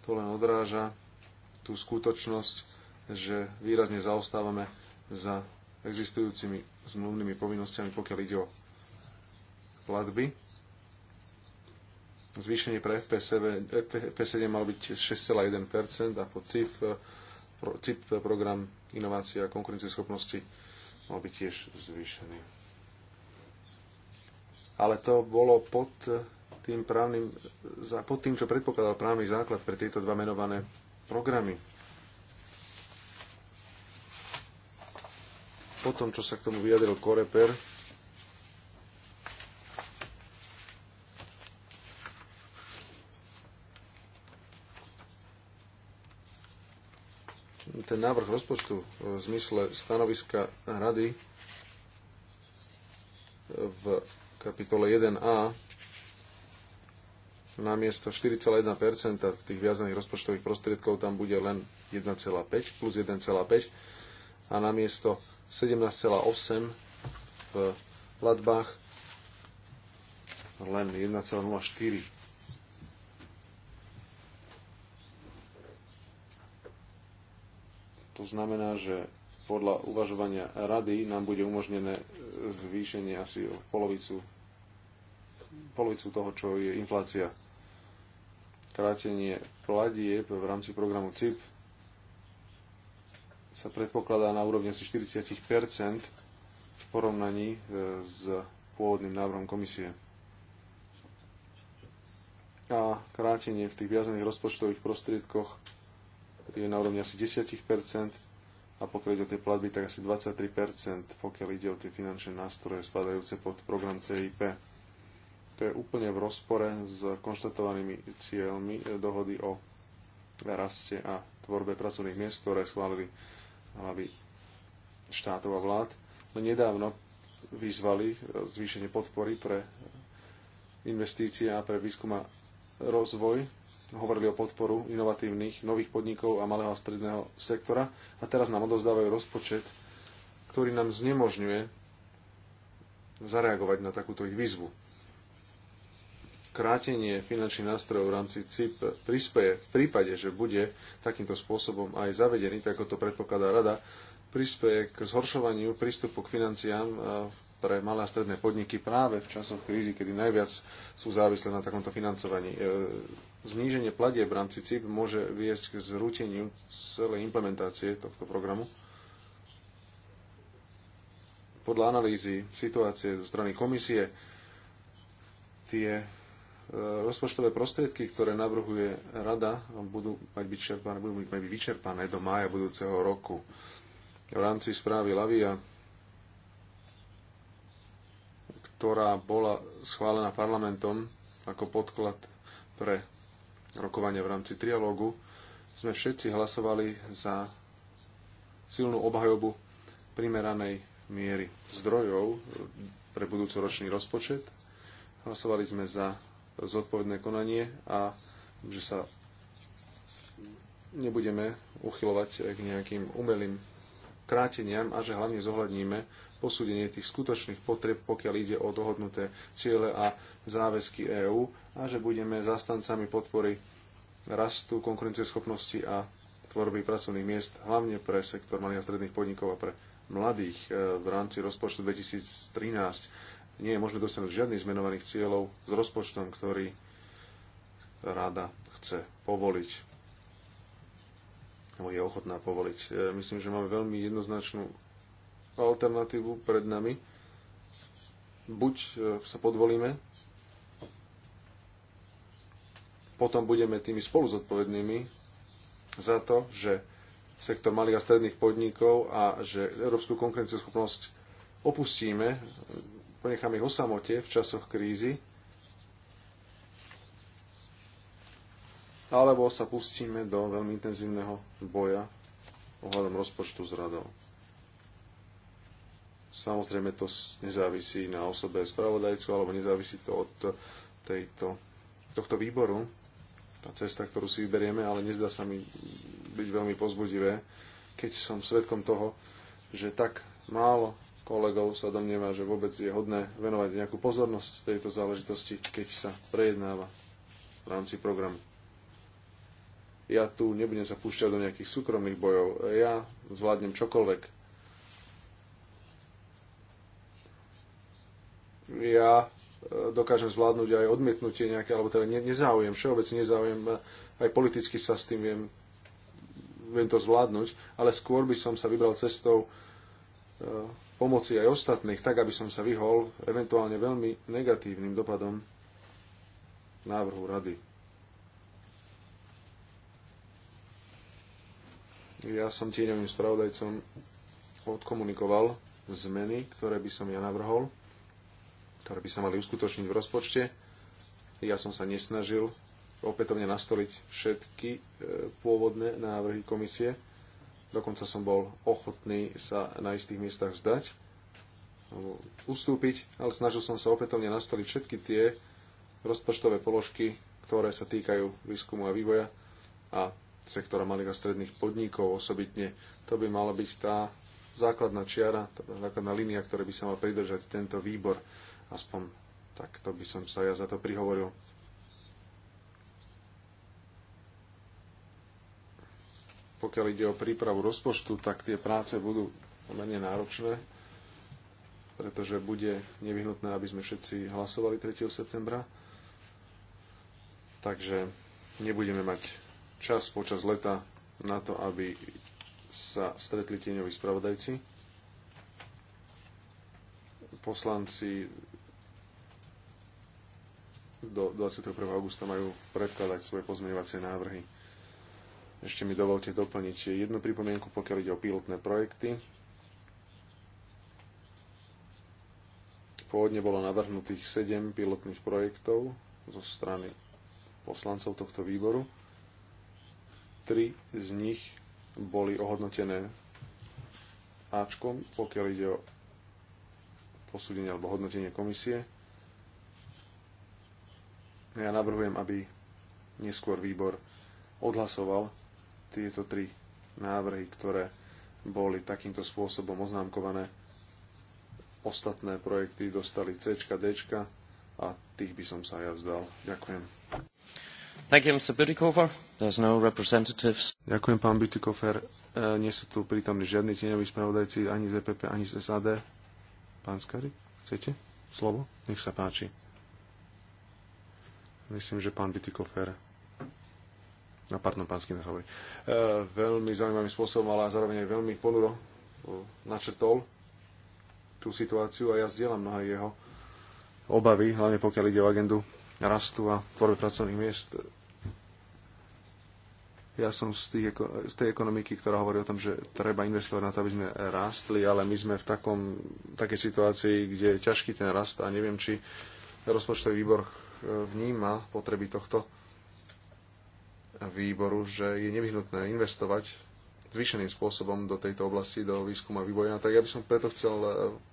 To len odráža tú skutočnosť, že výrazne zaostávame za existujúcimi zmluvnými povinnosťami, pokiaľ ide o platby. Zvýšenie pre FP7, malo byť 6,1% a po CIF, CIP program inovácia a konkurencieschopnosti mal byť tiež zvýšený. Ale to bolo pod tým, právnym, pod tým, čo predpokladal právny základ pre tieto dva menované programy po tom, čo sa k tomu vyjadril Koreper, ten návrh rozpočtu v zmysle stanoviska rady v kapitole 1a na miesto 4,1% tých viazaných rozpočtových prostriedkov tam bude len 1,5 plus 1,5 a na miesto 17,8 v platbách, len 1,04 To znamená, že podľa uvažovania rady nám bude umožnené zvýšenie asi o polovicu, polovicu toho, čo je inflácia. Krátenie platieb v rámci programu CIP sa predpokladá na úrovni asi 40 v porovnaní e, s pôvodným návrhom komisie. A krátenie v tých viazaných rozpočtových prostriedkoch je na úrovni asi 10 a pokiaľ ide o tie platby, tak asi 23 pokiaľ ide o tie finančné nástroje spadajúce pod program CIP. To je úplne v rozpore s konštatovanými cieľmi e, dohody o raste a tvorbe pracovných miest, ktoré schválili hlavy štátov a vlád no nedávno vyzvali e, zvýšenie podpory pre investície a pre výskum a rozvoj. Hovorili o podporu inovatívnych nových podnikov a malého a stredného sektora a teraz nám odovzdávajú rozpočet, ktorý nám znemožňuje zareagovať na takúto ich výzvu krátenie finančných nástrojov v rámci CIP prispeje v prípade, že bude takýmto spôsobom aj zavedený, tak ako to predpokladá rada, prispeje k zhoršovaniu prístupu k financiám e, pre malé a stredné podniky práve v časoch krízy, kedy najviac sú závislé na takomto financovaní. E, zníženie platie v rámci CIP môže viesť k zrúteniu celej implementácie tohto programu. Podľa analýzy situácie zo strany komisie tie rozpočtové prostriedky, ktoré navrhuje rada, budú mať vyčerpané, budú mať vyčerpané do mája budúceho roku. V rámci správy Lavia, ktorá bola schválená parlamentom ako podklad pre rokovanie v rámci trialógu, sme všetci hlasovali za silnú obhajobu primeranej miery zdrojov pre budúcoročný rozpočet. Hlasovali sme za zodpovedné konanie a že sa nebudeme uchylovať k nejakým umelým kráteniam a že hlavne zohľadníme posúdenie tých skutočných potreb, pokiaľ ide o dohodnuté ciele a záväzky EÚ a že budeme zastancami podpory rastu, konkurencieschopnosti a tvorby pracovných miest, hlavne pre sektor malých a stredných podnikov a pre mladých eh, v rámci rozpočtu 2013 nie je možné dosiahnuť žiadnych zmenovaných cieľov s rozpočtom, ktorý rada chce povoliť alebo je ochotná povoliť. E, myslím, že máme veľmi jednoznačnú alternatívu pred nami. Buď e, sa podvolíme, potom budeme tými spolu zodpovednými za to, že sektor malých a stredných podnikov a že európsku konkurencieschopnosť opustíme ponechám ich o samote v časoch krízy, alebo sa pustíme do veľmi intenzívneho boja ohľadom rozpočtu s radou. Samozrejme, to nezávisí na osobe spravodajcu, alebo nezávisí to od tejto, tohto výboru, tá cesta, ktorú si vyberieme, ale nezdá sa mi byť veľmi pozbudivé, keď som svetkom toho, že tak málo kolegov sa domnieva, že vôbec je hodné venovať nejakú pozornosť tejto záležitosti, keď sa prejednáva v rámci programu. Ja tu nebudem sa púšťať do nejakých súkromných bojov. Ja zvládnem čokoľvek. Ja e, dokážem zvládnuť aj odmietnutie nejaké, alebo teda nezáujem, všeobecne nezáujem, aj politicky sa s tým viem, viem to zvládnuť, ale skôr by som sa vybral cestou e, pomoci aj ostatných, tak aby som sa vyhol eventuálne veľmi negatívnym dopadom návrhu rady. Ja som tieňovým spravodajcom odkomunikoval zmeny, ktoré by som ja navrhol, ktoré by sa mali uskutočniť v rozpočte. Ja som sa nesnažil opätovne nastoliť všetky e, pôvodné návrhy komisie Dokonca som bol ochotný sa na istých miestach vzdať, alebo ustúpiť, ale snažil som sa opätovne nastoliť všetky tie rozpočtové položky, ktoré sa týkajú výskumu a vývoja a sektora malých a stredných podnikov osobitne. To by mala byť tá základná čiara, tá základná línia, ktoré by sa mal pridržať tento výbor. Aspoň takto by som sa ja za to prihovoril. pokiaľ ide o prípravu rozpočtu, tak tie práce budú pomerne náročné, pretože bude nevyhnutné, aby sme všetci hlasovali 3. septembra. Takže nebudeme mať čas počas leta na to, aby sa stretli tieňoví spravodajci. Poslanci do 21. augusta majú predkladať svoje pozmeňovacie návrhy. Ešte mi dovolte doplniť jednu pripomienku, pokiaľ ide o pilotné projekty. Pôvodne bolo navrhnutých 7 pilotných projektov zo strany poslancov tohto výboru. Tri z nich boli ohodnotené Ačkom, pokiaľ ide o posúdenie alebo hodnotenie komisie. Ja navrhujem, aby neskôr výbor odhlasoval tieto tri návrhy, ktoré boli takýmto spôsobom oznámkované. Ostatné projekty dostali C, D a tých by som sa ja vzdal. Ďakujem. Thank you, Mr. Butikofer. There's no representatives. Ďakujem, pán Butikofer. E, nie sú tu prítomní žiadni tieňoví spravodajci ani z EPP, ani z SAD. Pán Skary, chcete slovo? Nech sa páči. Myslím, že pán Bittikofer. No, na partnom pán hovorí. E, veľmi zaujímavým spôsobom, ale zároveň aj veľmi ponuro e, načrtol tú situáciu a ja zdieľam mnohé jeho obavy, hlavne pokiaľ ide o agendu rastu a tvorbe pracovných miest. Ja som z, tých, z tej ekonomiky, ktorá hovorí o tom, že treba investovať na to, aby sme rástli, ale my sme v takom, takej situácii, kde je ťažký ten rast a neviem, či rozpočtový výbor e, vníma potreby tohto výboru, že je nevyhnutné investovať zvýšeným spôsobom do tejto oblasti, do výskuma a vývoja. Tak ja by som preto chcel e,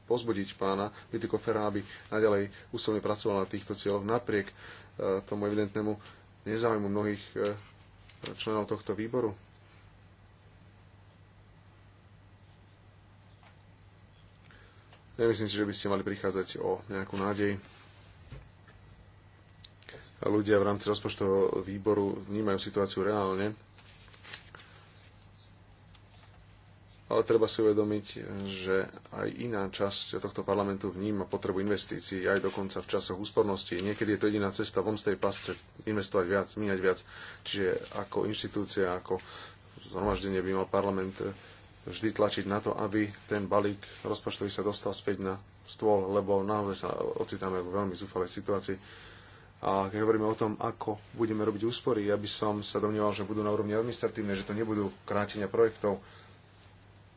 pozbudiť pána Vitikofera, aby naďalej úsobne pracoval na týchto cieľoch napriek e, tomu evidentnému nezáujmu mnohých e, členov tohto výboru. Nemyslím si, že by ste mali prichádzať o nejakú nádej ľudia v rámci rozpočtového výboru vnímajú situáciu reálne. Ale treba si uvedomiť, že aj iná časť tohto parlamentu vníma potrebu investícií, aj dokonca v časoch úspornosti. Niekedy je to jediná cesta von z tej pasce, investovať viac, míňať viac. Čiže ako inštitúcia, ako zhromaždenie by mal parlament vždy tlačiť na to, aby ten balík rozpočtový sa dostal späť na stôl, lebo naozaj sa ocitáme v veľmi zúfalej situácii a keď hovoríme o tom, ako budeme robiť úspory, ja by som sa domnieval, že budú na úrovni administratívne, že to nebudú krátenia projektov.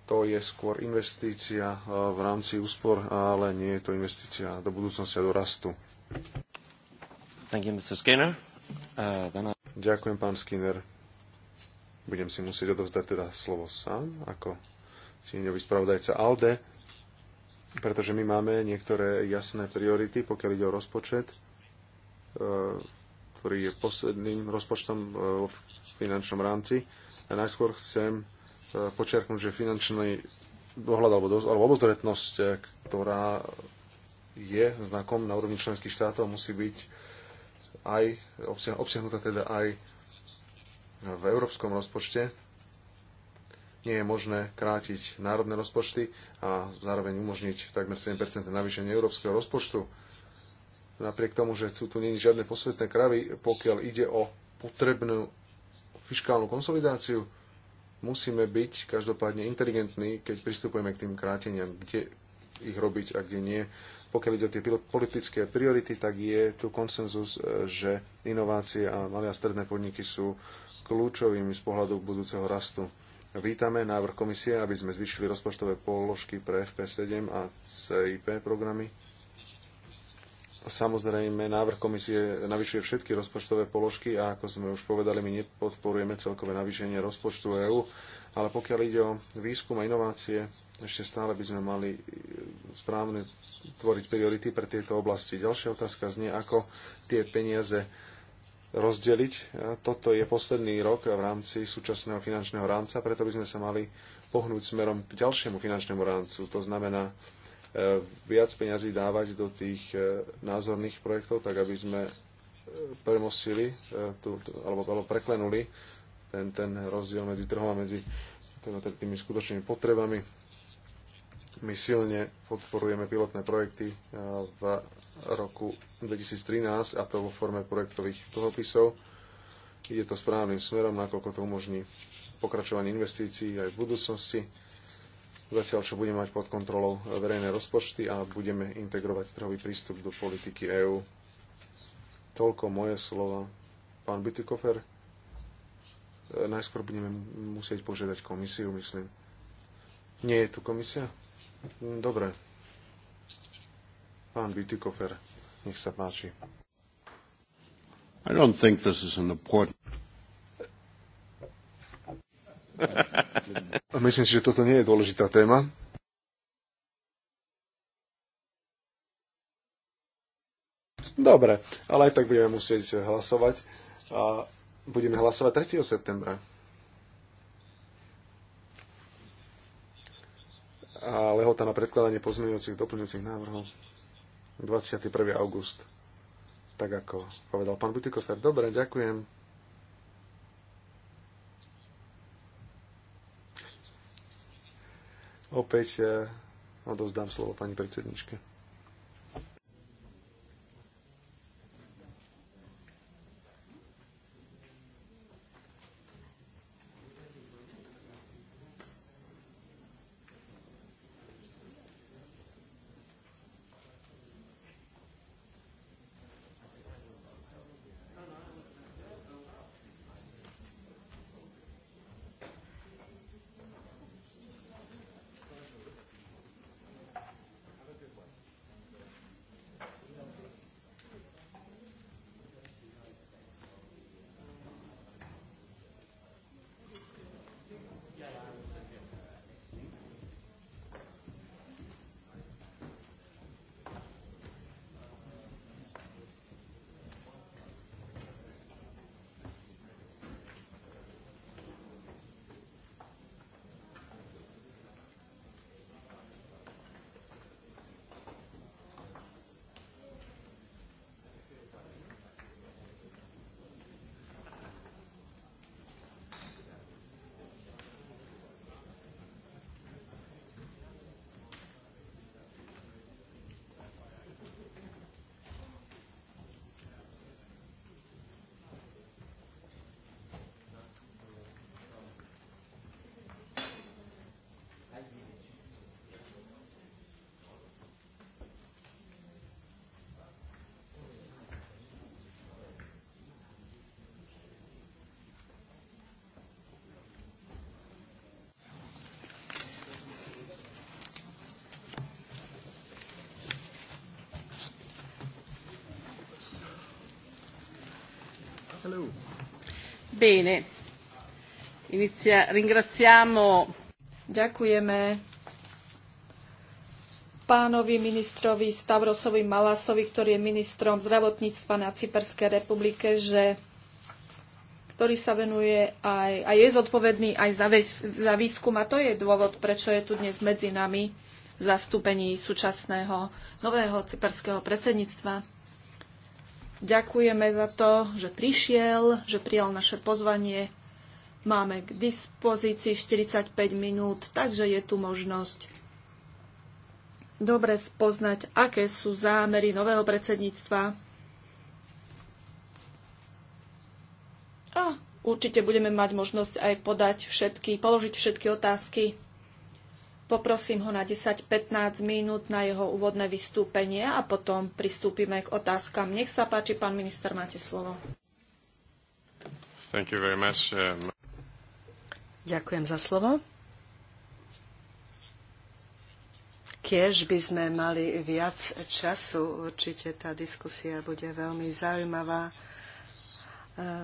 To je skôr investícia e, v rámci úspor, ale nie je to investícia do budúcnosti a do rastu. Thank you, Mr. Skinner. Uh, Ďakujem, pán Skinner. Budem si musieť odovzdať teda slovo sám, ako tieňový spravodajca ALDE, pretože my máme niektoré jasné priority, pokiaľ ide o rozpočet E, ktorý je posledným rozpočtom e, v finančnom rámci. A najskôr chcem e, počiarknúť, že finančný dohľad alebo, alebo obozretnosť, ktorá je znakom na úrovni členských štátov, musí byť aj obsiahnutá teda aj v európskom rozpočte. Nie je možné krátiť národné rozpočty a zároveň umožniť takmer 7% navýšenie európskeho rozpočtu napriek tomu, že sú tu není žiadne posvetné kravy, pokiaľ ide o potrebnú fiskálnu konsolidáciu, musíme byť každopádne inteligentní, keď pristupujeme k tým kráteniam, kde ich robiť a kde nie. Pokiaľ ide o tie politické priority, tak je tu konsenzus, e, že inovácie a malé a stredné podniky sú kľúčovými z pohľadu budúceho rastu. Vítame návrh komisie, aby sme zvýšili rozpočtové položky pre FP7 a CIP programy Samozrejme, návrh komisie navyšuje všetky rozpočtové položky a ako sme už povedali, my nepodporujeme celkové navýšenie rozpočtu EÚ, ale pokiaľ ide o výskum a inovácie, ešte stále by sme mali e, správne tvoriť priority pre tieto oblasti. Ďalšia otázka znie, ako tie peniaze rozdeliť. E, Toto je posledný rok v rámci súčasného finančného rámca, preto by sme sa mali pohnúť smerom k ďalšiemu finančnému rámcu. To znamená E, viac peňazí dávať do tých e, názorných projektov, tak aby sme e, premosili alebo, alebo preklenuli ten, ten rozdiel medzi trhom a medzi tými skutočnými potrebami. My silne podporujeme pilotné projekty v roku 2013 a to vo forme projektových dlhopisov. Ide to správnym smerom, nakoľko to umožní pokračovanie investícií aj v budúcnosti zatiaľ čo budeme mať pod kontrolou verejné rozpočty a budeme integrovať trhový prístup do politiky EÚ. Toľko moje slova. Pán Bytykofer, e, najskôr budeme musieť požiadať komisiu, myslím. Nie je tu komisia? Mm, dobre. Pán Bytykofer, nech sa páči. I don't think this is an important... Myslím si, že toto nie je dôležitá téma. Dobre, ale aj tak budeme musieť hlasovať. A budeme hlasovať 3. septembra. A lehota na predkladanie pozmeňujúcich doplňujúcich návrhov 21. august. Tak ako povedal pán Butikofer. Dobre, ďakujem. Opäť eh, odovzdám slovo pani predsedničke. Bene. Inizia, ringraziamo. Ďakujeme pánovi ministrovi Stavrosovi Malasovi, ktorý je ministrom zdravotníctva na Cyperskej republike, že ktorý sa venuje aj, a je zodpovedný aj za, za výskum a to je dôvod, prečo je tu dnes medzi nami zastúpení súčasného nového cyperského predsedníctva. Ďakujeme za to, že prišiel, že prijal naše pozvanie. Máme k dispozícii 45 minút, takže je tu možnosť dobre spoznať, aké sú zámery nového predsedníctva. A určite budeme mať možnosť aj podať všetky, položiť všetky otázky. Poprosím ho na 10-15 minút na jeho úvodné vystúpenie a potom pristúpime k otázkam. Nech sa páči, pán minister, máte slovo. Thank you very much. Um, Ďakujem za slovo. Kiež by sme mali viac času, určite tá diskusia bude veľmi zaujímavá. E,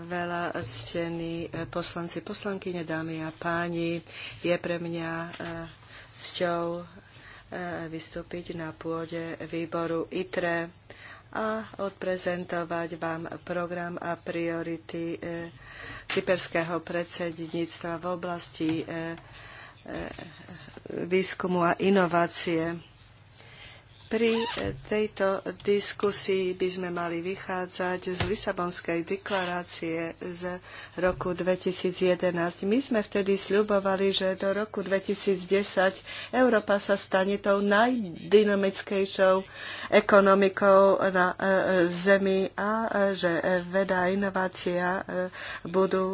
veľa ctení poslanci, poslankyne, dámy a páni, je pre mňa e, cťou e, vystúpiť na pôde výboru ITRE a odprezentovať vám program a priority e, cyperského predsedníctva v oblasti e, výskumu a inovácie. Pri e, tejto diskusii by sme mali vychádzať z Lisabonskej deklarácie z roku 2011. My sme vtedy sľubovali, že do roku 2010 Európa sa stane tou najdynamickejšou ekonomikou na e, Zemi a e, že veda a inovácia budú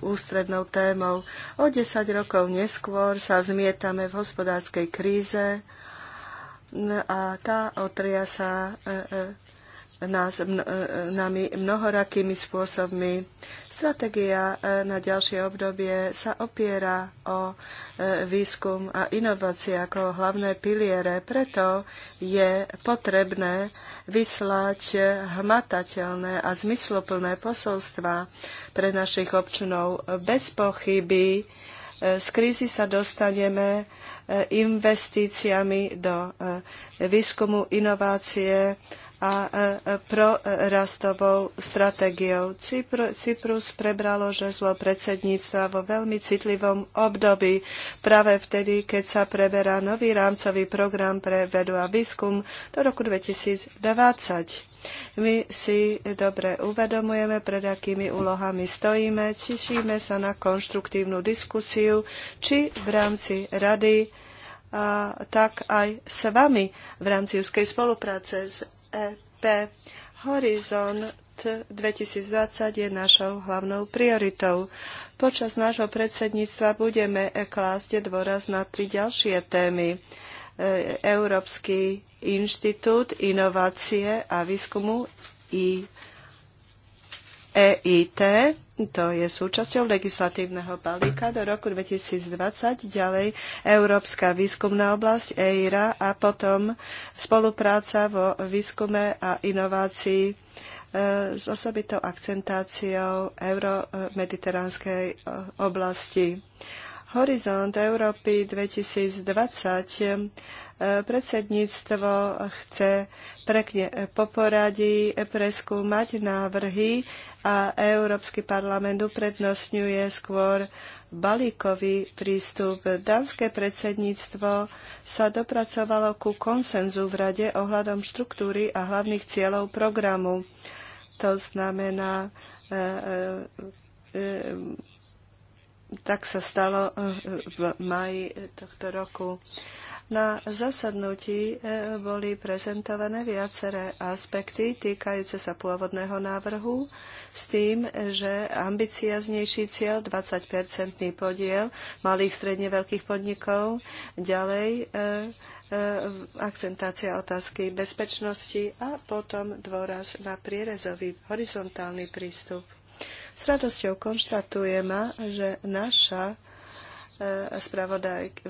ústrednou témou. O 10 rokov neskôr sa zmietame v hospodárskej kríze, a tá otria sa e, e, nás, e, nami mnohorakými spôsobmi. Stratégia na ďalšie obdobie sa opiera o výskum a inovácie ako hlavné piliere. Preto je potrebné vyslať hmatateľné a zmysloplné posolstva pre našich občanov. Bez pochyby z krízy sa dostaneme investíciami do eh, výskumu, inovácie, a e, e, prorastovou stratégiou. Cyprus prebralo žezlo predsedníctva vo veľmi citlivom období, práve vtedy, keď sa preberá nový rámcový program pre vedu a výskum do roku 2020. My si dobre uvedomujeme, pred akými úlohami stojíme, tešíme sa na konštruktívnu diskusiu, či v rámci rady a tak aj s vami v rámci úzkej spolupráce s EP. Horizont 2020 je našou hlavnou prioritou. Počas nášho predsedníctva budeme klásť dôraz na tri ďalšie témy. E, Európsky inštitút inovácie a výskumu i EIT, to je súčasťou legislatívneho balíka do roku 2020, ďalej Európska výskumná oblasť EIRA a potom spolupráca vo výskume a inovácii e, s osobitou akcentáciou euromediteránskej e, oblasti. Horizont Európy 2020 e, predsedníctvo chce prekne poporadí preskúmať návrhy a Európsky parlament uprednostňuje skôr balíkový prístup. Dánske predsedníctvo sa dopracovalo ku konsenzu v Rade ohľadom štruktúry a hlavných cieľov programu. To znamená, e, e, e tak sa stalo e, v maji tohto roku. E, na zasadnutí e, boli prezentované viaceré aspekty týkajúce sa pôvodného návrhu s tým, že ambicioznejší cieľ 20-percentný podiel malých stredne veľkých podnikov, ďalej e, e, akcentácia otázky bezpečnosti a potom dôraz na prierezový horizontálny prístup. S radosťou konštatujeme, že naša E,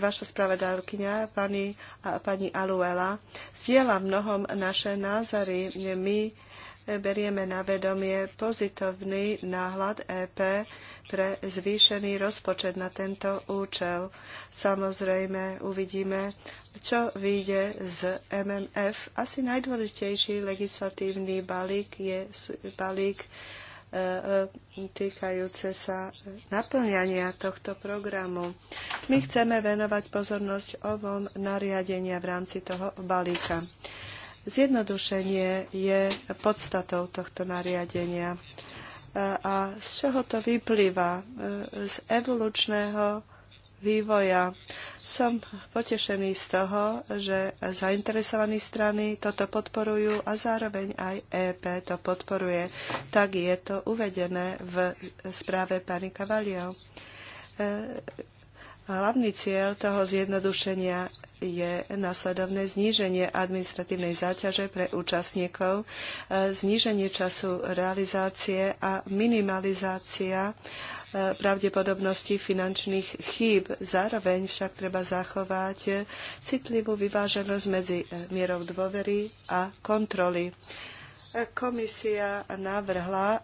vaša spravodajkynia, pani, pani Aluela, zdieľa mnohom naše názory. My berieme na vedomie pozitívny náhľad EP pre zvýšený rozpočet na tento účel. Samozrejme uvidíme, čo vyjde z MMF. Asi najdôležitejší legislatívny balík je balík týkajúce sa naplňania tohto programu. My chceme venovať pozornosť ovom nariadenia v rámci toho balíka. Zjednodušenie je podstatou tohto nariadenia. A z čoho to vyplýva? Z evolučného vývoja. Som potešený z toho, že zainteresované strany toto podporujú a zároveň aj EP to podporuje. Tak je to uvedené v správe pani Cavalio. E, hlavný cieľ toho zjednodušenia je následovné zníženie administratívnej záťaže pre účastníkov, e, zníženie času realizácie a minimalizácia e, pravdepodobnosti finančných chýb. Zároveň však treba zachovať e, citlivú vyváženosť medzi mierou dôvery a kontroly komisia navrhla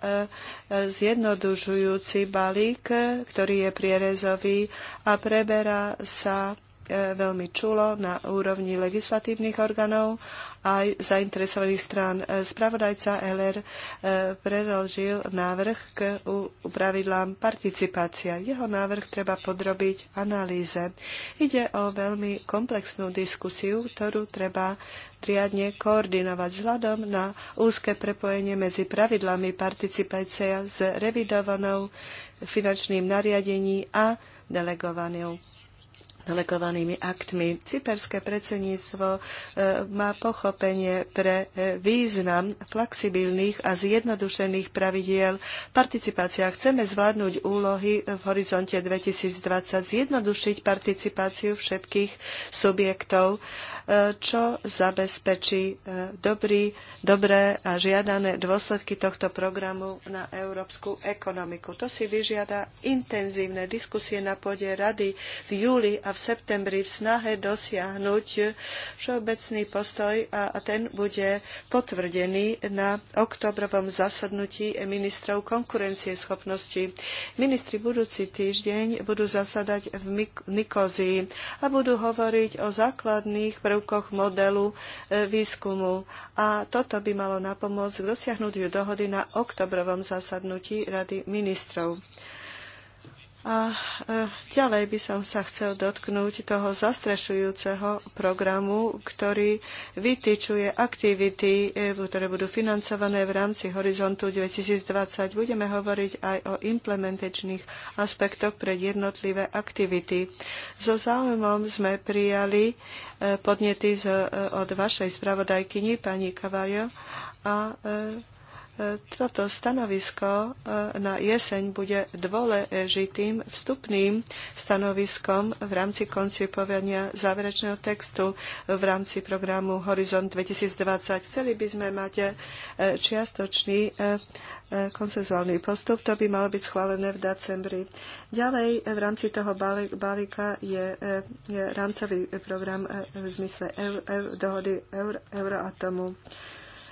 zjednodušujúci balík, ktorý je prierezový a preberá sa E, veľmi čulo na úrovni legislatívnych orgánov aj zainteresovaných strán. E, spravodajca LR e, preložil návrh k pravidlám participácia. Jeho návrh treba podrobiť analýze. Ide o veľmi komplexnú diskusiu, ktorú treba triadne koordinovať vzhľadom na úzke prepojenie medzi pravidlami participácia s revidovanou finančným nariadením a delegovanou delegovanými aktmi. Cyperské predsedníctvo e, má pochopenie pre e, význam flexibilných a zjednodušených pravidiel participácia. Chceme zvládnuť úlohy v horizonte 2020, zjednodušiť participáciu všetkých subjektov čo zabezpečí e, dobrý, dobré a žiadané dôsledky tohto programu na európsku ekonomiku. To si vyžiada intenzívne diskusie na pôde rady v júli a v septembri v snahe dosiahnuť všeobecný postoj a ten bude potvrdený na oktobrovom zasadnutí ministrov konkurencie schopnosti. Ministri budúci týždeň budú zasadať v Nikozii a budú hovoriť o základných prvkách prvkoch modelu e, výskumu. A toto by malo napomôcť k dosiahnutiu dohody na oktobrovom zasadnutí Rady ministrov. A e, ďalej by som sa chcel dotknúť toho zastrešujúceho programu, ktorý vytýčuje aktivity, e, ktoré budú financované v rámci Horizontu 2020. Budeme hovoriť aj o implementačných aspektoch pre jednotlivé aktivity. So záujmom sme prijali e, podnety od vašej spravodajkyni, pani Cavallo, a toto stanovisko e, na jeseň bude dôležitým vstupným stanoviskom v rámci koncipovania záverečného textu v rámci programu Horizont 2020. Chceli by sme mať e, čiastočný e, konsenzuálny postup. To by malo byť schválené v decembri. Ďalej v rámci toho balíka je, rámcový program v zmysle dohody Euroatomu. Euro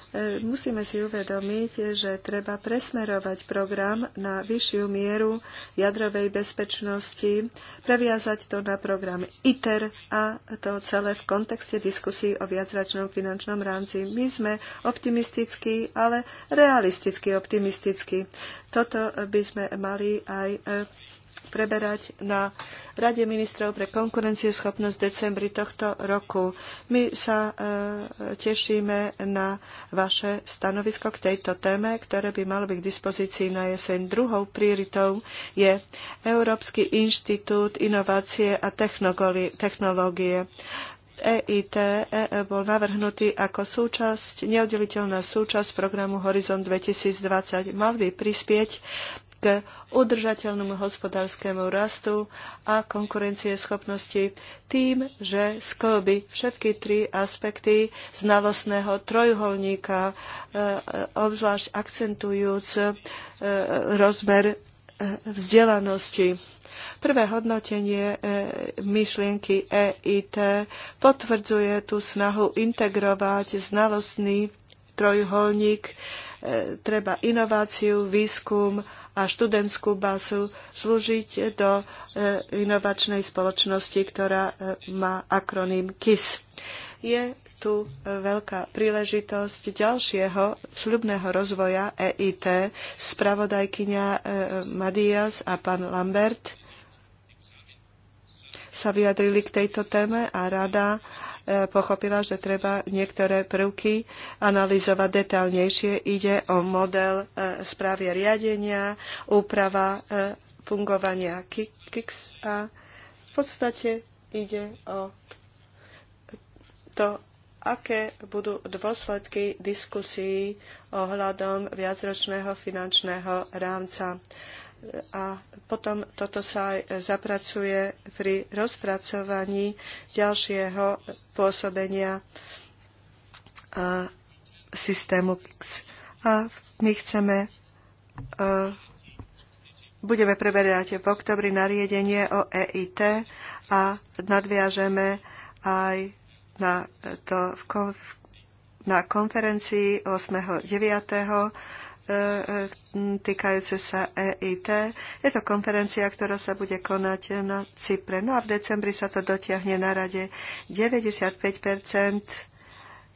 E, musíme si uvedomiť, že treba presmerovať program na vyššiu mieru jadrovej bezpečnosti, previazať to na program ITER a to celé v kontexte diskusí o viacračnom finančnom rámci. My sme optimistickí, ale realisticky optimistickí. Toto by sme mali aj e, preberať na Rade ministrov pre konkurencieschopnosť v decembri tohto roku. My sa e, tešíme na vaše stanovisko k tejto téme, ktoré by malo byť k dispozícii na jeseň. Druhou prioritou je Európsky inštitút inovácie a technológie. EIT e, e, bol navrhnutý ako súčasť, neoddeliteľná súčasť programu Horizon 2020. Mal by prispieť k udržateľnému hospodárskému rastu a konkurencieschopnosti tým, že sklby všetky tri aspekty znalostného trojuholníka, e, e, obzvlášť akcentujúc e, rozmer vzdelanosti. Prvé hodnotenie myšlienky EIT potvrdzuje tú snahu integrovať znalostný trojuholník, treba inováciu, výskum, a študentskú bazu slúžiť do e, inovačnej spoločnosti, ktorá e, má akroným KIS. Je tu e, veľká príležitosť ďalšieho sľubného rozvoja EIT, spravodajkyňa Madias a pán Lambert sa vyjadrili k tejto téme a rada pochopila, že treba niektoré prvky analyzovať detálnejšie. Ide o model e, správy riadenia, úprava e, fungovania KIX a v podstate ide o to, aké budú dôsledky diskusí ohľadom viacročného finančného rámca a potom toto sa aj zapracuje pri rozpracovaní ďalšieho pôsobenia a systému PIX. A my chceme, a budeme preberať v oktobri nariadenie o EIT a nadviažeme aj na to v konf- na konferencii 8.9 E, e, týkajúce sa EIT. Je to konferencia, ktorá sa bude konať na Cypre. No a v decembri sa to dotiahne na rade 95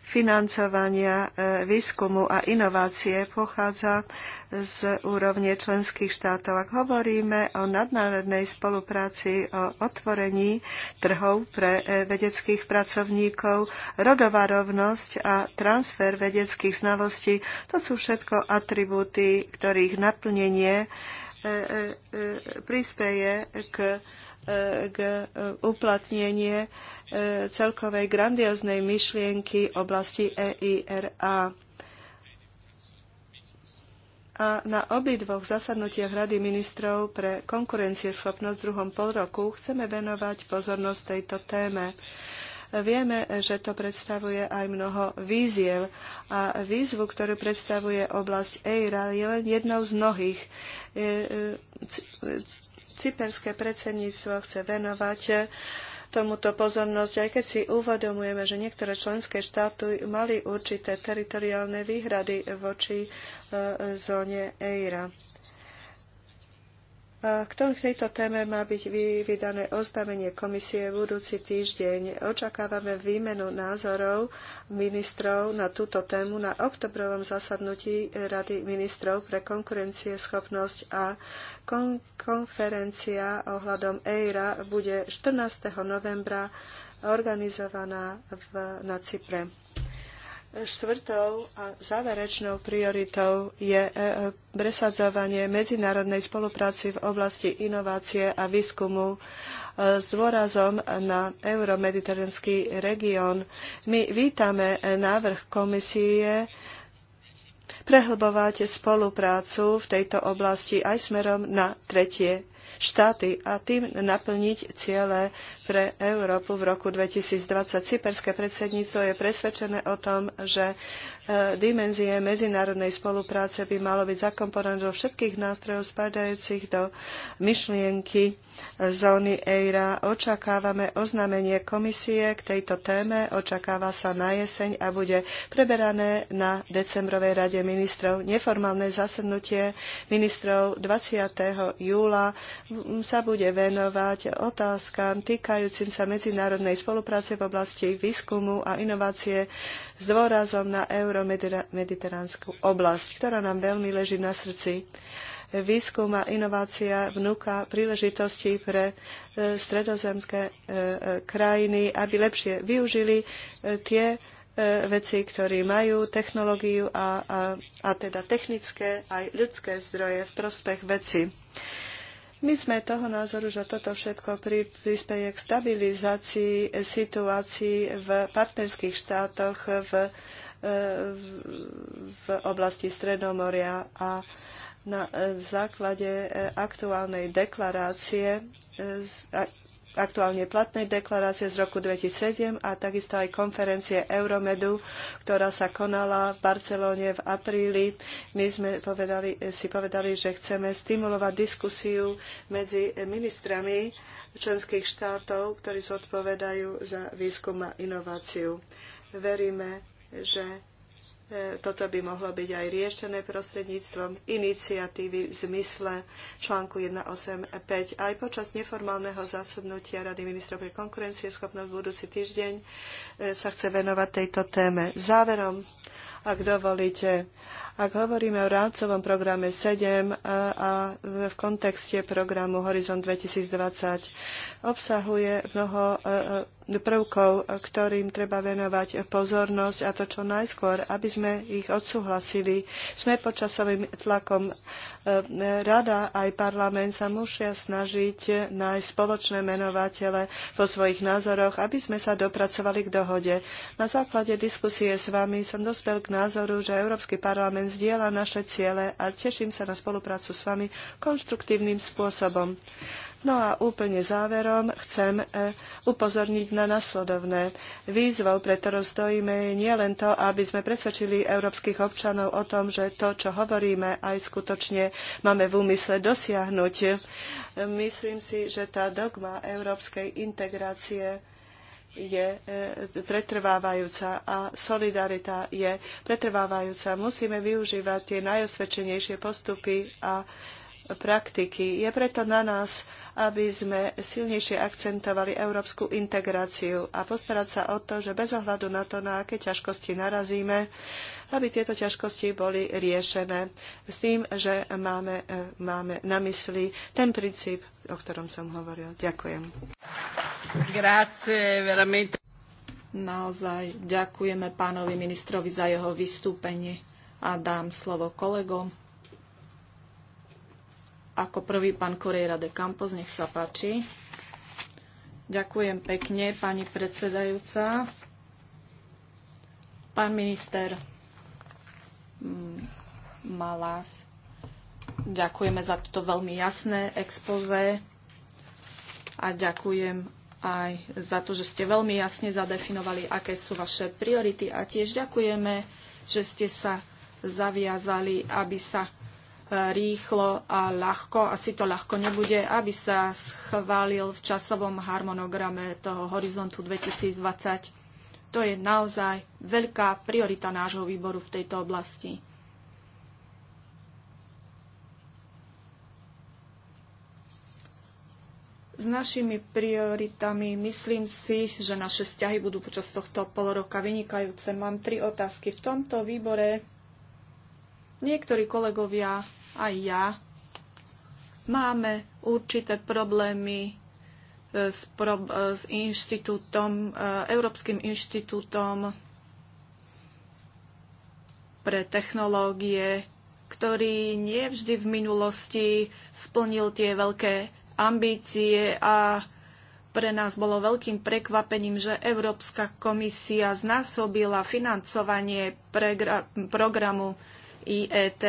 financovania e, výskumu a inovácie pochádza z úrovne členských štátov. Ak hovoríme o nadnárodnej spolupráci, o otvorení trhov pre e, vedeckých pracovníkov, rodová rovnosť a transfer vedeckých znalostí, to sú všetko atribúty, ktorých naplnenie e, prispieje k k e, uplatnenie e, celkovej grandioznej myšlienky oblasti EIRA. A na obidvoch zasadnutiach Rady ministrov pre konkurencieschopnosť v druhom roku chceme venovať pozornosť tejto téme. Vieme, že to predstavuje aj mnoho víziev a výzvu, ktorú predstavuje oblasť EIRA, je len jednou z mnohých e, cyperské predsedníctvo chce venovať eh, tomuto pozornosť, aj keď si uvedomujeme, že niektoré členské štáty mali určité teritoriálne výhrady voči eh, zóne EIRA. K tejto téme má byť vydané oznámenie komisie budúci týždeň. Očakávame výmenu názorov ministrov na túto tému na oktobrovom zasadnutí Rady ministrov pre konkurencieschopnosť a kon- konferencia ohľadom EIRA bude 14. novembra organizovaná v, na Cypre. Štvrtou a záverečnou prioritou je e, e, presadzovanie medzinárodnej spolupráci v oblasti inovácie a výskumu e, s dôrazom na euromediteránsky región. My vítame návrh komisie prehlbovať spoluprácu v tejto oblasti aj smerom na tretie štáty a tým naplniť ciele pre Európu v roku 2020. Cyperské predsedníctvo je presvedčené o tom, že e, dimenzie medzinárodnej spolupráce by malo byť zakomponované do všetkých nástrojov spadajúcich do myšlienky e, zóny EIRA. Očakávame oznámenie komisie k tejto téme, očakáva sa na jeseň a bude preberané na decembrovej rade ministrov. Neformálne zasednutie ministrov 20. júla sa bude venovať otázkam týka týkajúcim sa medzinárodnej spolupráce v oblasti výskumu a inovácie s dôrazom na euromediteránsku oblasť, ktorá nám veľmi leží na srdci. Výskum a inovácia vnúka príležitosti pre e, stredozemské e, e, krajiny, aby lepšie využili tie veci, ktorí majú technológiu a, a, a teda technické aj ľudské zdroje v prospech veci. My sme toho názoru, že toto všetko prispieje k stabilizácii situácií v partnerských štátoch v, e, v oblasti Stredomoria a na e, základe e, aktuálnej deklarácie aktuálne platnej deklarácie z roku 2007 a takisto aj konferencie Euromedu, ktorá sa konala v Barcelóne v apríli. My sme povedali, si povedali, že chceme stimulovať diskusiu medzi ministrami členských štátov, ktorí zodpovedajú za výskum a inováciu. Veríme, že E, toto by mohlo byť aj riešené prostredníctvom iniciatívy v zmysle článku 185. Aj počas neformálneho zasadnutia Rady ministrov pre konkurencie schopnosť budúci týždeň e, sa chce venovať tejto téme. Záverom, ak dovolíte, ak hovoríme o rámcovom programe 7 a, e, a v kontexte programu Horizon 2020, obsahuje mnoho prvkov, ktorým treba venovať pozornosť a to čo najskôr, aby sme ich odsúhlasili. Sme pod časovým tlakom. E, Rada aj parlament sa musia snažiť nájsť spoločné menovatele vo svojich názoroch, aby sme sa dopracovali k dohode. Na základe diskusie s vami som dospel k názoru, že Európsky parlament zdieľa naše ciele a teším sa na spoluprácu s vami konštruktívnym spôsobom. No a úplne záverom chcem e, upozorniť na nasledovné. Výzvou, pre ktorou stojíme, je nie len to, aby sme presvedčili európskych občanov o tom, že to, čo hovoríme, aj skutočne máme v úmysle dosiahnuť. Myslím si, že tá dogma európskej integrácie je e, pretrvávajúca a solidarita je pretrvávajúca. Musíme využívať tie najosvedčenejšie postupy a praktiky. Je preto na nás, aby sme silnejšie akcentovali európsku integráciu a postarať sa o to, že bez ohľadu na to, na aké ťažkosti narazíme, aby tieto ťažkosti boli riešené s tým, že máme, e, máme na mysli ten princíp, o ktorom som hovoril. Ďakujem. Grazie, Naozaj ďakujeme pánovi ministrovi za jeho vystúpenie a dám slovo kolegom. Ako prvý pán Korejra de Campos, nech sa páči. Ďakujem pekne, pani predsedajúca. Pán minister mm, Malás, ďakujeme za toto veľmi jasné expoze a ďakujem aj za to, že ste veľmi jasne zadefinovali, aké sú vaše priority a tiež ďakujeme, že ste sa zaviazali, aby sa rýchlo a ľahko, asi to ľahko nebude, aby sa schválil v časovom harmonograme toho horizontu 2020. To je naozaj veľká priorita nášho výboru v tejto oblasti. S našimi prioritami myslím si, že naše vzťahy budú počas tohto poloroka vynikajúce. Mám tri otázky. V tomto výbore niektorí kolegovia aj ja máme určité problémy e, s, pro, e, s inštitútom, e, Európskym inštitútom pre technológie, ktorý nie vždy v minulosti splnil tie veľké ambície a pre nás bolo veľkým prekvapením, že Európska komisia znásobila financovanie pre, programu IET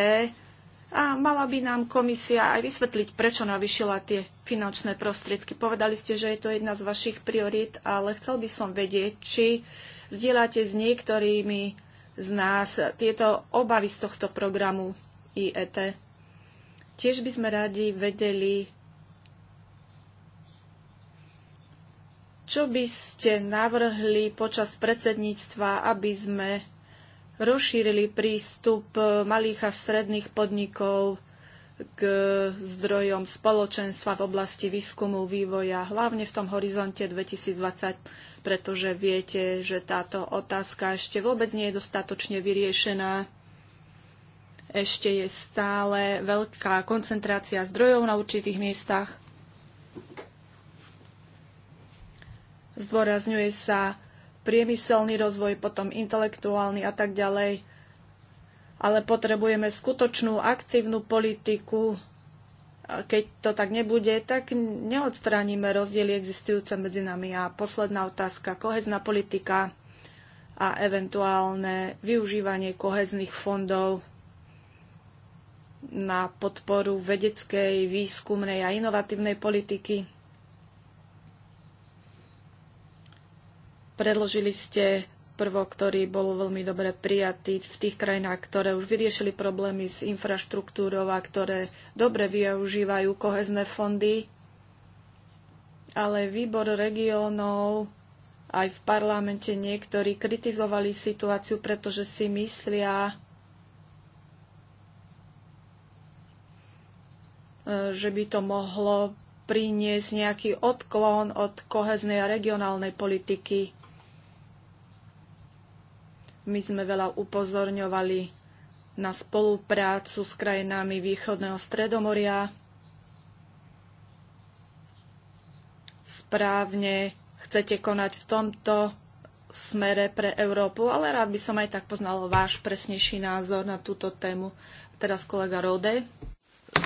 a mala by nám komisia aj vysvetliť, prečo navyšila tie finančné prostriedky. Povedali ste, že je to jedna z vašich priorít, ale chcel by som vedieť, či zdieľate s niektorými z nás tieto obavy z tohto programu IET. Tiež by sme radi vedeli, čo by ste navrhli počas predsedníctva, aby sme rozšírili prístup e, malých a stredných podnikov k zdrojom spoločenstva v oblasti výskumu, vývoja, hlavne v tom horizonte 2020, pretože viete, že táto otázka ešte vôbec nie je dostatočne vyriešená. Ešte je stále veľká koncentrácia zdrojov na určitých miestach. Zdôrazňuje sa priemyselný rozvoj, potom intelektuálny a tak ďalej. Ale potrebujeme skutočnú aktívnu politiku. Keď to tak nebude, tak neodstránime rozdiely existujúce medzi nami. A posledná otázka, kohezná politika a eventuálne využívanie kohezných fondov na podporu vedeckej, výskumnej a inovatívnej politiky. Predložili ste prvok, ktorý bol veľmi dobre prijatý v tých krajinách, ktoré už vyriešili problémy s infraštruktúrou a ktoré dobre využívajú kohezné fondy. Ale výbor regiónov aj v parlamente niektorí kritizovali situáciu, pretože si myslia, e, že by to mohlo priniesť nejaký odklon od koheznej a regionálnej politiky. My sme veľa upozorňovali na spoluprácu s krajinami východného stredomoria. Správne chcete konať v tomto smere pre Európu, ale rád by som aj tak poznal váš presnejší názor na túto tému. Teraz kolega Rode.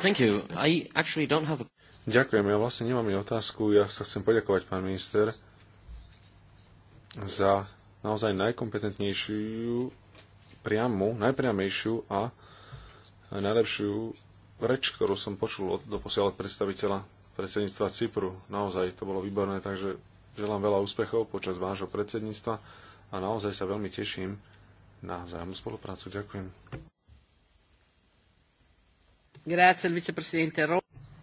Thank you. I actually don't have a... Ďakujem, ja vlastne nemám ani otázku. Ja sa chcem poďakovať, pán minister, za naozaj najkompetentnejšiu, priamu, najpriamejšiu a najlepšiu reč, ktorú som počul od doposiaľ predstaviteľa predsedníctva Cypru. Naozaj to bolo výborné, takže želám veľa úspechov počas vášho predsedníctva a naozaj sa veľmi teším na vzájomnú spoluprácu. Ďakujem. Grazie,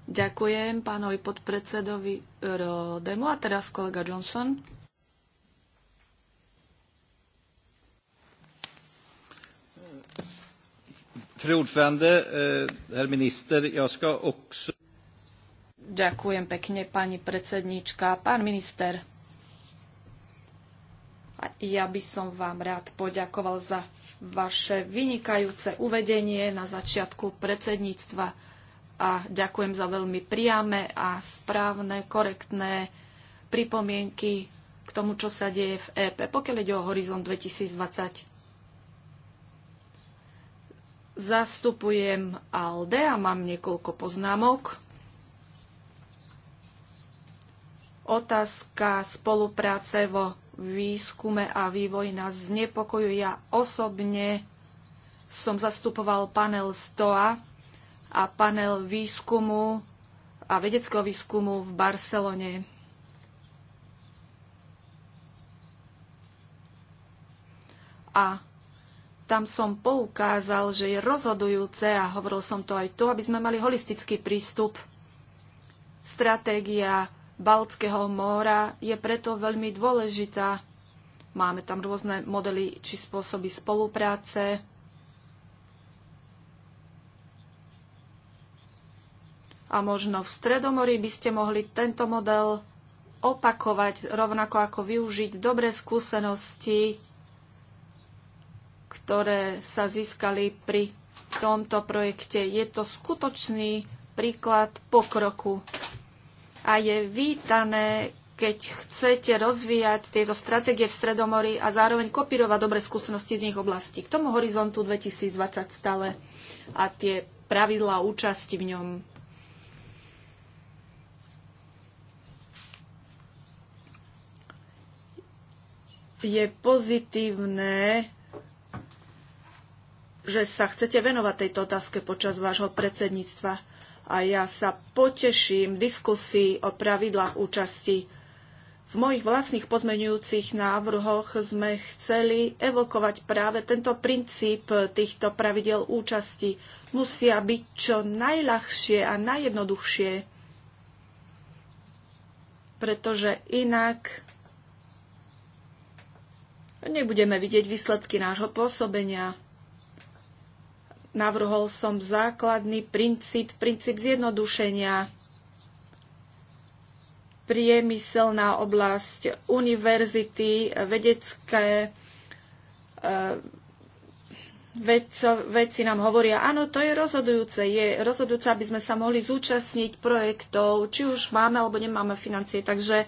Ďakujem pánovi podpredsedovi Rodemu a teraz kolega Johnson. Fru ordförande, eh, herr minister, jag ska också... Ďakujem pekne, pani predsedníčka. Pán minister, ja by som vám rád poďakoval za vaše vynikajúce uvedenie na začiatku predsedníctva a ďakujem za veľmi priame a správne, korektné pripomienky k tomu, čo sa deje v EP, pokiaľ ide o Horizont 2020. Zastupujem ALDE a mám niekoľko poznámok. Otázka spolupráce vo výskume a vývoji nás znepokojuje. Ja osobne som zastupoval panel STOA a panel výskumu a vedeckého výskumu v Barcelone. A tam som poukázal, že je rozhodujúce, a hovoril som to aj tu, aby sme mali holistický prístup. Stratégia Baltského mora je preto veľmi dôležitá. Máme tam rôzne modely či spôsoby spolupráce. A možno v Stredomorí by ste mohli tento model opakovať, rovnako ako využiť dobré skúsenosti ktoré sa získali pri tomto projekte. Je to skutočný príklad pokroku a je vítané, keď chcete rozvíjať tieto stratégie v Stredomori a zároveň kopírovať dobre skúsenosti z nich oblastí. K tomu horizontu 2020 stále a tie pravidlá účasti v ňom. Je pozitívne, že sa chcete venovať tejto otázke počas vášho predsedníctva a ja sa poteším diskusii o pravidlách účasti. V mojich vlastných pozmenujúcich návrhoch sme chceli evokovať práve tento princíp týchto pravidel účasti. Musia byť čo najľahšie a najjednoduchšie, pretože inak nebudeme vidieť výsledky nášho pôsobenia. Navrhol som základný princíp, princíp zjednodušenia. Priemyselná oblasť, univerzity, vedecké e, vedco, vedci nám hovoria, áno, to je rozhodujúce. Je rozhodujúce, aby sme sa mohli zúčastniť projektov, či už máme alebo nemáme financie. Takže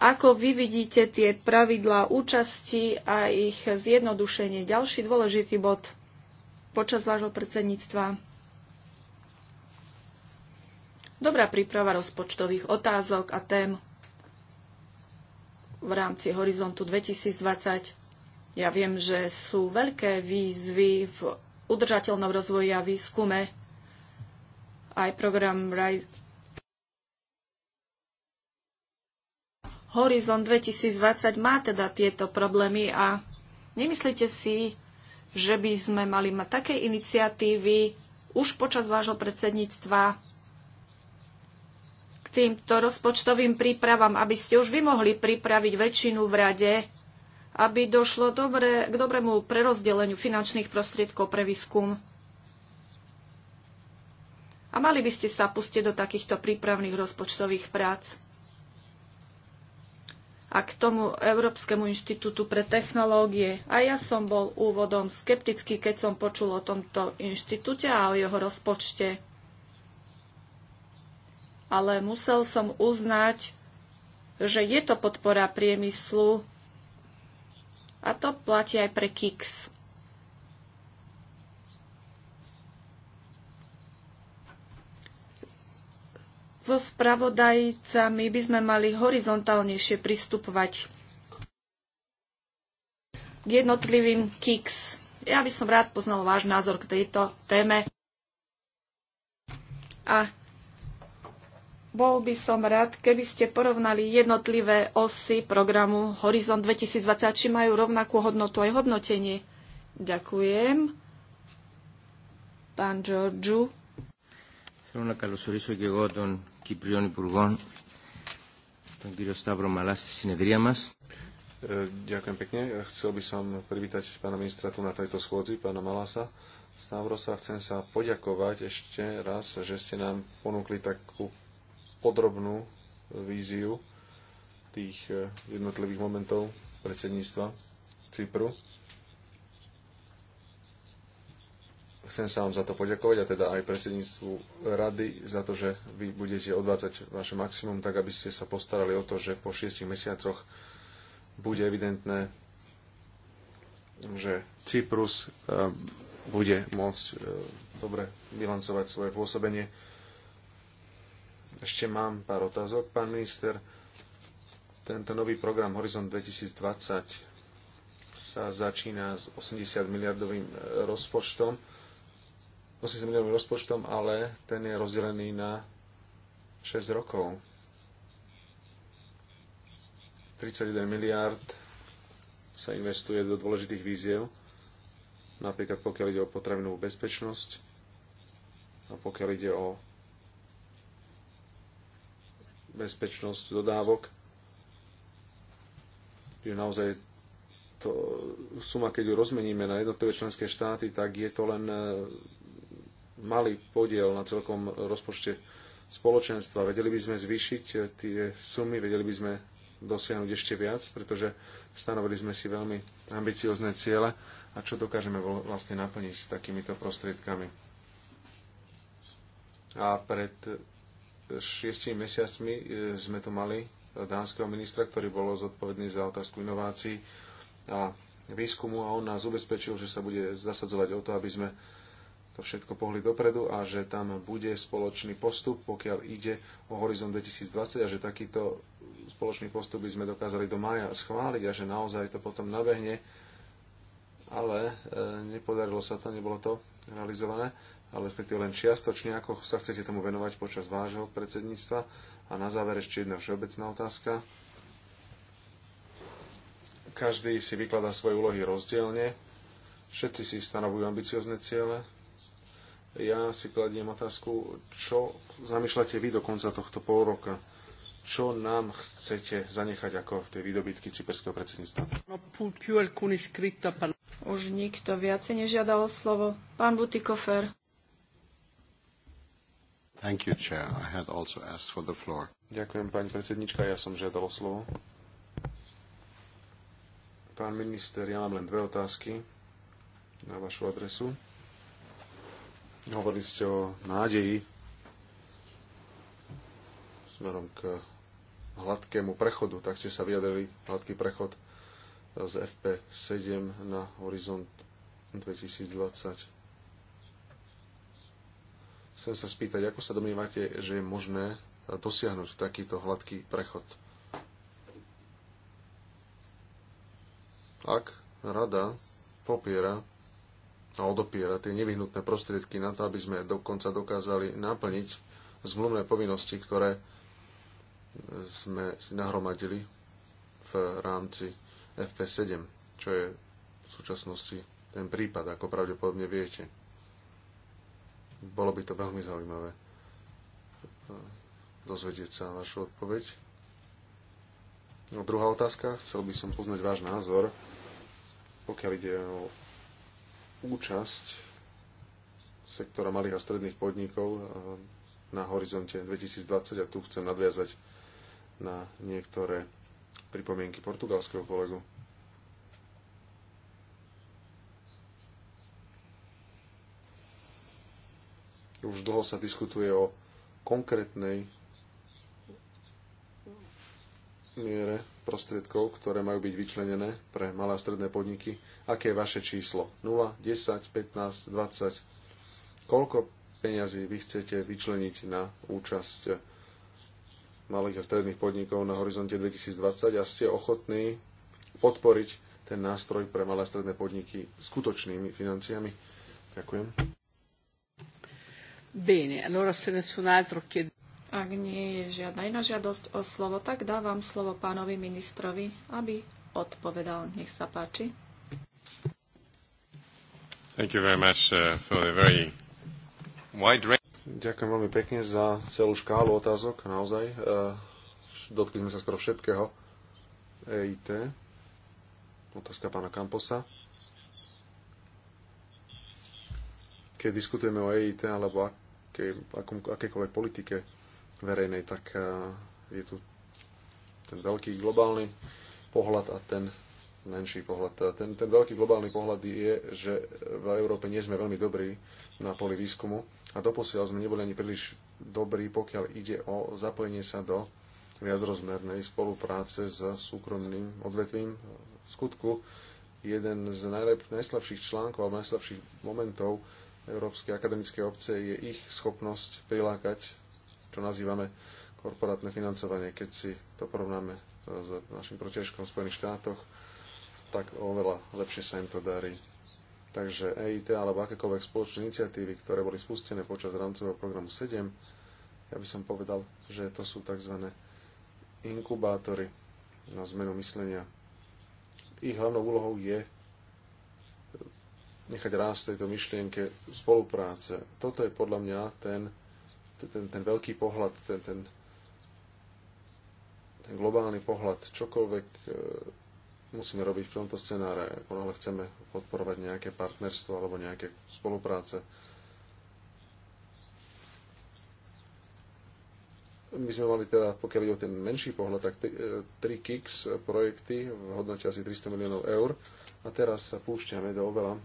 ako vy vidíte tie pravidlá účasti a ich zjednodušenie? Ďalší dôležitý bod počas vášho predsedníctva? Dobrá príprava rozpočtových otázok a tém v rámci Horizontu 2020. Ja viem, že sú veľké výzvy v udržateľnom rozvoji a výskume. Aj program RISE Horizont 2020 má teda tieto problémy a nemyslíte si, že by sme mali mať také iniciatívy už počas vášho predsedníctva k týmto rozpočtovým prípravám, aby ste už vy mohli pripraviť väčšinu v rade, aby došlo dobre, k dobrému prerozdeleniu finančných prostriedkov pre výskum. A mali by ste sa pustiť do takýchto prípravných rozpočtových prác a k tomu Európskemu inštitútu pre technológie. A ja som bol úvodom skeptický, keď som počul o tomto inštitúte a o jeho rozpočte. Ale musel som uznať, že je to podpora priemyslu a to platí aj pre KIX. So spravodajcami by sme mali horizontálnejšie pristupovať k jednotlivým KICS. Ja by som rád poznal váš názor k tejto téme. A bol by som rád, keby ste porovnali jednotlivé osy programu Horizon 2020, či majú rovnakú hodnotu aj hodnotenie. Ďakujem. Pán Giorgiu. Θέλω να καλωσορίσω και εγώ τον Υπουργών, τον κύριο Σταύρο Μαλά στη συνεδρία μας. Ďakujem pekne. Chcel by som privítať pána ministra tu na tejto schôdzi, pána Malasa. Stavrosa, chcem sa poďakovať ešte raz, že ste nám ponúkli takú podrobnú víziu tých e, jednotlivých momentov predsedníctva Cypru. Chcem sa vám za to poďakovať a teda aj predsedníctvu rady za to, že vy budete odvádzať vaše maximum, tak aby ste sa postarali o to, že po šiestich mesiacoch bude evidentné, že Cyprus eh, bude môcť eh, dobre bilancovať svoje pôsobenie. Ešte mám pár otázok, pán minister. Tento nový program Horizon 2020 sa začína s 80 miliardovým eh, rozpočtom 8 miliónovým rozpočtom, ale ten je rozdelený na 6 rokov. 31 miliárd sa investuje do dôležitých víziev, napríklad pokiaľ ide o potravinovú bezpečnosť a pokiaľ ide o bezpečnosť dodávok. Čiže naozaj to suma, keď ju rozmeníme na jednotlivé členské štáty, tak je to len malý podiel na celkom rozpočte spoločenstva. Vedeli by sme zvýšiť tie sumy, vedeli by sme dosiahnuť ešte viac, pretože stanovili sme si veľmi ambiciozne ciele a čo dokážeme vlastne naplniť s takýmito prostriedkami. A pred šiestimi mesiacmi e, sme tu mali dánskeho ministra, ktorý bol zodpovedný za otázku inovácií a výskumu a on nás ubezpečil, že sa bude zasadzovať o to, aby sme to všetko pohli dopredu a že tam bude spoločný postup, pokiaľ ide o horizont 2020 a že takýto spoločný postup by sme dokázali do maja schváliť a že naozaj to potom nabehne, ale e, nepodarilo sa to, nebolo to realizované, ale respektíve len čiastočne, ako sa chcete tomu venovať počas vášho predsedníctva. A na záver ešte jedna všeobecná otázka. Každý si vykladá svoje úlohy rozdielne, všetci si stanovujú ambiciozne ciele, ja si kladiem otázku, čo zamýšľate vy do konca tohto pol roka? Čo nám chcete zanechať ako tie výdobytky cyperského predsedníctva? No, Už nikto viacej nežiadal slovo. Pán Butikofer. Thank you, Chair. I had also asked for the floor. Ďakujem, pani predsednička. Ja som žiadal o slovo. Pán minister, ja mám len dve otázky na vašu adresu. Hovorili ste o nádeji smerom k hladkému prechodu, tak ste sa vyjadrili hladký prechod z FP7 na horizont 2020. Chcem sa spýtať, ako sa domnívate, že je možné dosiahnuť takýto hladký prechod? Ak rada popiera a odopiera tie nevyhnutné prostriedky na to, aby sme dokonca dokázali naplniť zmluvné povinnosti, ktoré sme si nahromadili v rámci FP7, čo je v súčasnosti ten prípad, ako pravdepodobne viete. Bolo by to veľmi zaujímavé e, dozvedieť sa vašu odpoveď. No, druhá otázka, chcel by som poznať váš názor, pokiaľ ide o účasť sektora malých a stredných podnikov eh, na horizonte 2020 a tu chcem nadviazať na niektoré pripomienky portugalského kolegu. Už dlho sa diskutuje o konkrétnej miere prostriedkov, ktoré majú byť vyčlenené pre malé a stredné podniky aké je vaše číslo. 0, 10, 15, 20. Koľko peňazí vy chcete vyčleniť na účasť malých a stredných podnikov na horizonte 2020 a ste ochotní podporiť ten nástroj pre malé a stredné podniky skutočnými financiami. Ďakujem. Bene, allora se nessun altro chiede... Ak nie je žiadna iná žiadosť o slovo, tak dávam slovo pánovi ministrovi, aby odpovedal. Nech sa páči. Thank you very much uh, for the very wide range. Ďakujem veľmi pekne za celú škálu otázok, naozaj. Uh, dotkli sme sa skoro všetkého. EIT. Otázka pána Kamposa. Keď diskutujeme o EIT alebo akej, akom, akékoľvek politike verejnej, tak uh, je tu ten veľký globálny pohľad a ten menší pohľad. Ten, ten veľký globálny pohľad je, že v Európe nie sme veľmi dobrí na poli výskumu a doposiaľ sme neboli ani príliš dobrí, pokiaľ ide o zapojenie sa do viacrozmernej spolupráce s súkromným odvetvím. V skutku jeden z najlep, najslabších článkov alebo najslabších momentov Európskej akademickej obce je ich schopnosť prilákať, čo nazývame korporátne financovanie, keď si to porovnáme s našim protiažkom v Spojených štátoch tak oveľa lepšie sa im to darí. Takže EIT alebo akékoľvek spoločné iniciatívy, ktoré boli spustené počas rámcového programu 7, ja by som povedal, že to sú tzv. inkubátory na zmenu myslenia. Ich hlavnou úlohou je nechať rásť tejto myšlienke spolupráce. Toto je podľa mňa ten, ten, ten veľký pohľad, ten, ten, ten globálny pohľad. Čokoľvek e, musíme robiť v tomto scenáre, ako náhle chceme podporovať nejaké partnerstvo alebo nejaké spolupráce. My sme mali teda, pokiaľ ide o ten menší pohľad, tak 3 e, KIX projekty v hodnote asi 300 miliónov eur a teraz sa púšťame do oveľa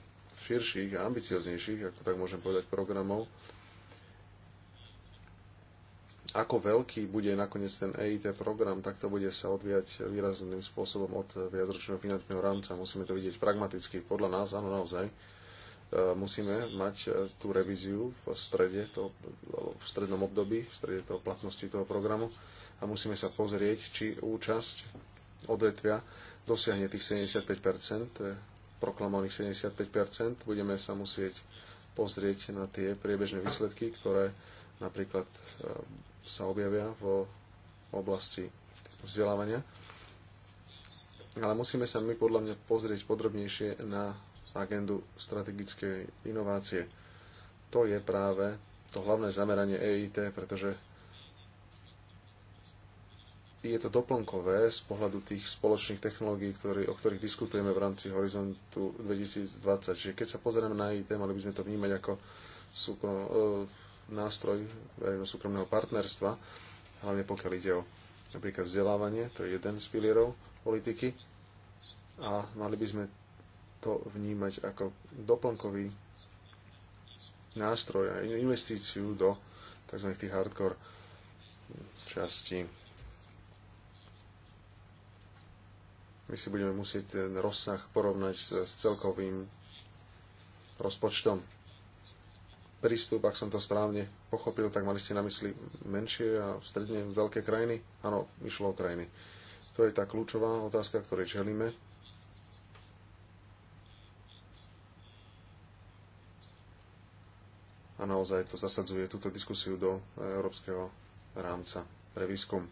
širších a ambicioznejších, ako tak môžem povedať, programov ako veľký bude nakoniec ten EIT program, tak to bude sa odvíjať výrazným spôsobom od viacročného finančného rámca. Musíme to vidieť pragmaticky, podľa nás, áno, naozaj. E, musíme mať e, tú revíziu v strede, to, v strednom období, v strede toho platnosti toho programu a musíme sa pozrieť, či účasť odvetvia dosiahne tých 75%, e, proklamovaných 75%. Budeme sa musieť pozrieť na tie priebežné výsledky, ktoré napríklad sa objavia v oblasti vzdelávania. Ale musíme sa my podľa mňa pozrieť podrobnejšie na agendu strategickej inovácie. To je práve to hlavné zameranie EIT, pretože je to doplnkové z pohľadu tých spoločných technológií, ktorý, o ktorých diskutujeme v rámci horizontu 2020. Čiže keď sa pozrieme na e IT, mali by sme to vnímať ako súko, e, nástroj verejno-súkromného partnerstva, hlavne pokiaľ ide o napríklad vzdelávanie, to je jeden z pilierov politiky a mali by sme to vnímať ako doplnkový nástroj a investíciu do tzv. tých hardcore častí. My si budeme musieť ten rozsah porovnať s celkovým rozpočtom prístup, ak som to správne pochopil, tak mali ste na mysli menšie a stredne veľké krajiny? Áno, išlo o krajiny. To je tá kľúčová otázka, ktorej čelíme. A naozaj to zasadzuje túto diskusiu do európskeho rámca pre výskum.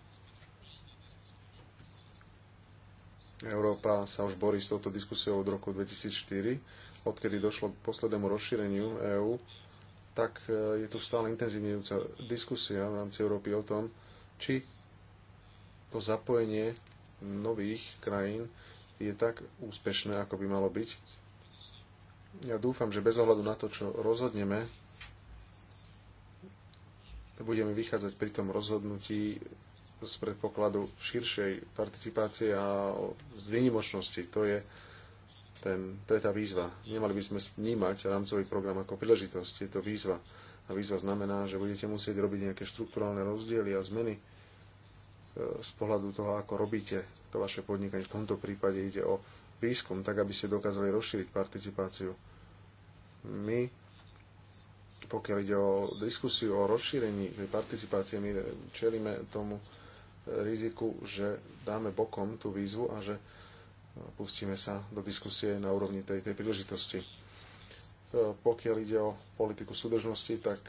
Európa sa už borí s touto diskusiou od roku 2004, odkedy došlo k poslednému rozšíreniu EÚ tak e, je tu stále intenzívnejúca diskusia v rámci Európy o tom, či to zapojenie nových krajín je tak úspešné, ako by malo byť. Ja dúfam, že bez ohľadu na to, čo rozhodneme, budeme vychádzať pri tom rozhodnutí z predpokladu širšej participácie a z výnimočnosti. To je ten, to je tá výzva. Nemali by sme vnímať rámcový program ako príležitosť, je to výzva. A výzva znamená, že budete musieť robiť nejaké štruktúrálne rozdiely a zmeny e, z pohľadu toho, ako robíte to vaše podnikanie. V tomto prípade ide o výskum, tak aby ste dokázali rozšíriť participáciu. My, pokiaľ ide o diskusiu o rozšírení tej participácie, my čelíme tomu riziku, že dáme bokom tú výzvu a že pustíme sa do diskusie na úrovni tej, tej príležitosti. E, pokiaľ ide o politiku súdržnosti, tak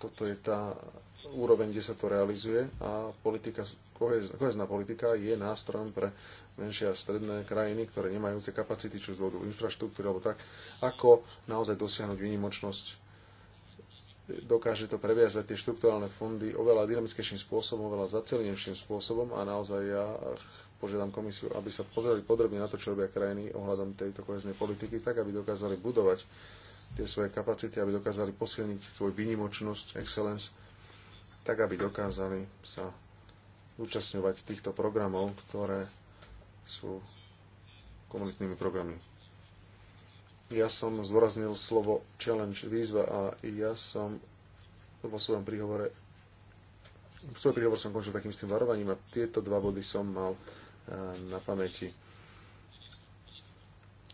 toto je tá úroveň, kde sa to realizuje a politika, kohezná politika je nástrojom pre menšie a stredné krajiny, ktoré nemajú tie kapacity, či z dôvodu infraštruktúry alebo tak, ako naozaj dosiahnuť výnimočnosť dokáže to previazať tie štruktúrálne fondy oveľa dynamickejším spôsobom, oveľa zacelenejším spôsobom a naozaj ja požiadam komisiu, aby sa pozreli podrobne na to, čo robia krajiny ohľadom tejto koheznej politiky, tak aby dokázali budovať tie svoje kapacity, aby dokázali posilniť svoju výnimočnosť, excellence, tak aby dokázali sa zúčastňovať týchto programov, ktoré sú komunitnými programmi. Ja som zdôraznil slovo challenge, výzva a ja som vo svojom príhovore svoj príhovore som končil takým s tým varovaním a tieto dva body som mal na pamäti.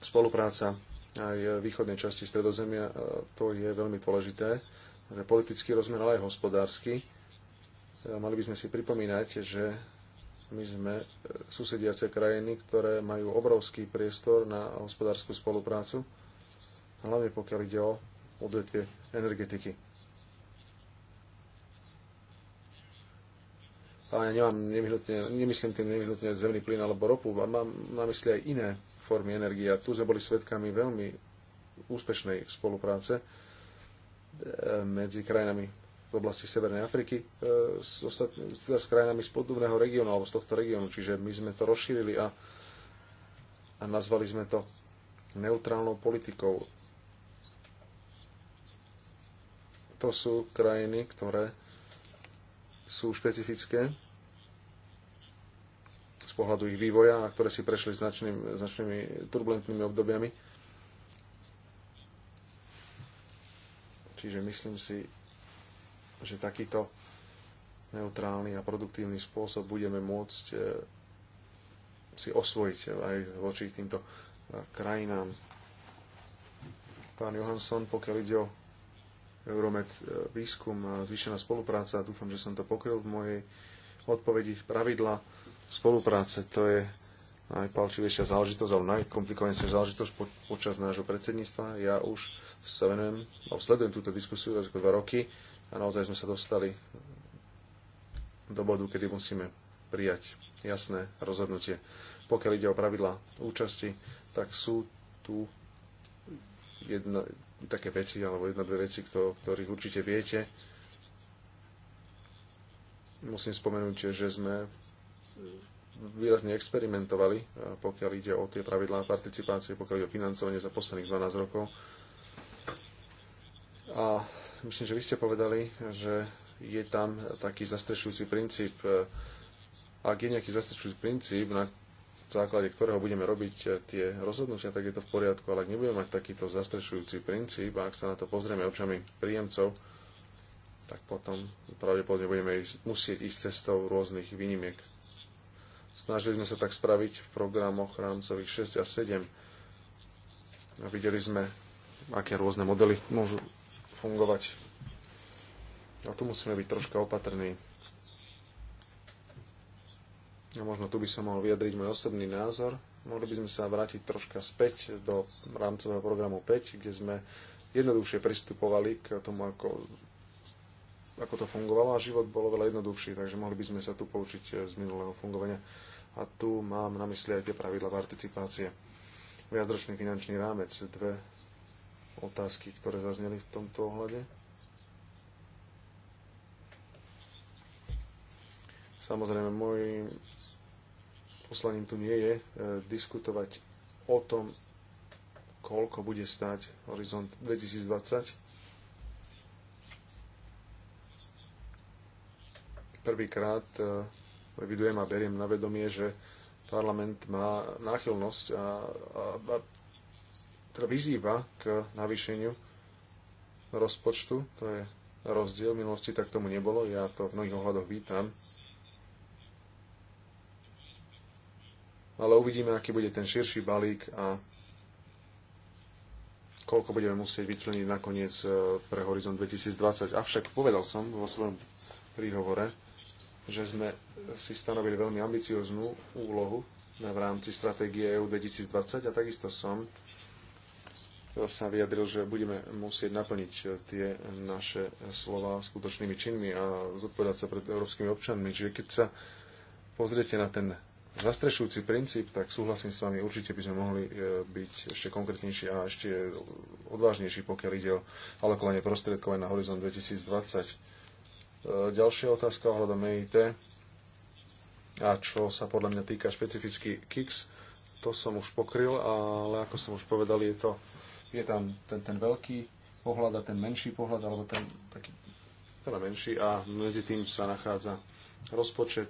Spolupráca aj východnej časti Stredozemia, e, to je veľmi dôležité, že politický rozmer, ale aj hospodársky. E, mali by sme si pripomínať, že my sme e, susediace krajiny, ktoré majú obrovský priestor na hospodárskú spoluprácu, hlavne pokiaľ ide o odvetvie energetiky. ale ja nemám nevyhnutne, nemyslím tým nevyhnutne zemný plyn alebo ropu, a mám na mysli aj iné formy energie. A tu sme boli svedkami veľmi úspešnej spolupráce eh, medzi krajinami v oblasti Severnej Afriky eh, s, ostatným, teda s krajinami z podobného regiónu alebo z tohto regiónu. Čiže my sme to rozšírili a, a nazvali sme to neutrálnou politikou. To sú krajiny, ktoré sú špecifické z pohľadu ich vývoja a ktoré si prešli značným, značnými turbulentnými obdobiami. Čiže myslím si, že takýto neutrálny a produktívny spôsob budeme môcť e, si osvojiť aj voči týmto e, krajinám. Pán Johansson, pokiaľ ide o Euromed e, výskum a zvýšená spolupráca, dúfam, že som to pokryl v mojej odpovedi pravidla spolupráce. To je najpalčivejšia záležitosť alebo najkomplikovanejšia záležitosť po, počas nášho predsedníctva. Ja už sa venujem, a sledujem túto diskusiu už ako dva roky a naozaj sme sa dostali do bodu, kedy musíme prijať jasné rozhodnutie. Pokiaľ ide o pravidla účasti, tak sú tu jedna, také veci, alebo jedna, dve veci, kto, ktorých určite viete. Musím spomenúť, že sme výrazne experimentovali, e, pokiaľ ide o tie pravidlá participácie, pokiaľ ide o financovanie za posledných 12 rokov. A myslím, že vy ste povedali, že je tam taký zastrešujúci princíp. E, ak je nejaký zastrešujúci princíp, na základe ktorého budeme robiť e, tie rozhodnutia, tak je to v poriadku, ale ak nebudeme mať takýto zastrešujúci princíp, a ak sa na to pozrieme očami príjemcov, tak potom pravdepodobne budeme ísť, musieť ísť cestou rôznych výnimiek. Snažili sme sa tak spraviť v programoch rámcových 6 a 7. A videli sme, aké rôzne modely môžu fungovať. A tu musíme byť troška opatrní. A možno tu by som mohol vyjadriť môj osobný názor. Mohli by sme sa vrátiť troška späť do rámcového programu 5, kde sme jednoduchšie pristupovali k tomu, ako ako to fungovalo a život bolo veľa jednoduchší, takže mohli by sme sa tu poučiť eh, z minulého fungovania. A tu mám na mysli aj tie pravidla participácie. Viacročný finančný rámec, dve otázky, ktoré zazneli v tomto ohľade. Samozrejme, môjim poslaním tu nie je e, diskutovať o tom, koľko bude stať Horizont 2020 Prvýkrát e, evidujem a beriem na vedomie, že parlament má náchylnosť a, a, a teda vyzýva k navýšeniu rozpočtu. To je rozdiel. V minulosti tak tomu nebolo. Ja to v mnohých ohľadoch vítam. Ale uvidíme, aký bude ten širší balík a koľko budeme musieť vyčleniť nakoniec e, pre Horizon 2020. Avšak povedal som vo svojom príhovore, že sme si stanovili veľmi ambicioznú úlohu v rámci stratégie EU 2020 a takisto som sa vyjadril, že budeme musieť naplniť e, tie naše slova skutočnými činmi a zodpovedať sa pred európskymi občanmi. Čiže keď sa pozriete na ten zastrešujúci princíp, tak súhlasím s vami, určite by sme mohli e, byť ešte konkrétnejší a ešte odvážnejší, pokiaľ ide o alokovanie prostriedkov aj na horizont 2020 Ďalšia otázka ohľadom EIT a čo sa podľa mňa týka špecificky KIX, to som už pokryl, ale ako som už povedal, je, to, je tam ten, ten veľký pohľad a ten menší pohľad, alebo ten taký teda menší a medzi tým sa nachádza rozpočet.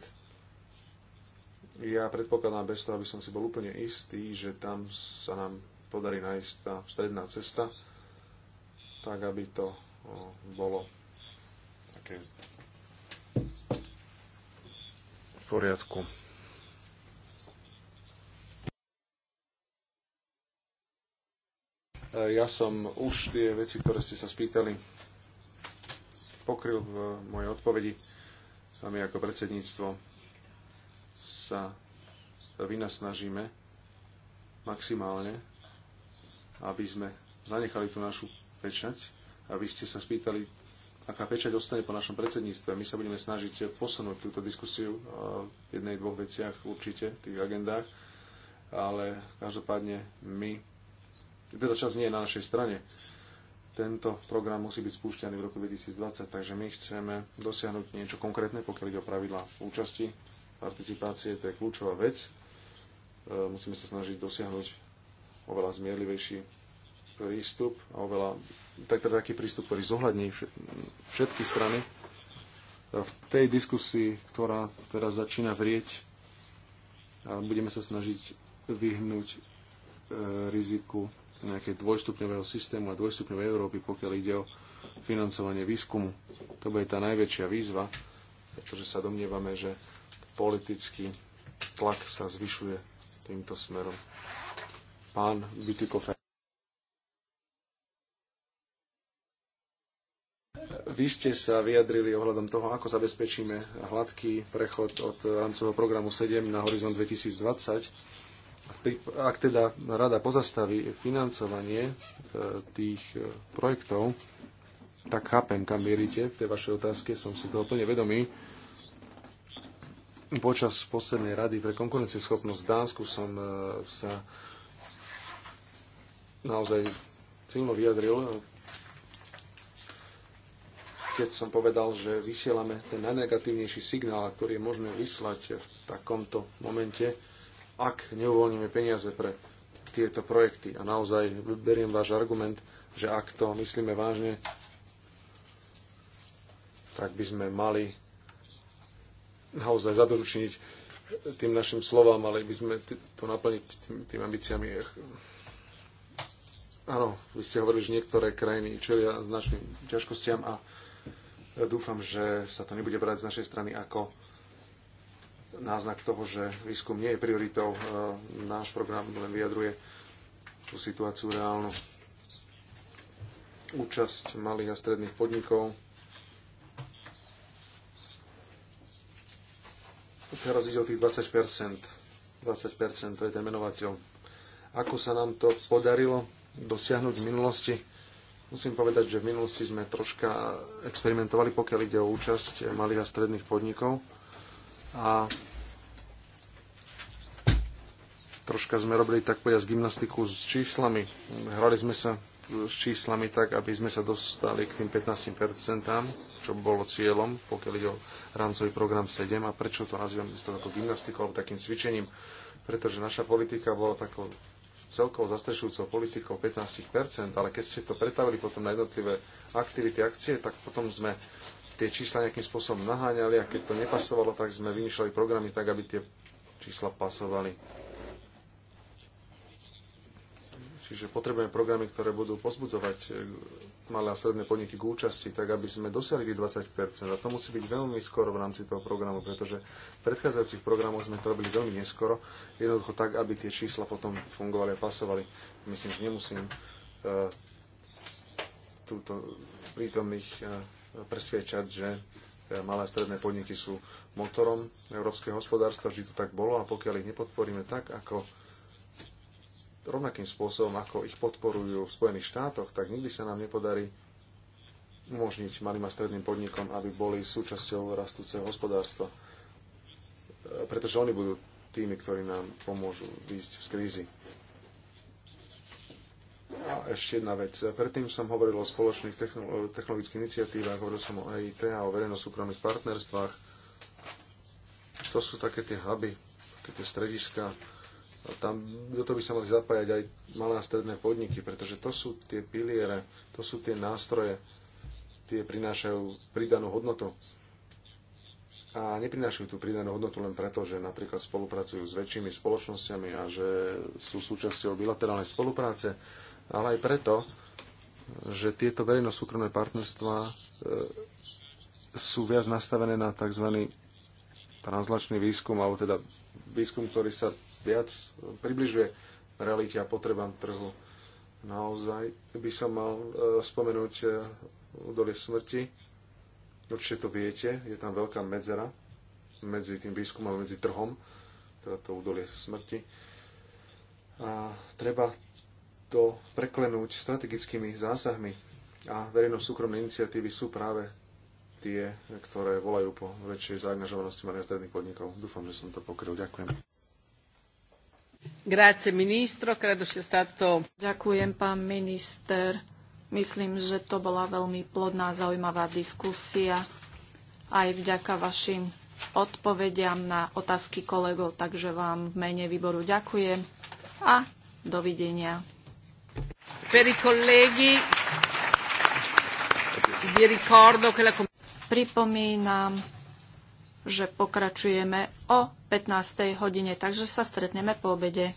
Ja predpokladám bez toho, aby som si bol úplne istý, že tam sa nám podarí nájsť tá stredná cesta, tak aby to bolo také v poriadku. E, ja som už tie veci, ktoré ste sa spýtali, pokryl v mojej odpovedi. Sami ako predsedníctvo sa vynasnažíme maximálne, aby sme zanechali tú našu pečať. A vy ste sa spýtali, aká pečať ostane po našom predsedníctve. My sa budeme snažiť posunúť túto diskusiu e, v jednej, dvoch veciach určite, v tých agendách, ale každopádne my, teda čas nie je na našej strane, tento program musí byť spúšťaný v roku 2020, takže my chceme dosiahnuť niečo konkrétne, pokiaľ ide o pravidla účasti, participácie, to je kľúčová vec. E, musíme sa snažiť dosiahnuť oveľa zmierlivejší prístup, a oveľa, tak, teda taký prístup, ktorý zohľadní všetky strany. V tej diskusii, ktorá teraz začína vrieť, a budeme sa snažiť vyhnúť e, riziku nejakej dvojstupňového systému a dvojstupňovej Európy, pokiaľ ide o financovanie výskumu. To bude tá najväčšia výzva, pretože sa domnievame, že politický tlak sa zvyšuje týmto smerom. Pán Bytykofer. Vy ste sa vyjadrili ohľadom toho, ako zabezpečíme hladký prechod od rámcového programu 7 na horizont 2020 ak teda rada pozastaví financovanie e, tých e, projektov, tak chápem, kam mierite. V tej vašej otázke som si toho plne vedomý. Počas poslednej rady pre konkurencieschopnosť v Dánsku som e, sa naozaj silno vyjadril keď som povedal, že vysielame ten najnegatívnejší signál, ktorý je možné vyslať v takomto momente, ak neuvoľníme peniaze pre tieto projekty. A naozaj beriem váš argument, že ak to myslíme vážne, tak by sme mali naozaj zadoručniť tým našim slovám, ale by sme to naplniť tým, tým ambíciami. Áno, vy ste hovorili, že niektoré krajiny čelia značným ťažkostiam a Dúfam, že sa to nebude brať z našej strany ako náznak toho, že výskum nie je prioritou. E, Náš program len vyjadruje tú situáciu reálnu. Účasť malých a stredných podnikov. Teraz ide o tých 20%. 20% to je ten menovateľ. Ako sa nám to podarilo dosiahnuť v minulosti? Musím povedať, že v minulosti sme troška experimentovali, pokiaľ ide o účasť malých a stredných podnikov. A troška sme robili tak povedať gymnastiku s číslami. Hrali sme sa s číslami tak, aby sme sa dostali k tým 15%, čo bolo cieľom, pokiaľ ide o rámcový program 7. A prečo to nazývam isto ako gymnastikou alebo takým cvičením? Pretože naša politika bola takou celkovo zastrešujúcou politikou 15%, ale keď ste to pretavili potom na jednotlivé aktivity, akcie, tak potom sme tie čísla nejakým spôsobom naháňali a keď to nepasovalo, tak sme vymýšľali programy tak, aby tie čísla pasovali. Čiže potrebujeme programy, ktoré budú pozbudzovať malé a stredné podniky k účasti, tak aby sme dosiahli 20 A to musí byť veľmi skoro v rámci toho programu, pretože v predchádzajúcich programoch sme to robili veľmi neskoro, jednoducho tak, aby tie čísla potom fungovali a pasovali. Myslím, že nemusím uh, túto prítomných uh, presviečať, že e, malé a stredné podniky sú motorom európskeho hospodárstva, vždy to tak bolo a pokiaľ ich nepodporíme tak, ako rovnakým spôsobom, ako ich podporujú v Spojených štátoch, tak nikdy sa nám nepodarí umožniť malým a stredným podnikom, aby boli súčasťou rastúceho hospodárstva. Pretože oni budú tými, ktorí nám pomôžu výjsť z krízy. A ešte jedna vec. Predtým som hovoril o spoločných technologických iniciatívach, hovoril som o EIT a o verejno-súkromných partnerstvách. To sú také tie huby, také tie strediska, tam do toho by sa mali zapájať aj malé a stredné podniky, pretože to sú tie piliere, to sú tie nástroje, tie prinášajú pridanú hodnotu. A neprinášajú tú pridanú hodnotu len preto, že napríklad spolupracujú s väčšími spoločnosťami a že sú súčasťou bilaterálnej spolupráce, ale aj preto, že tieto verejno-súkromné partnerstvá e, sú viac nastavené na tzv. translačný výskum, alebo teda výskum, ktorý sa viac približuje realite a potrebám trhu. Naozaj by som mal e, spomenúť e, údolie smrti. Určite to viete, je tam veľká medzera medzi tým výskumom a medzi trhom, teda to údolie smrti. A treba to preklenúť strategickými zásahmi a verejno-súkromné iniciatívy sú práve tie, ktoré volajú po väčšej zaangažovanosti malých a stredných podnikov. Dúfam, že som to pokryl. Ďakujem. Ďakujem, pán minister. Myslím, že to bola veľmi plodná, zaujímavá diskusia aj vďaka vašim odpovediam na otázky kolegov, takže vám v mene výboru ďakujem a dovidenia. Pripomínam že pokračujeme o 15. hodine, takže sa stretneme po obede.